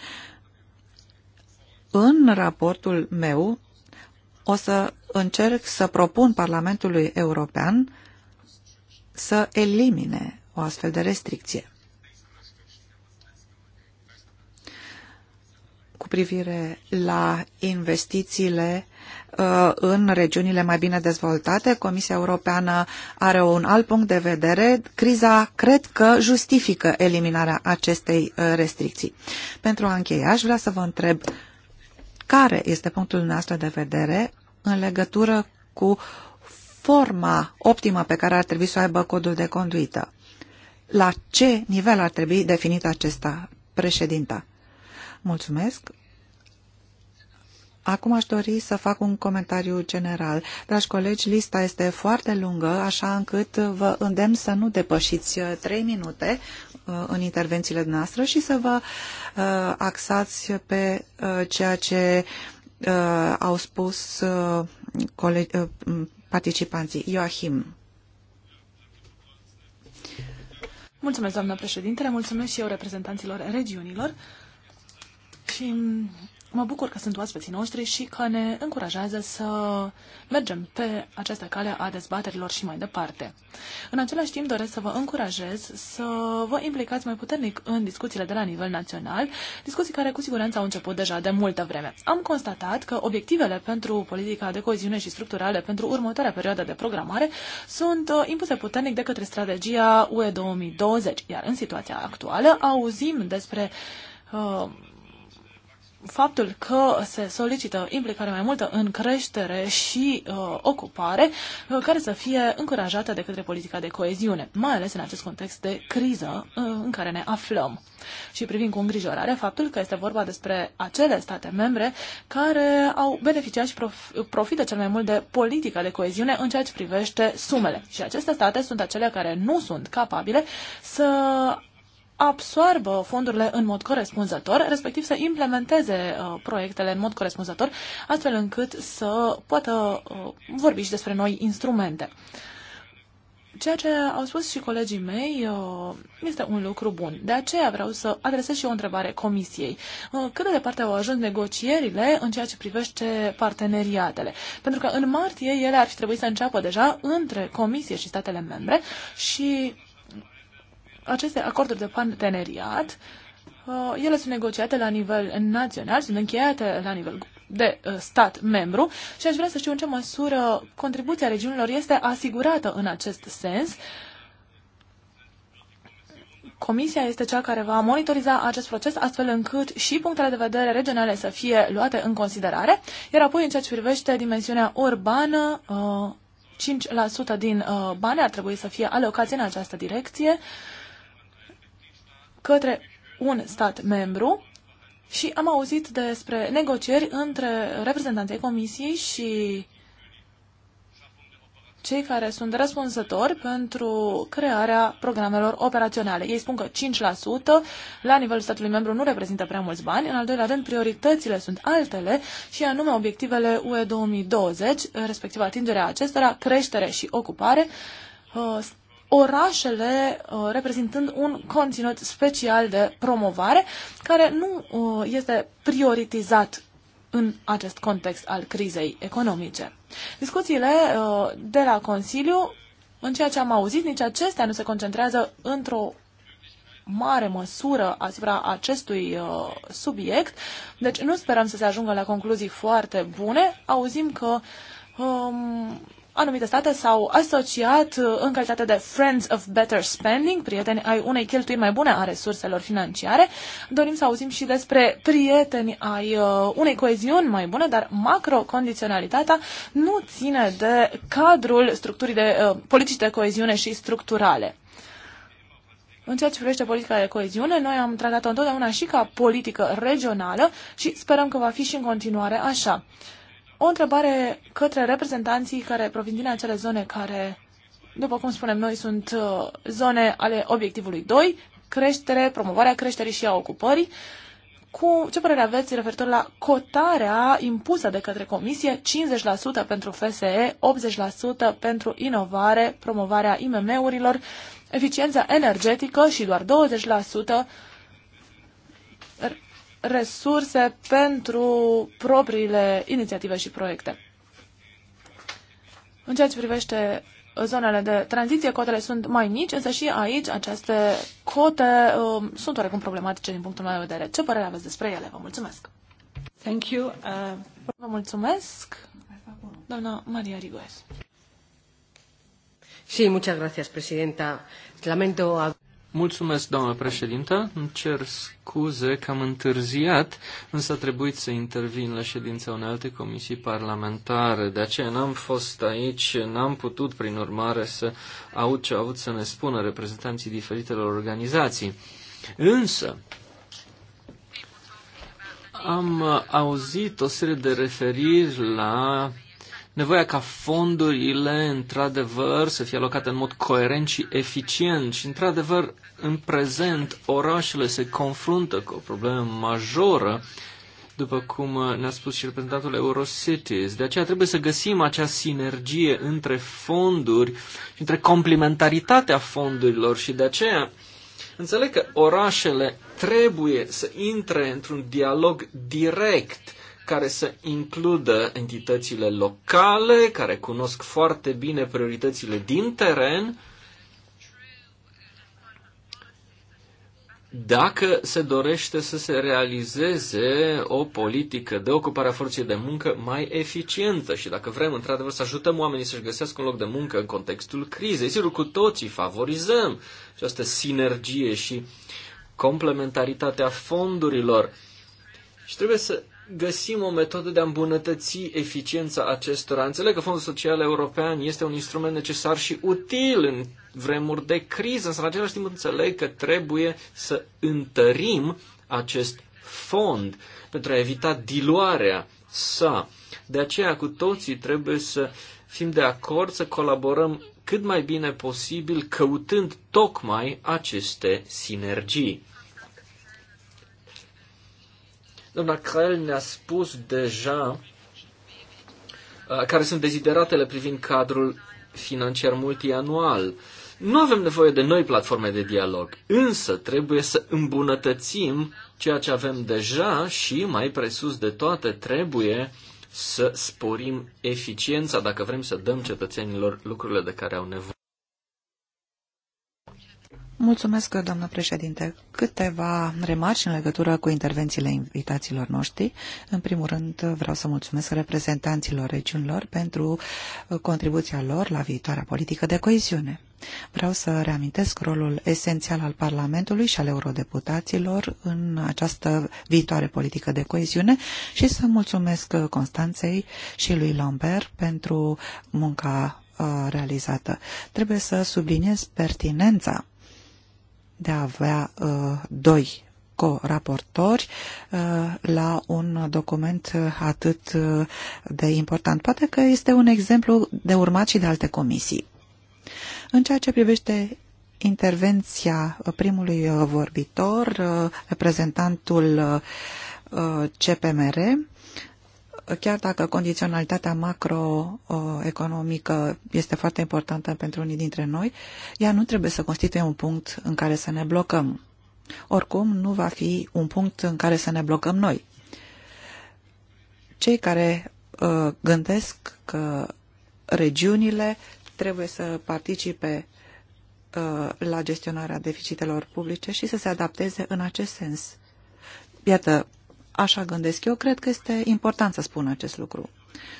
În raportul meu o să încerc să propun Parlamentului European să elimine o astfel de restricție. Cu privire la investițiile uh, în regiunile mai bine dezvoltate. Comisia Europeană are un alt punct de vedere. Criza cred că justifică eliminarea acestei uh, restricții. Pentru a încheia, aș vrea să vă întreb care este punctul noastră de vedere în legătură cu forma optimă pe care ar trebui să o aibă codul de conduită. La ce nivel ar trebui definit acesta, președinta? Mulțumesc. Acum aș dori să fac un comentariu general. Dragi colegi, lista este foarte lungă, așa încât vă îndemn să nu depășiți uh, trei minute uh, în intervențiile noastre și să vă uh, axați pe ceea ce uh, au spus uh, uh, participanții. Joachim. Mulțumesc, doamnă președintele, mulțumesc și eu reprezentanților regiunilor și Mă bucur că sunt oaspeții noștri și că ne încurajează să mergem pe această cale a dezbaterilor și mai departe. În același timp doresc să vă încurajez să vă implicați mai puternic în discuțiile de la nivel național, discuții care cu siguranță au început deja de multă vreme. Am constatat că obiectivele pentru politica de coeziune și structurale pentru următoarea perioadă de programare sunt uh, impuse puternic de către strategia UE 2020, iar în situația actuală auzim despre uh, faptul că se solicită implicare mai multă în creștere și uh, ocupare, uh, care să fie încurajată de către politica de coeziune, mai ales în acest context de criză uh, în care ne aflăm. Și privind cu îngrijorare faptul că este vorba despre acele state membre care au beneficiat și prof- profită cel mai mult de politica de coeziune în ceea ce privește sumele. Și aceste state sunt acele care nu sunt capabile să absorbă fondurile în mod corespunzător, respectiv să implementeze uh, proiectele în mod corespunzător, astfel încât să poată uh, vorbi și despre noi instrumente. Ceea ce au spus și colegii mei uh, este un lucru bun. De aceea vreau să adresez și o întrebare comisiei. Uh, cât de departe au ajuns negocierile în ceea ce privește parteneriatele? Pentru că în martie ele ar fi trebuit să înceapă deja între comisie și statele membre și aceste acorduri de parteneriat, uh, ele sunt negociate la nivel național, sunt încheiate la nivel de uh, stat membru și aș vrea să știu în ce măsură contribuția regiunilor este asigurată în acest sens. Comisia este cea care va monitoriza acest proces astfel încât și punctele de vedere regionale să fie luate în considerare, iar apoi în ceea ce privește dimensiunea urbană, 5% uh, din bani ar trebui să fie alocați în această direcție către un stat membru și am auzit despre negocieri între reprezentanții Comisiei și cei care sunt răspunzători pentru crearea programelor operaționale. Ei spun că 5% la nivelul statului membru nu reprezintă prea mulți bani. În al doilea rând, prioritățile sunt altele și anume obiectivele UE 2020, respectiv atingerea acestora, creștere și ocupare, uh, orașele uh, reprezentând un conținut special de promovare care nu uh, este prioritizat în acest context al crizei economice. Discuțiile uh, de la Consiliu, în ceea ce am auzit, nici acestea nu se concentrează într-o mare măsură asupra acestui uh, subiect, deci nu sperăm să se ajungă la concluzii foarte bune. Auzim că um, anumite state s-au asociat uh, în calitate de Friends of Better Spending, prieteni ai unei cheltuiri mai bune a resurselor financiare. Dorim să auzim și despre prieteni ai uh, unei coeziuni mai bune, dar macrocondiționalitatea nu ține de cadrul structurii de uh, politici de coeziune și structurale. În ceea ce privește politica de coeziune, noi am tratat-o întotdeauna și ca politică regională și sperăm că va fi și în continuare așa. O întrebare către reprezentanții care provin din acele zone care, după cum spunem noi, sunt uh, zone ale obiectivului 2, creștere, promovarea creșterii și a ocupării. Cu ce părere aveți referitor la cotarea impusă de către Comisie, 50% pentru FSE, 80% pentru inovare, promovarea IMM-urilor, eficiența energetică și doar 20% resurse pentru propriile inițiative și proiecte. În ceea ce privește zonele de tranziție, cotele sunt mai mici, însă și aici aceste cote um, sunt oarecum problematice din punctul meu de vedere. Ce părere aveți despre ele? Vă mulțumesc! Thank you. Uh... Vă mulțumesc, doamna Maria Rigoes. Sí, muchas gracias, presidenta. Lamento... Mulțumesc, doamnă președintă. Îmi cer scuze că am întârziat, însă a trebuit să intervin la ședința unei alte comisii parlamentare. De aceea n-am fost aici, n-am putut, prin urmare, să aud ce au avut să ne spună reprezentanții diferitelor organizații. Însă, am auzit o serie de referiri la nevoia ca fondurile, într-adevăr, să fie alocate în mod coerent și eficient. Și, într-adevăr, în prezent, orașele se confruntă cu o problemă majoră, după cum ne-a spus și reprezentantul Eurocities. De aceea trebuie să găsim acea sinergie între fonduri, între complementaritatea fondurilor și de aceea Înțeleg că orașele trebuie să intre într-un dialog direct care să includă entitățile locale, care cunosc foarte bine prioritățile din teren, dacă se dorește să se realizeze o politică de ocupare a forței de muncă mai eficientă și dacă vrem într-adevăr să ajutăm oamenii să-și găsească un loc de muncă în contextul crizei, sigur cu toții favorizăm această sinergie și complementaritatea fondurilor. Și trebuie să găsim o metodă de a îmbunătăți eficiența acestora. Înțeleg că Fondul Social European este un instrument necesar și util în vremuri de criză, însă în același timp înțeleg că trebuie să întărim acest fond pentru a evita diluarea sa. De aceea cu toții trebuie să fim de acord să colaborăm cât mai bine posibil căutând tocmai aceste sinergii. Doamna Crael ne-a spus deja uh, care sunt dezideratele privind cadrul financiar multianual. Nu avem nevoie de noi platforme de dialog, însă trebuie să îmbunătățim ceea ce avem deja și, mai presus de toate, trebuie să sporim eficiența dacă vrem să dăm cetățenilor lucrurile de care au nevoie. Mulțumesc, doamnă președinte. Câteva remarci în legătură cu intervențiile invitaților noștri. În primul rând, vreau să mulțumesc reprezentanților regiunilor pentru contribuția lor la viitoarea politică de coeziune. Vreau să reamintesc rolul esențial al Parlamentului și al eurodeputaților în această viitoare politică de coeziune și să mulțumesc Constanței și lui Lambert pentru munca uh, realizată. Trebuie să subliniez pertinența de a avea uh, doi co-raportori uh, la un document atât uh, de important. Poate că este un exemplu de urmat și de alte comisii. În ceea ce privește intervenția primului uh, vorbitor, reprezentantul CPMR, chiar dacă condiționalitatea macroeconomică este foarte importantă pentru unii dintre noi, ea nu trebuie să constituie un punct în care să ne blocăm. Oricum, nu va fi un punct în care să ne blocăm noi. Cei care uh, gândesc că regiunile trebuie să participe uh, la gestionarea deficitelor publice și să se adapteze în acest sens. Iată, Așa gândesc eu, cred că este important să spun acest lucru.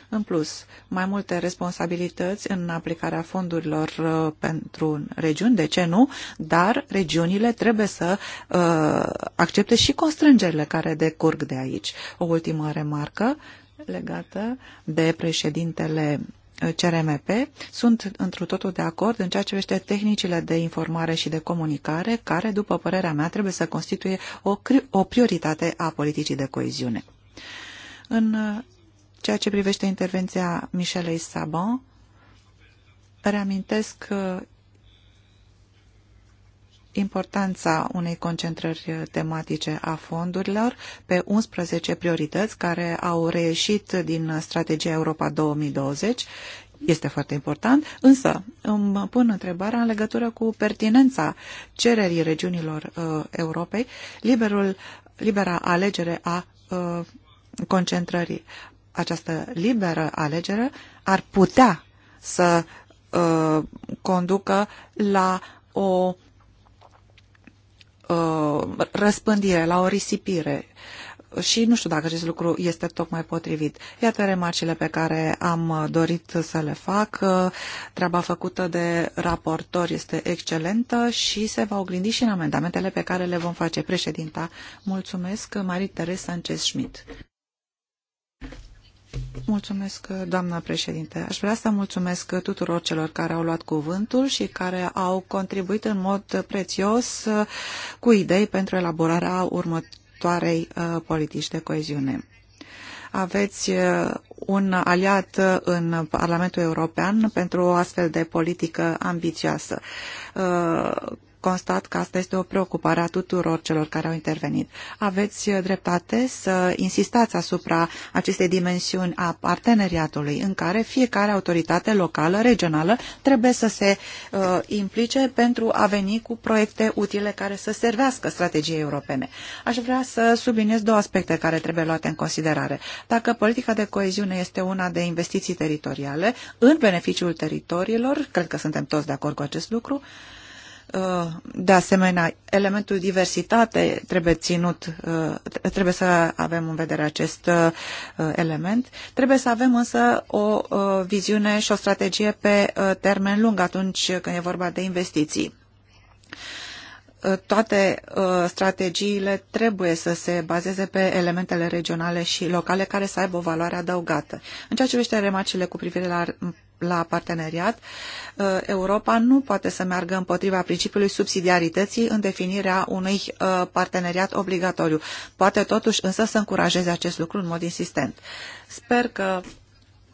În plus, mai multe responsabilități în aplicarea fondurilor uh, pentru regiuni, de ce nu, dar regiunile trebuie să uh, accepte și constrângerile care decurg de aici. O ultimă remarcă legată de președintele CRMP, sunt întru totul de acord în ceea ce vește tehnicile de informare și de comunicare, care, după părerea mea, trebuie să constituie o, o prioritate a politicii de coeziune. În uh, ceea ce privește intervenția Michelei Saban, reamintesc uh, importanța unei concentrări tematice a fondurilor pe 11 priorități care au reieșit din strategia Europa 2020. Este foarte important, însă îmi pun întrebarea în legătură cu pertinența cererii regiunilor uh, Europei, liberul, libera alegere a uh, concentrării. Această liberă alegere ar putea să uh, conducă la o Uh, răspândire, la o risipire. Și nu știu dacă acest lucru este tocmai potrivit. Iată remarcile pe care am dorit să le fac. Treaba făcută de raportor este excelentă și se va oglindi și în amendamentele pe care le vom face. Președinta, mulțumesc, Marie Teresa Sanchez-Schmidt. Mulțumesc, doamna președinte. Aș vrea să mulțumesc tuturor celor care au luat cuvântul și care au contribuit în mod prețios uh, cu idei pentru elaborarea următoarei uh, politici de coeziune. Aveți uh, un aliat în Parlamentul European pentru o astfel de politică ambițioasă constat că asta este o preocupare a tuturor celor care au intervenit. Aveți uh, dreptate să insistați asupra acestei dimensiuni a parteneriatului în care fiecare autoritate locală, regională, trebuie să se uh, implice pentru a veni cu proiecte utile care să servească strategiei europene. Aș vrea să subliniez două aspecte care trebuie luate în considerare. Dacă politica de coeziune este una de investiții teritoriale, în beneficiul teritoriilor, cred că suntem toți de acord cu acest lucru, uh, Uh, de asemenea, elementul diversitate trebuie ținut, uh, trebuie să avem în vedere acest uh, element. Trebuie să avem însă o viziune și o strategie pe termen lung atunci când e vorba de investiții toate strategiile trebuie să se bazeze pe elementele regionale și locale care să aibă o valoare adăugată. În ceea ce privește remarcile cu privire la la parteneriat, uh, Europa nu poate să meargă împotriva principiului subsidiarității în definirea unui uh, parteneriat obligatoriu. Poate totuși însă să încurajeze acest lucru în mod insistent. Sper că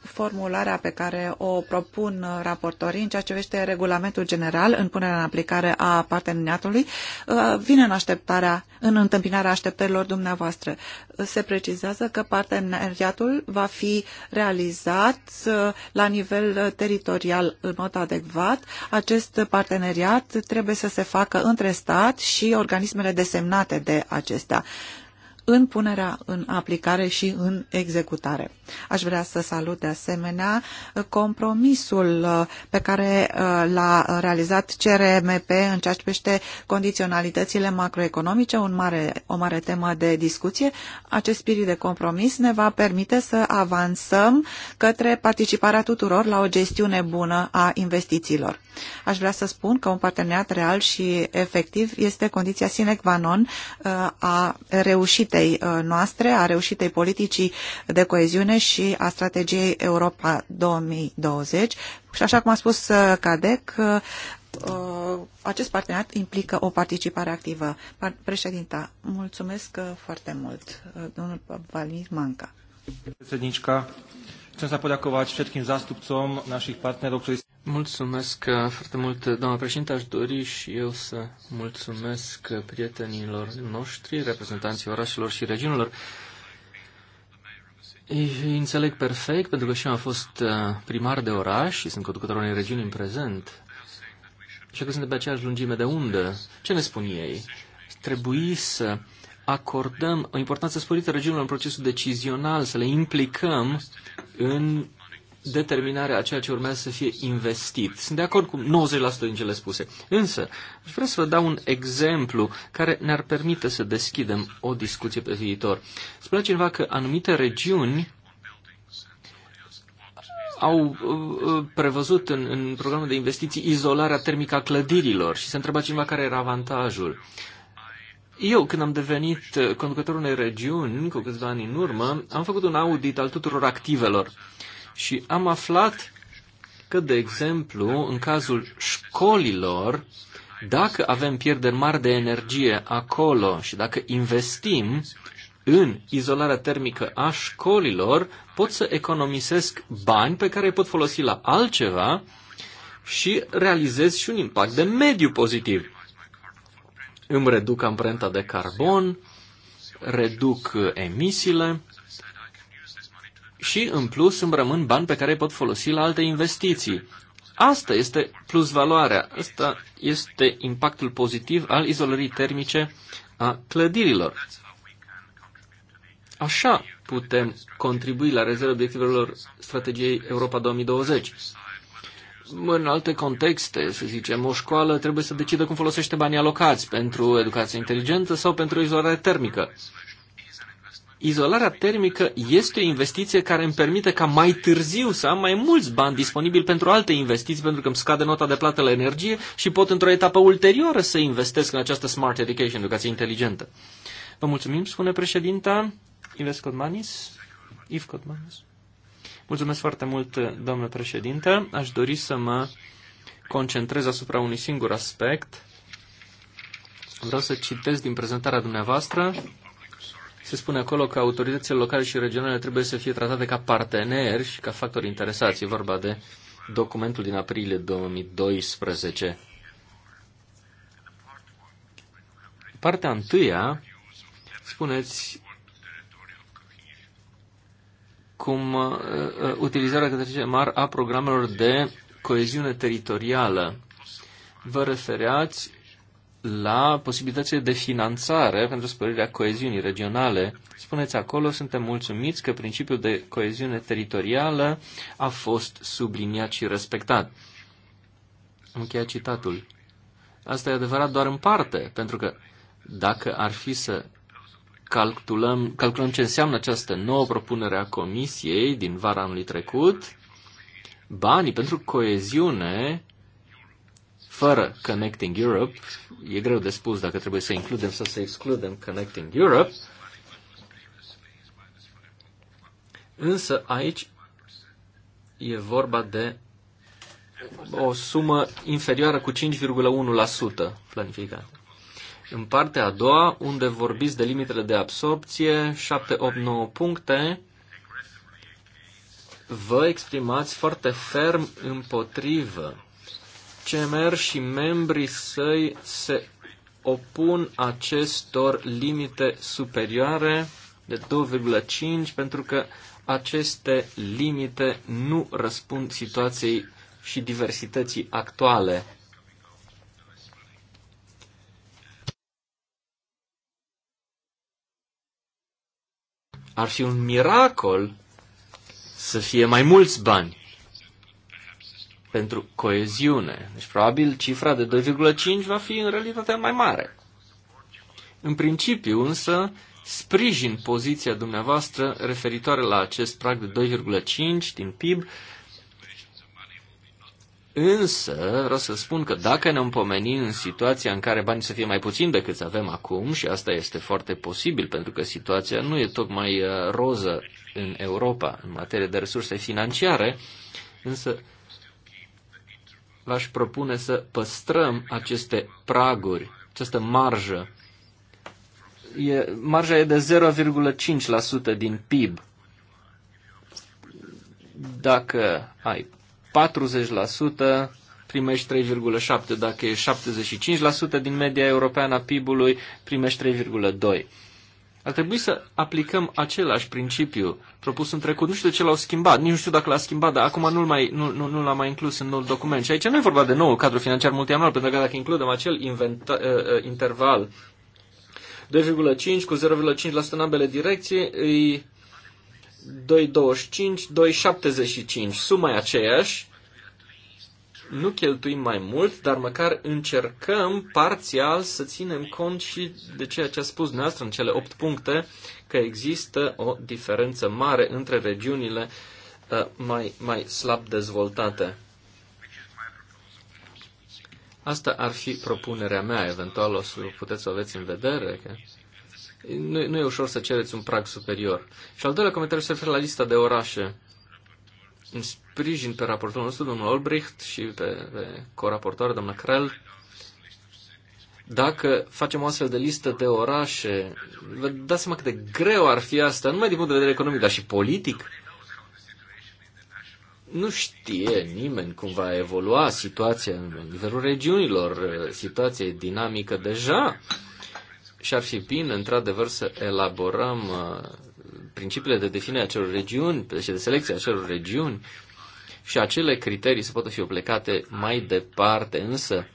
formularea pe care o propun raportorii în ceea ce vește regulamentul general în punerea în aplicare a parteneriatului uh, vine în așteptarea, în întâmpinarea așteptărilor dumneavoastră. Se precizează că parteneriatul va fi realizat uh, la nivel teritorial în mod adecvat. Acest parteneriat trebuie să se facă între stat și organismele desemnate de acestea în punerea în aplicare și în executare. Aș vrea să salut de asemenea uh, compromisul uh, pe care uh, l-a realizat CRMP în ceea ce privește condiționalitățile macroeconomice, un mare, o mare temă de discuție. Acest spirit de compromis ne va permite să avansăm către participarea tuturor la o gestiune bună a investițiilor. Aș vrea să spun că un parteneriat real și efectiv este condiția sine qua non a reușit reușitei uh, noastre, a reușitei politicii de coeziune și a strategiei Europa 2020. Și așa cum a spus uh, Cadec, uh, acest parteneriat implică o participare activă. Președinta, mulțumesc foarte mult, domnul Valin Manca. Președinca, Chcem sa poďakovať všetkým zástupcom našich partnerov, ktorí... Mulțumesc uh, foarte mult, uh, doamna președinte. Aș dori și eu să mulțumesc uh, prietenilor noștri, reprezentanții orașelor și regiunilor. Îi înțeleg perfect, pentru că și eu am fost primar de oraș și sunt conducător unei regiuni în prezent. Și că suntem pe aceeași lungime de undă. Ce ne spun ei? Trebuie să acordăm o importanță sporită regiunilor în procesul decizional, să le implicăm în determinarea a ceea ce urmează să fie investit. Sunt de acord cu 90% din cele spuse. Însă, aș vrea să vă dau un exemplu care ne-ar permite să deschidem o discuție pe viitor. Spunea cineva că anumite regiuni au uh, uh, prevăzut în, în programul de investiții izolarea termică a clădirilor și se întreba cineva care era avantajul. Eu, când am devenit uh, conducătorul unei regiuni, cu câțiva ani în urmă, am făcut un audit al tuturor activelor și am aflat că, de exemplu, în cazul școlilor, dacă avem pierderi mari de energie acolo și dacă investim în izolarea termică a școlilor, pot să economisesc bani pe care îi pot folosi la altceva și realizez și un impact de mediu pozitiv îmi reduc amprenta de carbon, reduc emisiile și, în plus, îmi rămân bani pe care îi pot folosi la alte investiții. Asta este plus valoarea, asta este impactul pozitiv al izolării termice a clădirilor. Așa putem contribui la realizarea obiectivelor strategiei Europa 2020 în alte contexte, să zicem, o școală trebuie să decidă cum folosește banii alocați pentru educație inteligentă sau pentru izolare termică. Izolarea termică este o investiție care îmi permite ca mai târziu să am mai mulți bani disponibili pentru alte investiții, pentru că îmi scade nota de plată la energie și pot într-o etapă ulterioară să investesc în această smart education, educație inteligentă. Vă mulțumim, spune președinta. Ives Codmanis. Yves Codmanis. Mulțumesc foarte mult, domnule președinte. Aș dori să mă concentrez asupra unui singur aspect. Vreau să citesc din prezentarea dumneavoastră. Se spune acolo că autoritățile locale și regionale trebuie să fie tratate ca parteneri și ca factori interesați. E vorba de documentul din aprilie 2012. Partea întâia, spuneți cum uh, uh, utilizarea către ce mari a programelor de coeziune teritorială. Vă refereați la posibilitățile de finanțare pentru sporirea coeziunii regionale. Spuneți acolo, suntem mulțumiți că principiul de coeziune teritorială a fost subliniat și respectat. Am citatul. Asta e adevărat doar în parte, pentru că dacă ar fi să calculăm, calculăm ce înseamnă această nouă propunere a Comisiei din vara anului trecut, banii pentru coeziune fără Connecting Europe, e greu de spus dacă trebuie să includem sau să excludem Connecting Europe, însă aici e vorba de o sumă inferioară cu 5,1% planificată. În partea a doua, unde vorbiți de limitele de absorpție, 7, 8, 9 puncte, vă exprimați foarte ferm împotrivă. CMR și membrii săi se opun acestor limite superioare de 2,5 pentru că aceste limite nu răspund situației și diversității actuale Ar fi un miracol să fie mai mulți bani pentru coeziune. Deci probabil cifra de 2,5 va fi în realitate mai mare. În principiu însă sprijin poziția dumneavoastră referitoare la acest prag de 2,5 din PIB Însă, vreau să spun că dacă ne împomenim în situația în care banii să fie mai puțin decât avem acum, și asta este foarte posibil, pentru că situația nu e tocmai uh, roză în Europa în materie de resurse financiare, însă v-aș propune să păstrăm aceste praguri, această marjă. E, marja e de 0,5% din PIB. Dacă ai 40%, primești 3,7%. Dacă e 75% din media europeană a PIB-ului, primești 3,2%. Ar trebui să aplicăm același principiu propus în trecut. Nu știu de ce l-au schimbat, nici nu știu dacă l-a schimbat, dar acum nu-l, mai, nu, nu, nu l-am mai inclus în noul document. Și aici nu e vorba de nou cadru financiar multianual, pentru că dacă includem acel inventa, uh, interval 2,5 cu 0,5% în ambele direcții, îi 2,25, 2,75. Suma e aceeași. Nu cheltuim mai mult, dar măcar încercăm parțial să ținem cont și de ceea ce a spus dumneavoastră în cele 8 puncte, că există o diferență mare între regiunile uh, mai, mai slab dezvoltate. Asta ar fi propunerea mea, eventual o să puteți o aveți în vedere. Că nu, nu e ușor să cereți un prag superior. Și al doilea comentariu se referă la lista de orașe. În sprijin pe raportorul nostru, domnul Olbricht, și pe, pe coraportoare, doamna Krell, dacă facem o astfel de listă de orașe, vă dați seama cât de greu ar fi asta, numai din punct de vedere economic, dar și politic. Nu știe nimeni cum va evolua situația în nivelul regiunilor. Situația e dinamică deja și ar fi bine, într-adevăr, să elaborăm uh, principiile de definire a celor regiuni, deci de selecție a celor regiuni și acele criterii să poată fi aplicate mai departe, însă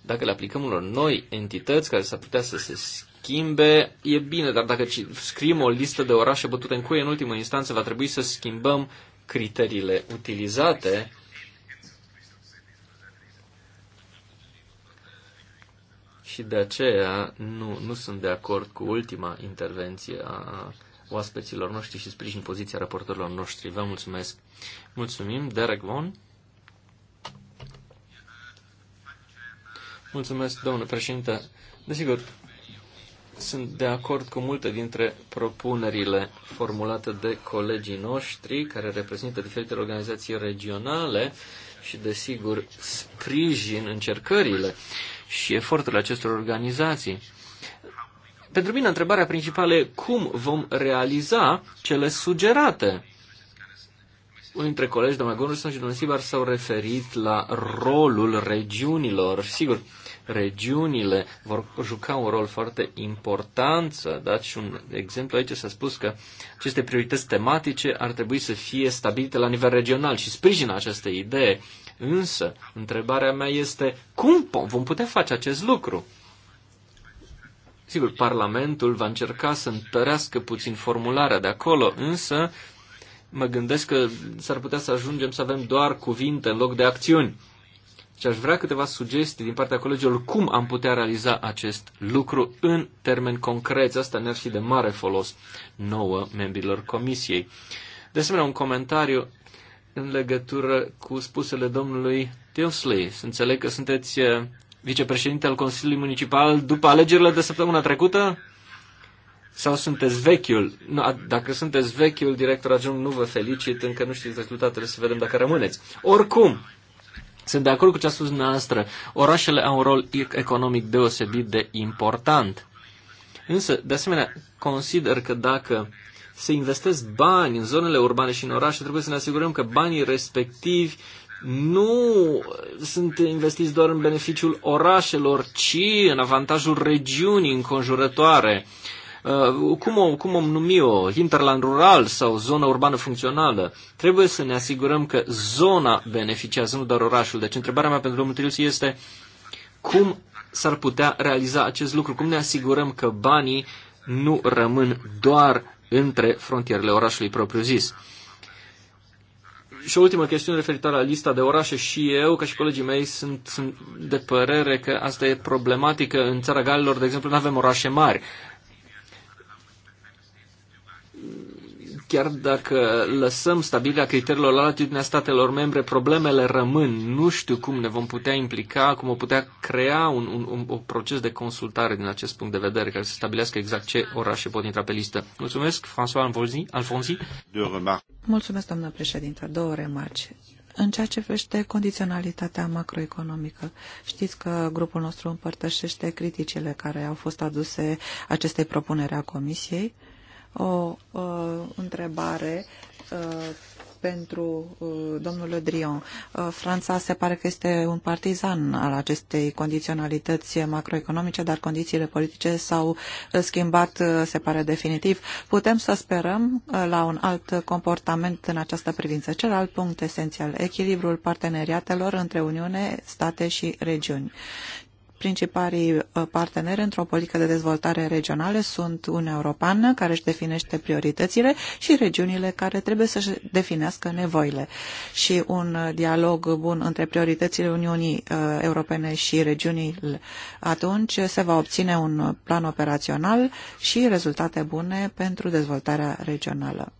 dacă le aplicăm unor noi entități care s-ar putea să se schimbe, e bine, dar dacă scriem o listă de orașe bătute în cuie, în ultimă instanță va trebui să schimbăm criteriile utilizate Și de aceea nu, nu sunt de acord cu ultima intervenție a oaspeților noștri și sprijin poziția raportorilor noștri. Vă mulțumesc. Mulțumim. Derek Von. Mulțumesc, domnule președinte. Desigur, sunt de acord cu multe dintre propunerile formulate de colegii noștri, care reprezintă diferite organizații regionale și, desigur, sprijin încercările și eforturile acestor organizații. Pentru mine, întrebarea principală e cum vom realiza cele sugerate. Unii dintre colegi, domnul Gunnarsson și domnul Sibar, s-au referit la rolul regiunilor. Sigur, regiunile vor juca un rol foarte important. Să dați și un exemplu aici, s-a spus că aceste priorități tematice ar trebui să fie stabilite la nivel regional și sprijină această idee. Însă, întrebarea mea este cum vom putea face acest lucru? Sigur, Parlamentul va încerca să întărească puțin formularea de acolo, însă mă gândesc că s-ar putea să ajungem să avem doar cuvinte în loc de acțiuni. Și aș vrea câteva sugestii din partea colegilor cum am putea realiza acest lucru în termeni concreți. Asta ne-ar fi de mare folos nouă membrilor comisiei. De asemenea, un comentariu în legătură cu spusele domnului Tilsley. Să înțeleg că sunteți eh, vicepreședinte al Consiliului Municipal după alegerile de săptămâna trecută? Sau sunteți vechiul? Nu, dacă sunteți vechiul director adjunct, nu vă felicit, încă nu știți rezultatele, să vedem dacă rămâneți. Oricum, sunt de acord cu ce a spus dumneavoastră. Orașele au un rol economic deosebit de important. Însă, de asemenea, consider că dacă se investesc bani în zonele urbane și în orașe, trebuie să ne asigurăm că banii respectivi nu sunt investiți doar în beneficiul orașelor, ci în avantajul regiunii înconjurătoare. Uh, cum o, cum o numi-o, hinterland rural sau zona urbană funcțională, trebuie să ne asigurăm că zona beneficiază, nu doar orașul. Deci întrebarea mea pentru domnul Tirius este cum s-ar putea realiza acest lucru, cum ne asigurăm că banii nu rămân doar între frontierele orașului propriu-zis. Și o ultimă chestiune referitoare la lista de orașe și eu, ca și colegii mei, sunt, sunt de părere că asta e problematică. În țara Galilor, de exemplu, nu avem orașe mari. chiar dacă lăsăm stabilirea criteriilor la latitudinea statelor membre, problemele rămân. Nu știu cum ne vom putea implica, cum o putea crea un, un, un, un proces de consultare din acest punct de vedere, care să stabilească exact ce orașe pot intra pe listă. Mulțumesc, François Alfonzi. Alfonzi. Mulțumesc, doamnă președintă. Două remarci. În ceea ce vește condiționalitatea macroeconomică, știți că grupul nostru împărtășește criticile care au fost aduse acestei propuneri a Comisiei. Uh, o întrebare uh, pentru uh, domnul Drion. Uh, Franța se pare că este un partizan al acestei condiționalități macroeconomice, dar condițiile politice s-au uh, schimbat, se pare definitiv. Putem să sperăm la un alt comportament în această privință. Celălalt punct esențial, echilibrul parteneriatelor între Uniune, state și regiuni. Principalii uh, parteneri într-o politică de dezvoltare regională sunt Uniunea Europeană, care își definește prioritățile, și regiunile care trebuie să-și definească nevoile. Și un uh, dialog bun între prioritățile Uniunii uh, Europene și regiunile, atunci se va obține un plan operațional și rezultate bune pentru dezvoltarea regională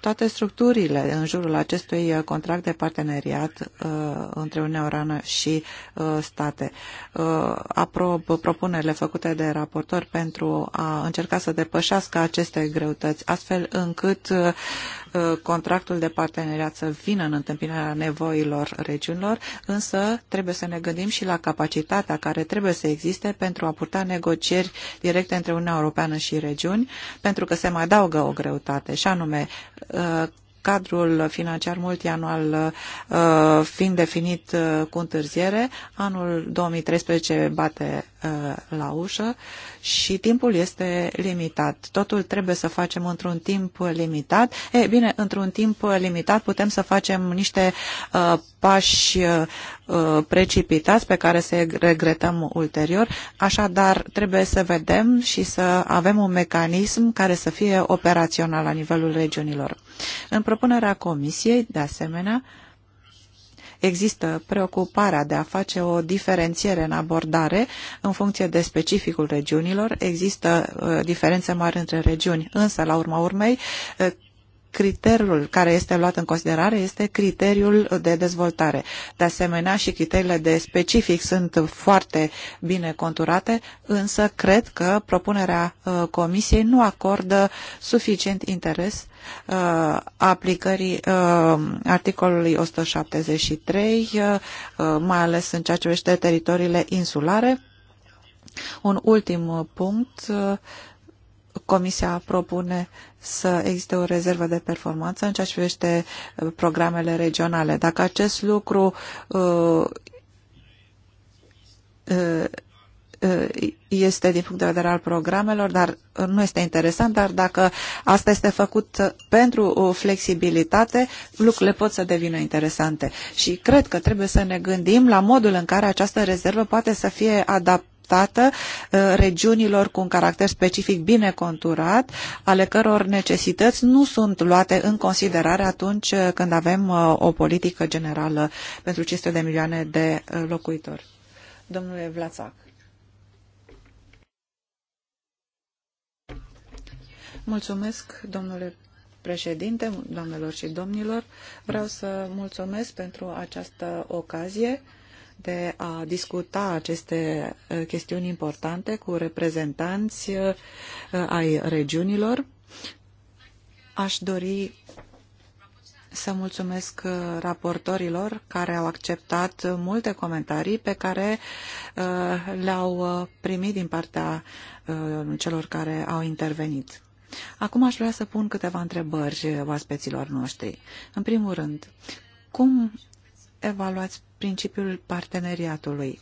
toate structurile în jurul acestui uh, contract de parteneriat uh, între Uniunea Europeană și uh, state. Uh, aprob propunerile făcute de raportor pentru a încerca să depășească aceste greutăți, astfel încât uh, contractul de parteneriat să vină în întâmpinarea nevoilor regiunilor, însă trebuie să ne gândim și la capacitatea care trebuie să existe pentru a purta negocieri directe între Uniunea Europeană și regiuni, pentru că se mai adaugă o greutate, și anume uh, cadrul financiar multianual uh, fiind definit uh, cu întârziere, anul 2013 bate Uh, la ușă și timpul este limitat. Totul trebuie să facem într-un timp limitat. E bine, într-un timp limitat putem să facem niște uh, pași uh, precipitați pe care să regretăm ulterior. Așadar, trebuie să vedem și să avem un mecanism care să fie operațional la nivelul regiunilor. În propunerea Comisiei, de asemenea, uh, Există preocuparea de a face o diferențiere în abordare în funcție de specificul regiunilor. Există uh, diferențe mari între regiuni, însă, la urma urmei, uh, criteriul care este luat în considerare este criteriul de dezvoltare. De asemenea, și criteriile de specific sunt foarte bine conturate, însă cred că propunerea uh, Comisiei nu acordă suficient interes uh, aplicării uh, articolului 173, mai ales în ceea ce privește teritoriile insulare. Un ultim punct Comisia propune să existe o rezervă de performanță în ceea ce privește uh, programele regionale. Dacă acest lucru uh, uh, este din punct de vedere al programelor, dar nu este interesant, dar dacă asta este făcut pentru o flexibilitate, lucrurile pot să devină interesante. Și cred că trebuie să ne gândim la modul în care această rezervă poate să fie adaptată adaptată uh, regiunilor cu un caracter specific bine conturat, ale căror necesități nu sunt luate în considerare atunci uh, când avem uh, o politică generală pentru 500 de milioane de locuitori. Domnule Vlațac. Mulțumesc, domnule președinte, doamnelor și domnilor. Vreau să mulțumesc pentru această ocazie de a discuta aceste uh, chestiuni importante cu reprezentanți uh, ai regiunilor. Aș dori să mulțumesc uh, raportorilor care au acceptat multe comentarii pe care le-au primit din partea celor care au intervenit. Acum aș vrea să pun câteva întrebări oaspeților noștri. În primul rând, cum evaluați principiul parteneriatului?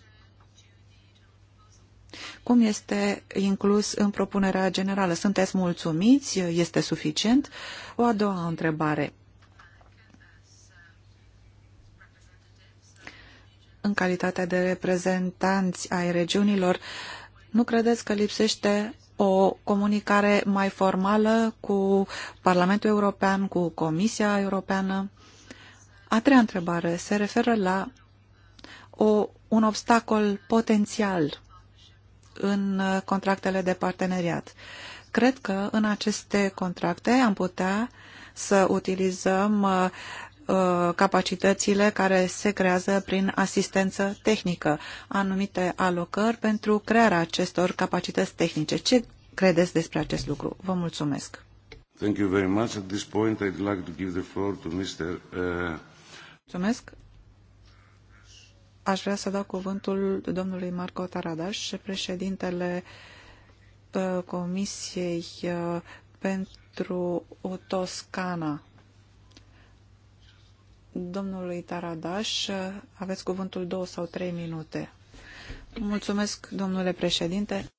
Cum este inclus în propunerea generală? Sunteți mulțumiți? Este suficient? O a doua întrebare. În calitate de reprezentanți ai regiunilor, nu credeți că lipsește o comunicare mai formală cu Parlamentul European, cu Comisia Europeană? A treia întrebare se referă la o, un obstacol potențial în contractele de parteneriat. Cred că în aceste contracte am putea să utilizăm uh, uh, capacitățile care se creează prin asistență tehnică, anumite alocări pentru crearea acestor capacități tehnice. Ce credeți despre acest lucru? Vă mulțumesc. Thank you very much. At this point, I'd like to give the floor to Mr. Uh... Mulțumesc. Aș vrea să dau cuvântul domnului Marco Taradaș, președintele uh, Comisiei uh, pentru Toscana. Domnului Taradaș, uh, aveți cuvântul două sau trei minute. Mulțumesc, domnule președinte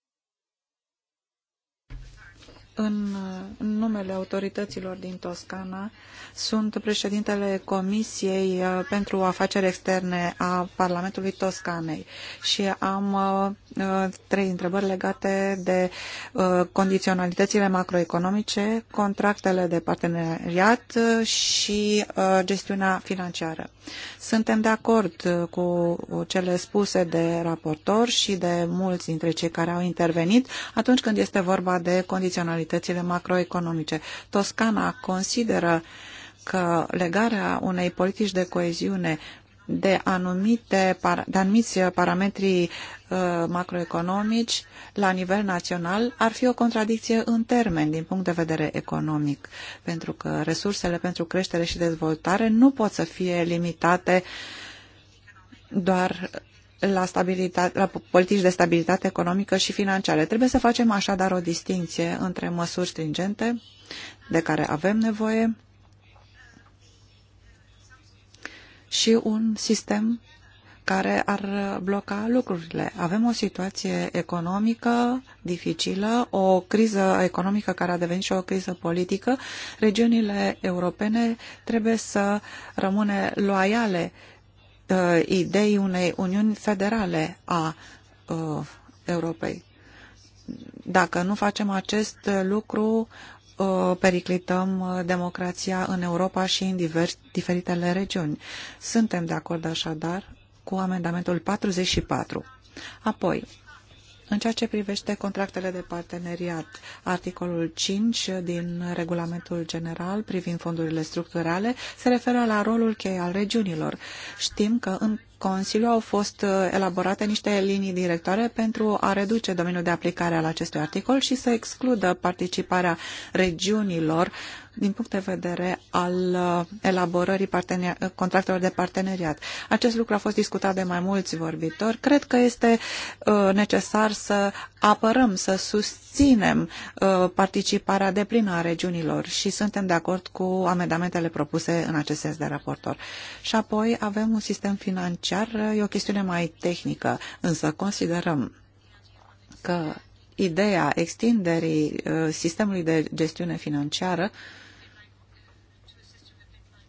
în numele autorităților din Toscana. Sunt președintele Comisiei uh, pentru Afaceri Externe a Parlamentului Toscanei și am uh, uh, trei întrebări legate de condiționalitățile macroeconomice, contractele de parteneriat și gestiunea financiară. Suntem de acord cu cele spuse de raportor și de mulți dintre cei care au intervenit atunci când este vorba de condiționalitățile realitățile macroeconomice. Toscana consideră că legarea unei politici de coeziune de, anumite, de anumiți parametri uh, macroeconomici la nivel național ar fi o contradicție în termen din punct de vedere economic, pentru că resursele pentru creștere și dezvoltare nu pot să fie limitate doar la, la politici de stabilitate economică și financiare. Trebuie să facem așadar o distinție între măsuri stringente de care avem nevoie și un sistem care ar bloca lucrurile. Avem o situație economică dificilă, o criză economică care a devenit și o criză politică. Regiunile europene trebuie să rămâne loiale uh, idei unei uniuni federale a uh, Europei. Dacă nu facem acest lucru, uh, periclităm uh, democrația în Europa și în divers, diferitele regiuni. Suntem de acord așadar cu amendamentul 44. Apoi, în ceea ce privește contractele de parteneriat, articolul 5 din regulamentul general privind fondurile structurale se referă la rolul chei al regiunilor. Știm că în Consiliu au fost uh, elaborate niște linii directoare pentru a reduce domeniul de aplicare al acestui articol și să excludă participarea regiunilor din punct de vedere al uh, elaborării uh, contractelor de parteneriat. Acest lucru a fost discutat de mai mulți vorbitori. Cred că este uh, necesar să apărăm, să susținem participarea de plină a regiunilor și suntem de acord cu amendamentele propuse în acest sens de raportor. Și apoi avem un sistem financiar, e o chestiune mai tehnică, însă considerăm că ideea extinderii sistemului de gestiune financiară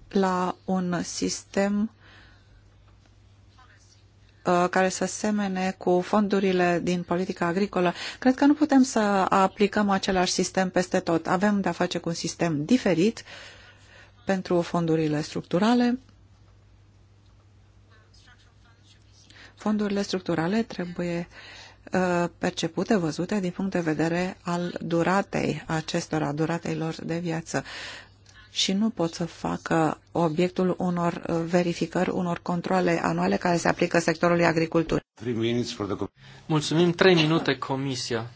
la un sistem uh, care să semene cu fondurile din politica agricolă. Cred că nu putem să aplicăm același sistem peste tot. Avem de-a face cu un sistem diferit pentru fondurile structurale. Fondurile structurale trebuie uh, percepute, văzute din punct de vedere al duratei acestora, duratei lor de viață și nu pot să facă obiectul unor uh, verificări, unor controle anuale care se aplică sectorului agriculturii. Mulțumim. Trei minute, Comisia.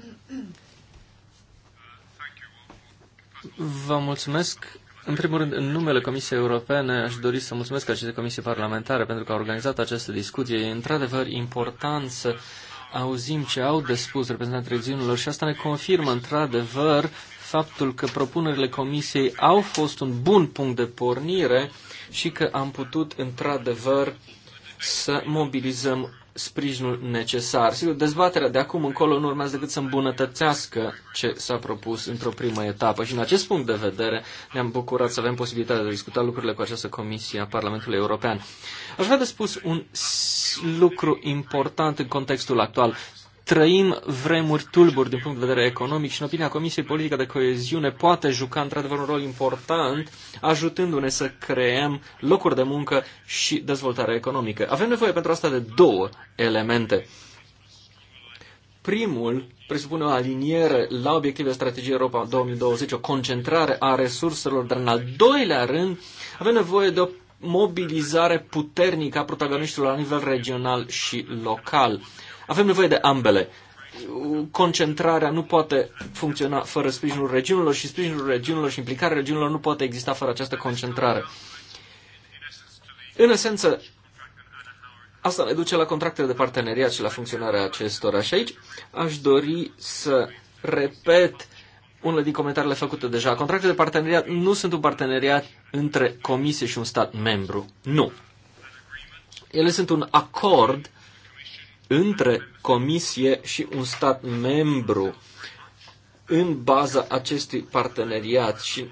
Vă mulțumesc. În primul rând, în numele Comisiei Europene, aș dori să mulțumesc aceste comisii parlamentare pentru că a organizat această discuție. E într-adevăr important să auzim ce au de spus reprezentanții regiunilor și asta ne confirmă într-adevăr faptul că propunerile comisiei au fost un bun punct de pornire și că am putut într-adevăr să mobilizăm sprijinul necesar. Sigur, dezbaterea de acum încolo nu urmează decât să îmbunătățească ce s-a propus într-o primă etapă și în acest punct de vedere ne-am bucurat să avem posibilitatea de a discuta lucrurile cu această comisie a Parlamentului European. Aș vrea de spus un lucru important în contextul actual trăim vremuri tulburi din punct de vedere economic și, în opinia Comisiei Politică de Coeziune, poate juca într-adevăr un rol important, ajutându-ne să creăm locuri de muncă și dezvoltare economică. Avem nevoie pentru asta de două elemente. Primul presupune o aliniere la obiectivele strategiei Europa 2020, o concentrare a resurselor, dar în al doilea rând avem nevoie de o mobilizare puternică a protagoniștilor la nivel regional și local. Avem nevoie de ambele. Concentrarea nu poate funcționa fără sprijinul regiunilor și sprijinul regiunilor și implicarea regiunilor nu poate exista fără această concentrare. În esență, asta ne duce la contractele de parteneriat și la funcționarea acestora. Și aici aș dori să repet unele din comentariile făcute deja. Contractele de parteneriat nu sunt un parteneriat între comisie și un stat membru. Nu. Ele sunt un acord între Comisie și un stat membru în baza acestui parteneriat și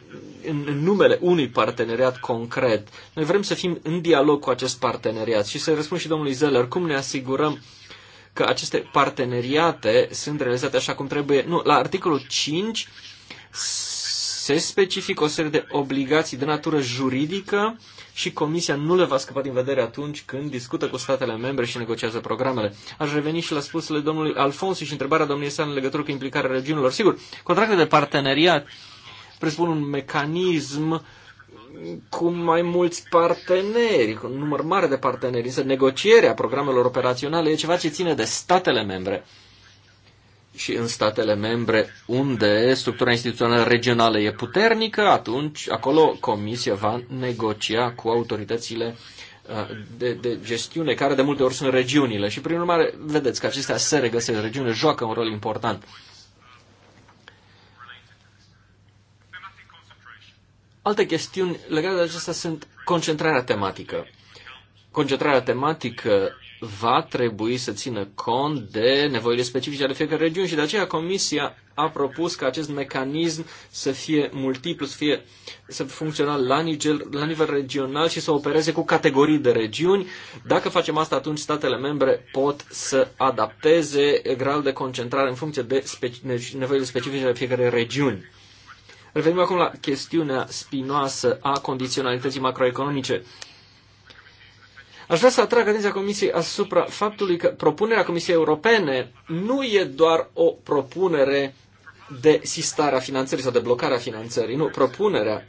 în numele unui parteneriat concret. Noi vrem să fim în dialog cu acest parteneriat și să răspund și domnului Zeller cum ne asigurăm că aceste parteneriate sunt realizate așa cum trebuie. Nu, la articolul 5 se specifică o serie de obligații de natură juridică și Comisia nu le va scăpa din vedere atunci când discută cu statele membre și negociază programele. Aș reveni și la spusele domnului Alfonsi și întrebarea domniei sale în legătură cu implicarea regiunilor. Sigur, contractele de parteneriat presupun un mecanism cu mai mulți parteneri, cu un număr mare de parteneri, însă negocierea programelor operaționale e ceva ce ține de statele membre și în statele membre unde structura instituțională regională e puternică, atunci acolo Comisia va negocia cu autoritățile uh, de, de gestiune, care de multe ori sunt regiunile. Și prin urmare, vedeți că acestea se regăsesc, regiune, joacă un rol important. Alte chestiuni legate de acestea sunt concentrarea tematică. Concentrarea tematică va trebui să țină cont de nevoile specifice ale fiecare regiuni și de aceea Comisia a propus ca acest mecanism să fie multiplu, să, fie, să funcționa la nivel, la nivel regional și să opereze cu categorii de regiuni. Dacă facem asta, atunci statele membre pot să adapteze gradul de concentrare în funcție de speci- nevoile specifice ale fiecare regiuni. Revenim acum la chestiunea spinoasă a condiționalității macroeconomice. Uh, Aș vrea să atrag atenția Comisiei asupra faptului că propunerea Comisiei Europene nu e doar o propunere de sistarea finanțării sau de blocarea finanțării. Nu, propunerea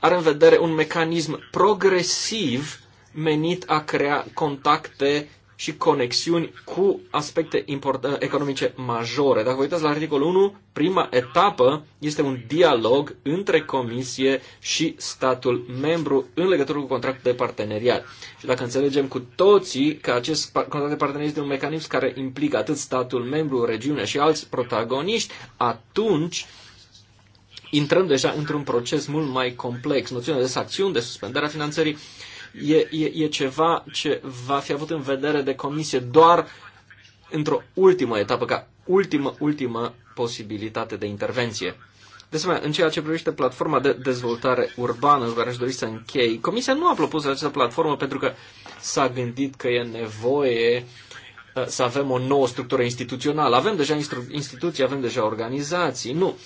are în vedere un mecanism progresiv menit a crea contacte și conexiuni cu aspecte uh, economice majore. Dacă vă uitați la articolul 1, prima etapă este un dialog între Comisie și statul membru în legătură cu contractul de parteneriat. Și dacă înțelegem cu toții că acest contract de parteneriat este un mecanism care implică atât statul membru, regiunea și alți protagoniști, atunci intrăm deja într-un proces mult mai complex. Noțiunea de sancțiuni, de suspendarea finanțării, uh, e, e, e ceva ce va fi avut în vedere de comisie doar într-o ultimă etapă, ca ultimă, ultimă posibilitate de intervenție. De asemenea, în ceea ce privește platforma de dezvoltare urbană, în care aș dori să închei, Comisia nu a propus această platformă pentru că s-a gândit că e nevoie uh, să avem o nouă structură instituțională. Avem deja instituții, avem deja organizații. Nu.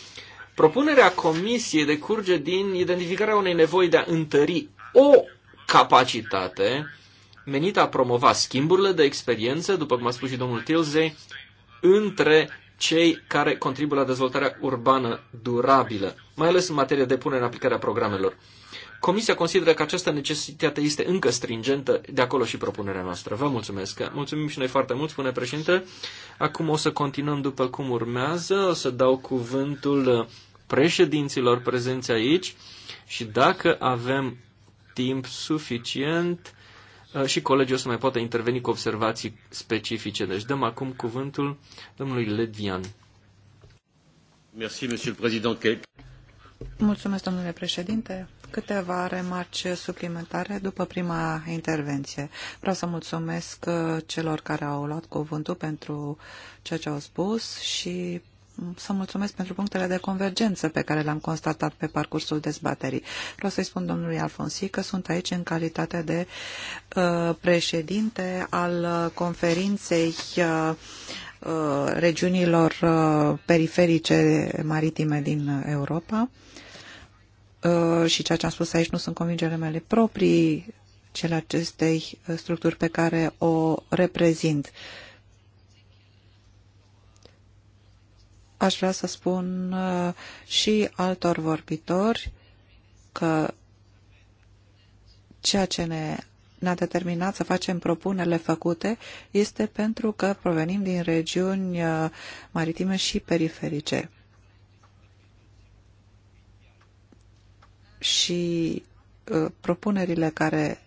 Propunerea Comisiei decurge din identificarea unei nevoi de a întări o capacitate menită a promova schimburile de experiență, după cum a spus și domnul Tilzei, între cei care contribuie la dezvoltarea urbană durabilă, mai ales în materie de punere în aplicare a programelor. Comisia consideră că această necesitate este încă stringentă, de acolo și propunerea noastră. Vă mulțumesc. Mulțumim și noi foarte mult, spune președinte. Acum o să continuăm după cum urmează. O să dau cuvântul președinților prezenți aici și dacă avem timp suficient uh, și colegii o să mai poată interveni cu observații specifice. Deci dăm acum cuvântul domnului Ledvian. Merci, monsieur le président. Mulțumesc, domnule președinte. Câteva remarci suplimentare după prima intervenție. Vreau să mulțumesc uh, celor care au luat cuvântul pentru ceea ce au spus și să mulțumesc pentru punctele de convergență pe care le-am constatat pe parcursul dezbaterii. Vreau să-i spun domnului Alfonsi că sunt aici în calitate de uh, președinte al conferinței uh, uh, regiunilor periferice maritime din Europa uh, și ceea ce am spus aici nu sunt convingere mele proprii, cele acestei uh, structuri pe care o reprezint. Uh, Aș vrea să spun uh, și altor vorbitori că ceea ce ne ne-a determinat să facem propunerile făcute este pentru că provenim din regiuni uh, maritime și periferice. Și uh, propunerile care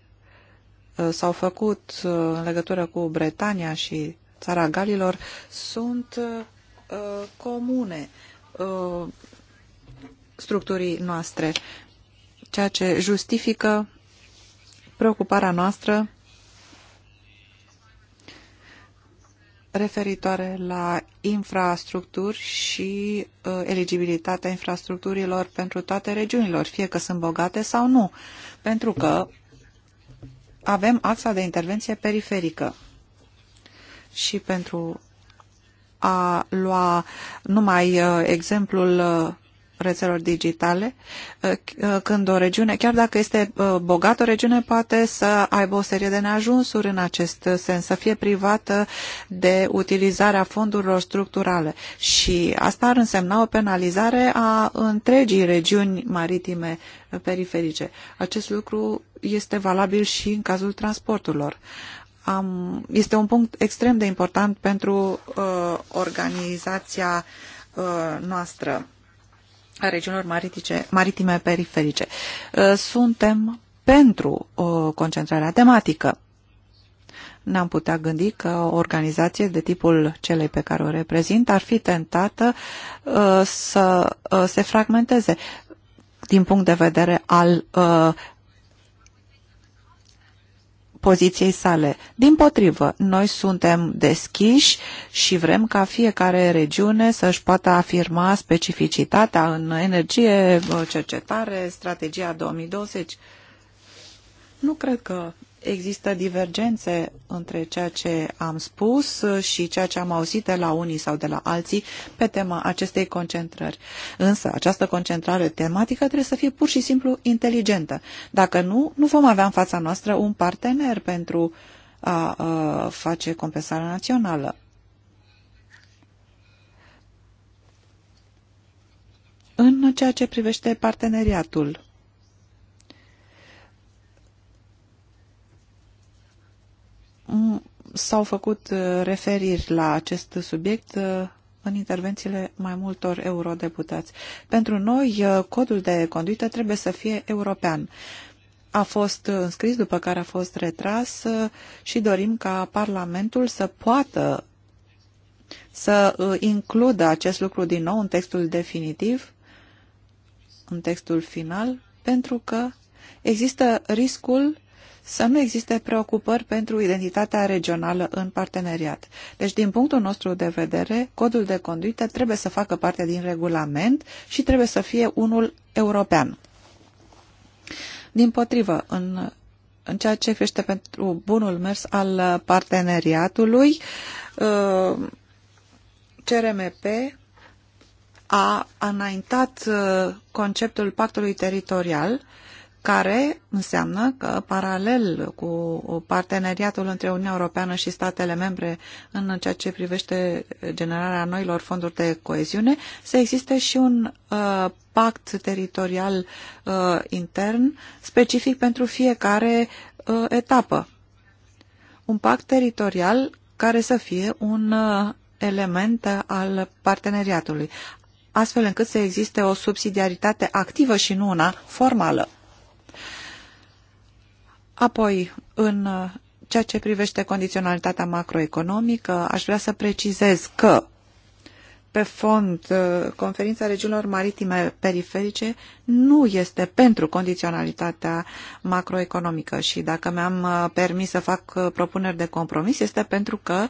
s-au făcut în legătură cu Bretania și țara Galilor sunt Uh, comune uh, structurii noastre, ceea ce justifică preocuparea noastră referitoare la infrastructuri și uh, eligibilitatea infrastructurilor pentru toate regiunilor, fie că sunt bogate sau nu, pentru că avem axa de intervenție periferică. Și pentru a lua numai uh, exemplul uh, rețelor digitale, uh, când o regiune, chiar dacă este bogată o regiune, poate să aibă o serie de neajunsuri în acest sens, să fie privată de utilizarea fondurilor structurale. Și asta ar însemna o penalizare a întregii regiuni maritime periferice. Acest lucru este valabil și în cazul transporturilor am, este un punct extrem de important pentru uh, organizația uh, noastră a regiunilor maritice, maritime periferice. Uh, suntem pentru uh, concentrarea tematică. n am putea gândi că o organizație de tipul celei pe care o reprezint ar fi tentată uh, să uh, se fragmenteze din punct de vedere al uh, poziției sale. Din potrivă, noi suntem deschiși și vrem ca fiecare regiune să-și poată afirma specificitatea în energie, cercetare, strategia 2020. Nu cred că Există divergențe între ceea ce am spus și ceea ce am auzit de la unii sau de la alții pe tema acestei concentrări. Însă, această concentrare tematică trebuie să fie pur și simplu inteligentă. Dacă nu, nu vom avea în fața noastră un partener pentru a, a face compensarea națională. În ceea ce privește parteneriatul, Mm, s-au făcut uh, referiri la acest subiect uh, în intervențiile mai multor eurodeputați. Pentru noi, uh, codul de conduită trebuie să fie european. A fost înscris, după care a fost retras și dorim ca Parlamentul să poată să includă acest lucru din nou în textul definitiv, în textul final, pentru că există riscul să nu existe preocupări pentru identitatea regională în parteneriat. Deci, din punctul nostru de vedere, codul de conduită trebuie să facă parte din regulament și trebuie să fie unul european. Din potrivă, în, în ceea ce crește pentru bunul mers al parteneriatului, uh, CRMP a înaintat uh, conceptul pactului teritorial care înseamnă că, paralel cu parteneriatul între Uniunea Europeană și statele membre în ceea ce privește generarea noilor fonduri de coeziune, să existe și un uh, pact teritorial uh, intern specific pentru fiecare uh, etapă. Un pact teritorial care să fie un uh, element al parteneriatului, astfel încât să existe o subsidiaritate activă și nu una formală. Apoi, în uh, ceea ce privește condiționalitatea macroeconomică, aș vrea să precizez că pe fond, uh, Conferința Regiunilor Maritime Periferice nu este pentru condiționalitatea macroeconomică și dacă mi-am uh, permis să fac propuneri de compromis, este pentru că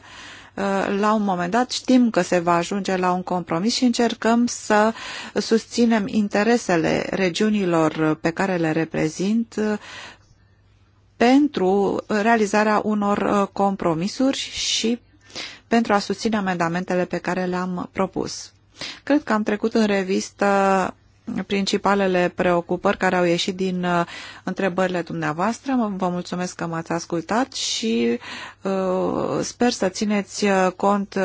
la un moment dat știm că se va ajunge la un compromis și încercăm să susținem interesele regiunilor pe care le reprezint pentru realizarea unor uh, compromisuri și pentru a susține amendamentele pe care le-am propus. Cred că am trecut în revistă principalele preocupări care au ieșit din uh, întrebările dumneavoastră. Vă mulțumesc că m-ați ascultat și uh, sper să țineți cont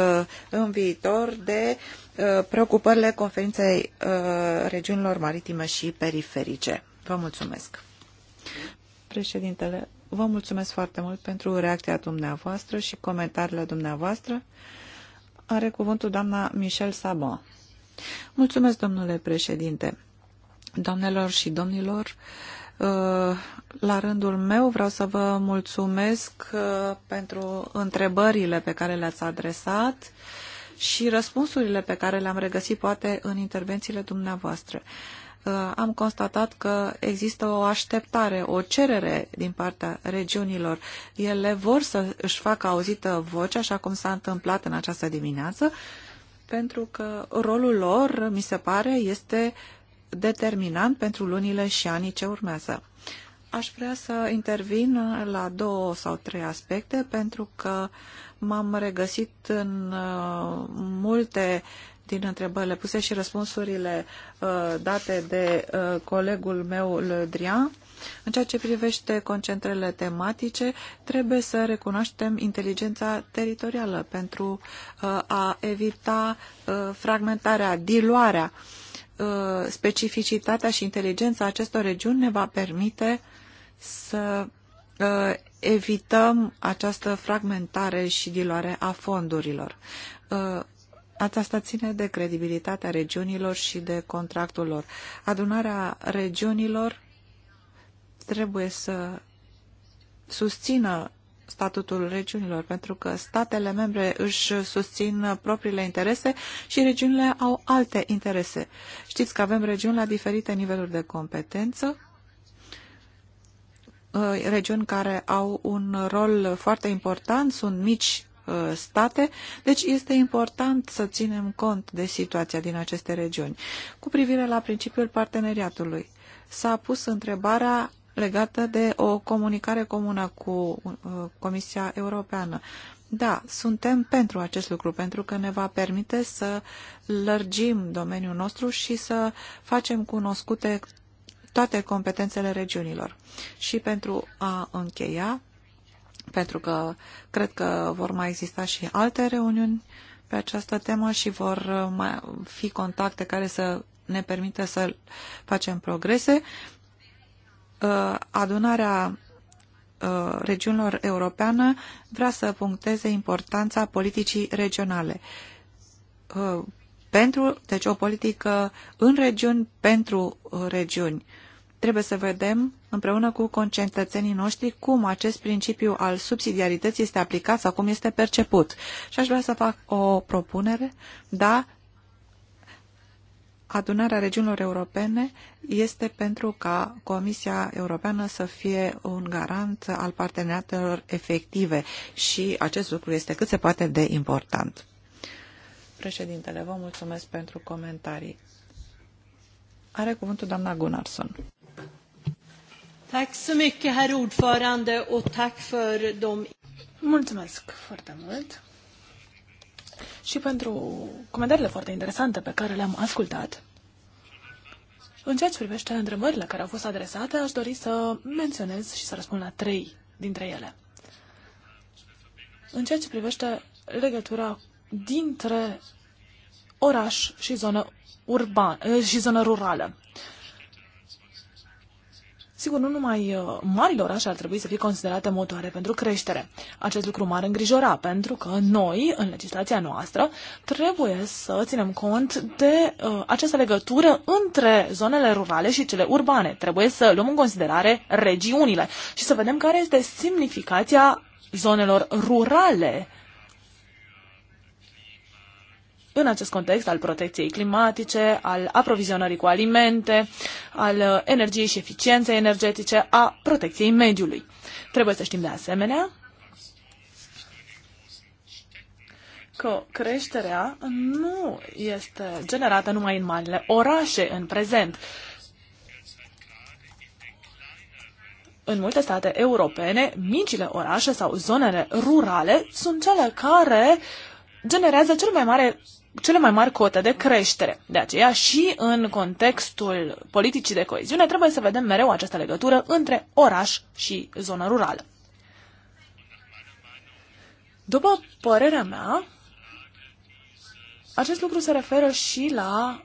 în viitor de preocupările conferinței regiunilor maritime și periferice. Vă mulțumesc! Președintele, vă mulțumesc foarte mult pentru reacția dumneavoastră și comentariile dumneavoastră. Are cuvântul doamna Michel Sabon. Mulțumesc, domnule președinte. Doamnelor și domnilor, uh, la rândul meu vreau să vă mulțumesc uh, pentru întrebările pe care le-ați adresat și răspunsurile pe care le-am regăsit poate în intervențiile dumneavoastră. Uh, am constatat că există o așteptare, o cerere din partea regiunilor. Ele vor să își facă auzită voce, așa cum s-a întâmplat în această dimineață, pentru că rolul lor, mi se pare, este determinant pentru lunile și anii ce urmează. Aș vrea să intervin la două sau trei aspecte pentru că m-am regăsit în uh, multe din întrebările puse și răspunsurile uh, date de uh, colegul meu, Le În ceea ce privește concentrele tematice, trebuie să recunoaștem inteligența teritorială pentru uh, a evita fragmentarea, diluarea. Specificitatea și inteligența acestor regiuni ne va permite să evităm această fragmentare și diluare a fondurilor. Aceasta ține de credibilitatea regiunilor și de contractul lor. Adunarea regiunilor trebuie să susțină statutul regiunilor, pentru că statele membre își susțin propriile interese și regiunile au alte interese. Știți că avem regiuni la diferite niveluri de competență, ă, regiuni care au un rol foarte important, sunt mici Uh, state, deci este important să ținem cont de situația din aceste regiuni. Cu privire la principiul parteneriatului, s-a pus întrebarea legată de o comunicare comună cu uh, Comisia Europeană. Da, suntem pentru acest lucru, pentru că ne va permite să lărgim domeniul nostru și să facem cunoscute toate competențele regiunilor. Și pentru a încheia, pentru că cred că vor mai exista și alte reuniuni pe această temă și vor uh, mai fi contacte care să ne permită să facem progrese. Uh, adunarea uh, regiunilor europeană vrea să puncteze importanța politicii regionale. Pentru, deci o politică în regiuni, pentru regiuni Trebuie să vedem, împreună cu concetățenii noștri, cum acest principiu al subsidiarității este aplicat sau cum este perceput. Și aș vrea să fac o propunere, da, adunarea regiunilor europene este pentru ca Comisia Europeană să fie un garant al parteneriatelor efective și acest lucru este cât se poate de important. Președintele, vă mulțumesc pentru comentarii. Are cuvântul doamna Gunnarsson. Tack så mycket, herr ordförande, och tack för de... Mulțumesc foarte mult și pentru comentariile foarte interesante pe care le-am ascultat. În ceea ce privește întrebările care au fost adresate, aș dori să menționez și să răspund la trei dintre ele. În ceea ce privește legătura dintre oraș și zonă urban, și zonă rurală. Sigur, nu numai uh, marile orașe ar trebui să fie considerate motoare pentru creștere. Acest lucru m-ar îngrijora, pentru că noi, în legislația noastră, trebuie să ținem cont de uh, această legătură între zonele rurale și cele urbane. Trebuie să luăm în considerare regiunile și să vedem care este semnificația zonelor rurale în acest context al protecției climatice, al aprovizionării cu alimente, al uh, energiei și eficienței energetice, a protecției mediului. Trebuie să știm de asemenea că creșterea nu este generată numai în marile orașe în prezent. În multe state europene, micile orașe sau zonele rurale sunt cele care generează cel mai mare cele mai mari cote de creștere. De aceea și în contextul politicii de coeziune trebuie să vedem mereu această legătură între oraș și zonă rurală. După părerea mea, acest lucru se referă și la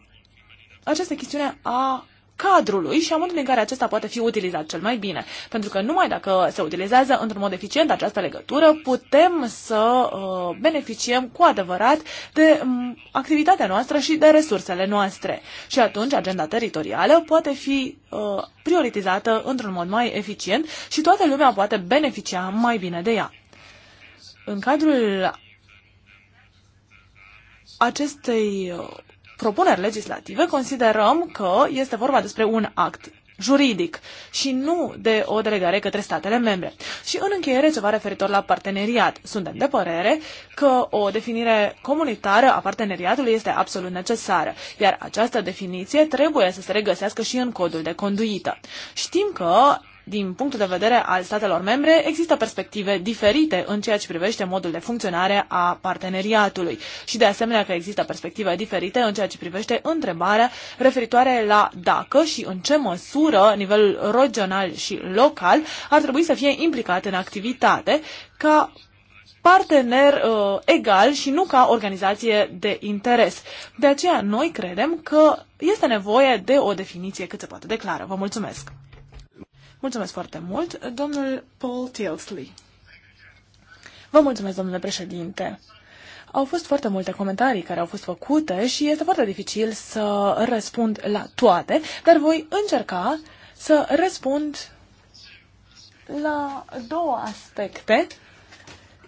această chestiune a cadrului și a modului în care acesta poate fi utilizat cel mai bine. Pentru că numai dacă se utilizează într-un mod eficient această legătură, putem să uh, beneficiem cu adevărat de um, activitatea noastră și de resursele noastre. Și atunci agenda teritorială poate fi uh, prioritizată într-un mod mai eficient și toată lumea poate beneficia mai bine de ea. În cadrul acestei uh, propuneri legislative, considerăm că este vorba despre un act juridic și nu de o delegare către statele membre. Și în încheiere ceva referitor la parteneriat. Suntem de părere că o definire comunitară a parteneriatului este absolut necesară, iar această definiție trebuie să se regăsească și în codul de conduită. Știm că din punctul de vedere al statelor membre, există perspective diferite în ceea ce privește modul de funcționare a parteneriatului și de asemenea că există perspective diferite în ceea ce privește întrebarea referitoare la dacă și în ce măsură nivelul regional și local ar trebui să fie implicat în activitate ca partener uh, egal și nu ca organizație de interes. De aceea noi credem că este nevoie de o definiție cât se poate declară. Vă mulțumesc! Mulțumesc foarte mult, domnul Paul Tilsley. Vă mulțumesc, domnule președinte. Au fost foarte multe comentarii care au fost făcute și este foarte dificil să răspund la toate, dar voi încerca să răspund la două aspecte,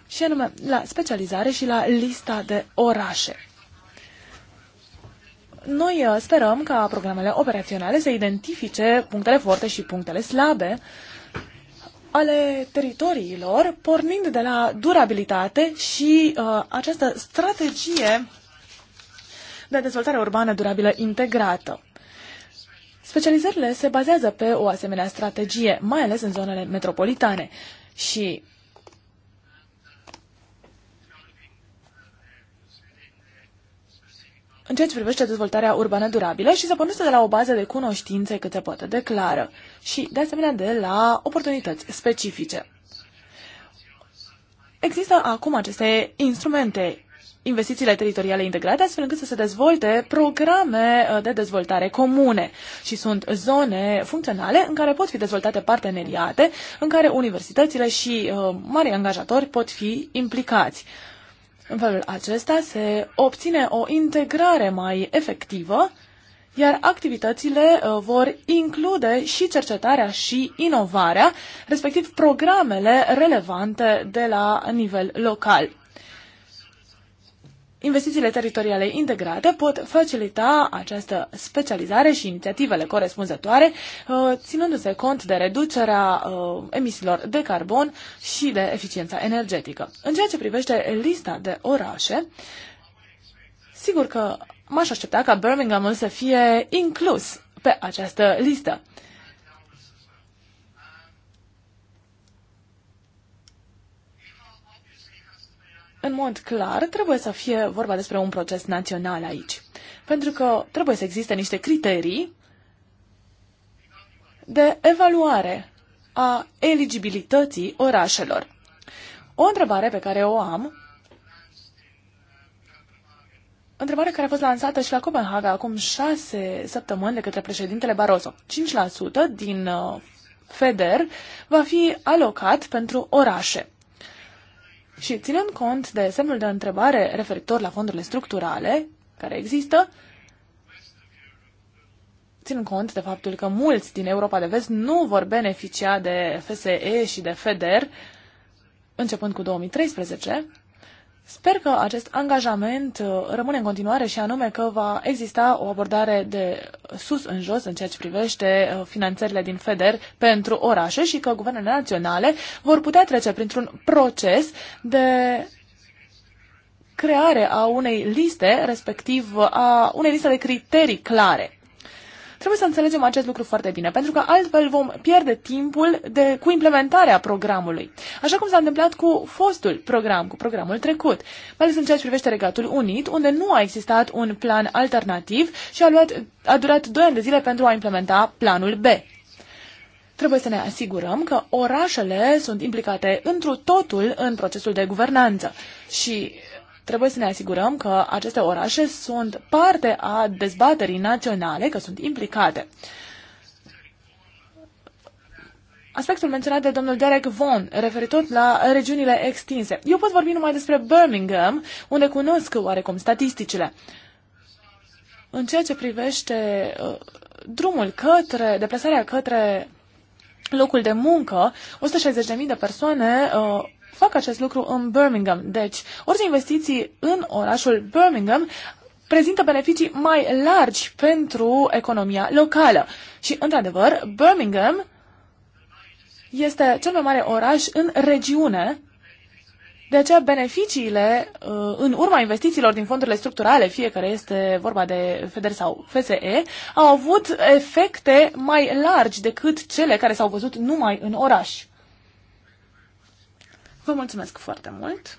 și anume la specializare și la lista de orașe noi uh, sperăm ca programele operaționale să identifice punctele forte și punctele slabe ale teritoriilor, pornind de la durabilitate și uh, această strategie de dezvoltare urbană durabilă integrată. Specializările se bazează pe o asemenea strategie, mai ales în zonele metropolitane. Și în ceea ce privește dezvoltarea urbană durabilă și se pornește de la o bază de cunoștințe cât se poate de clară și, de asemenea, de la oportunități specifice. Există acum aceste instrumente, investițiile teritoriale integrate, astfel încât să se dezvolte programe uh, de dezvoltare comune și sunt zone funcționale în care pot fi dezvoltate parteneriate, în care universitățile și uh, mari angajatori pot fi implicați. Uh, în felul acesta se obține o integrare mai efectivă, iar activitățile uh, vor include și cercetarea și inovarea, respectiv programele relevante de la nivel local. Investițiile teritoriale integrate pot facilita această specializare și inițiativele corespunzătoare, uh, ținându-se cont de reducerea uh, emisiilor de carbon și de eficiența energetică. În ceea ce privește lista de orașe, sigur că m-aș aștepta ca Birminghamul să fie inclus pe această listă. În mod clar, trebuie să fie vorba despre un proces național aici. Pentru că trebuie să existe niște criterii de evaluare a eligibilității orașelor. O întrebare pe care o am, întrebare care a fost lansată și la Copenhaga acum șase săptămâni de către președintele Barroso. 5% din uh, FEDER va fi alocat pentru orașe. Și ținând cont de semnul de întrebare referitor la fondurile structurale care există, ținând cont de faptul că mulți din Europa de Vest nu vor beneficia de FSE și de FEDER începând cu 2013, Sper că acest angajament uh, rămâne în continuare și anume că va exista o abordare de sus în jos în ceea ce privește uh, finanțările din FEDER pentru orașe și că guvernele naționale vor putea trece printr-un proces de creare a unei liste, respectiv uh, a unei liste de criterii clare. Trebuie să înțelegem acest lucru foarte bine, pentru că altfel vom pierde timpul de, cu implementarea programului, așa cum s-a întâmplat cu fostul program, cu programul trecut, mai ales în ceea ce privește Regatul Unit, unde nu a existat un plan alternativ și a, luat, a durat 2 ani de zile pentru a implementa planul B trebuie să ne asigurăm că orașele sunt implicate întru totul în procesul de guvernanță și Trebuie să ne asigurăm că aceste orașe sunt parte a dezbaterii naționale, că sunt implicate. Aspectul menționat de domnul Derek Vaughan, referitor la regiunile extinse. Eu pot vorbi numai despre Birmingham, unde cunosc oarecum statisticile. În ceea ce privește uh, drumul către, deplasarea către locul de muncă, 160.000 de persoane uh, fac acest lucru în Birmingham. Deci, orice investiții în orașul Birmingham prezintă beneficii mai largi pentru economia locală. Și, într-adevăr, Birmingham este cel mai mare oraș în regiune. De aceea, beneficiile uh, în urma investițiilor din fondurile structurale, fie că este vorba de FEDER sau FSE, au avut efecte mai largi decât cele care s-au văzut numai în oraș. Vă mulțumesc foarte mult,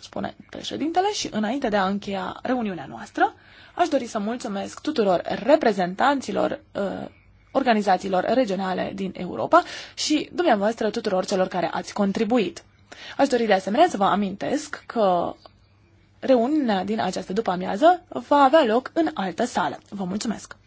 spune președintele, și înainte de a încheia reuniunea noastră, aș dori să mulțumesc tuturor reprezentanților uh, organizațiilor regionale din Europa și dumneavoastră tuturor celor care ați contribuit. Aș dori de asemenea să vă amintesc că reuniunea din această după-amiază va avea loc în altă sală. Vă mulțumesc!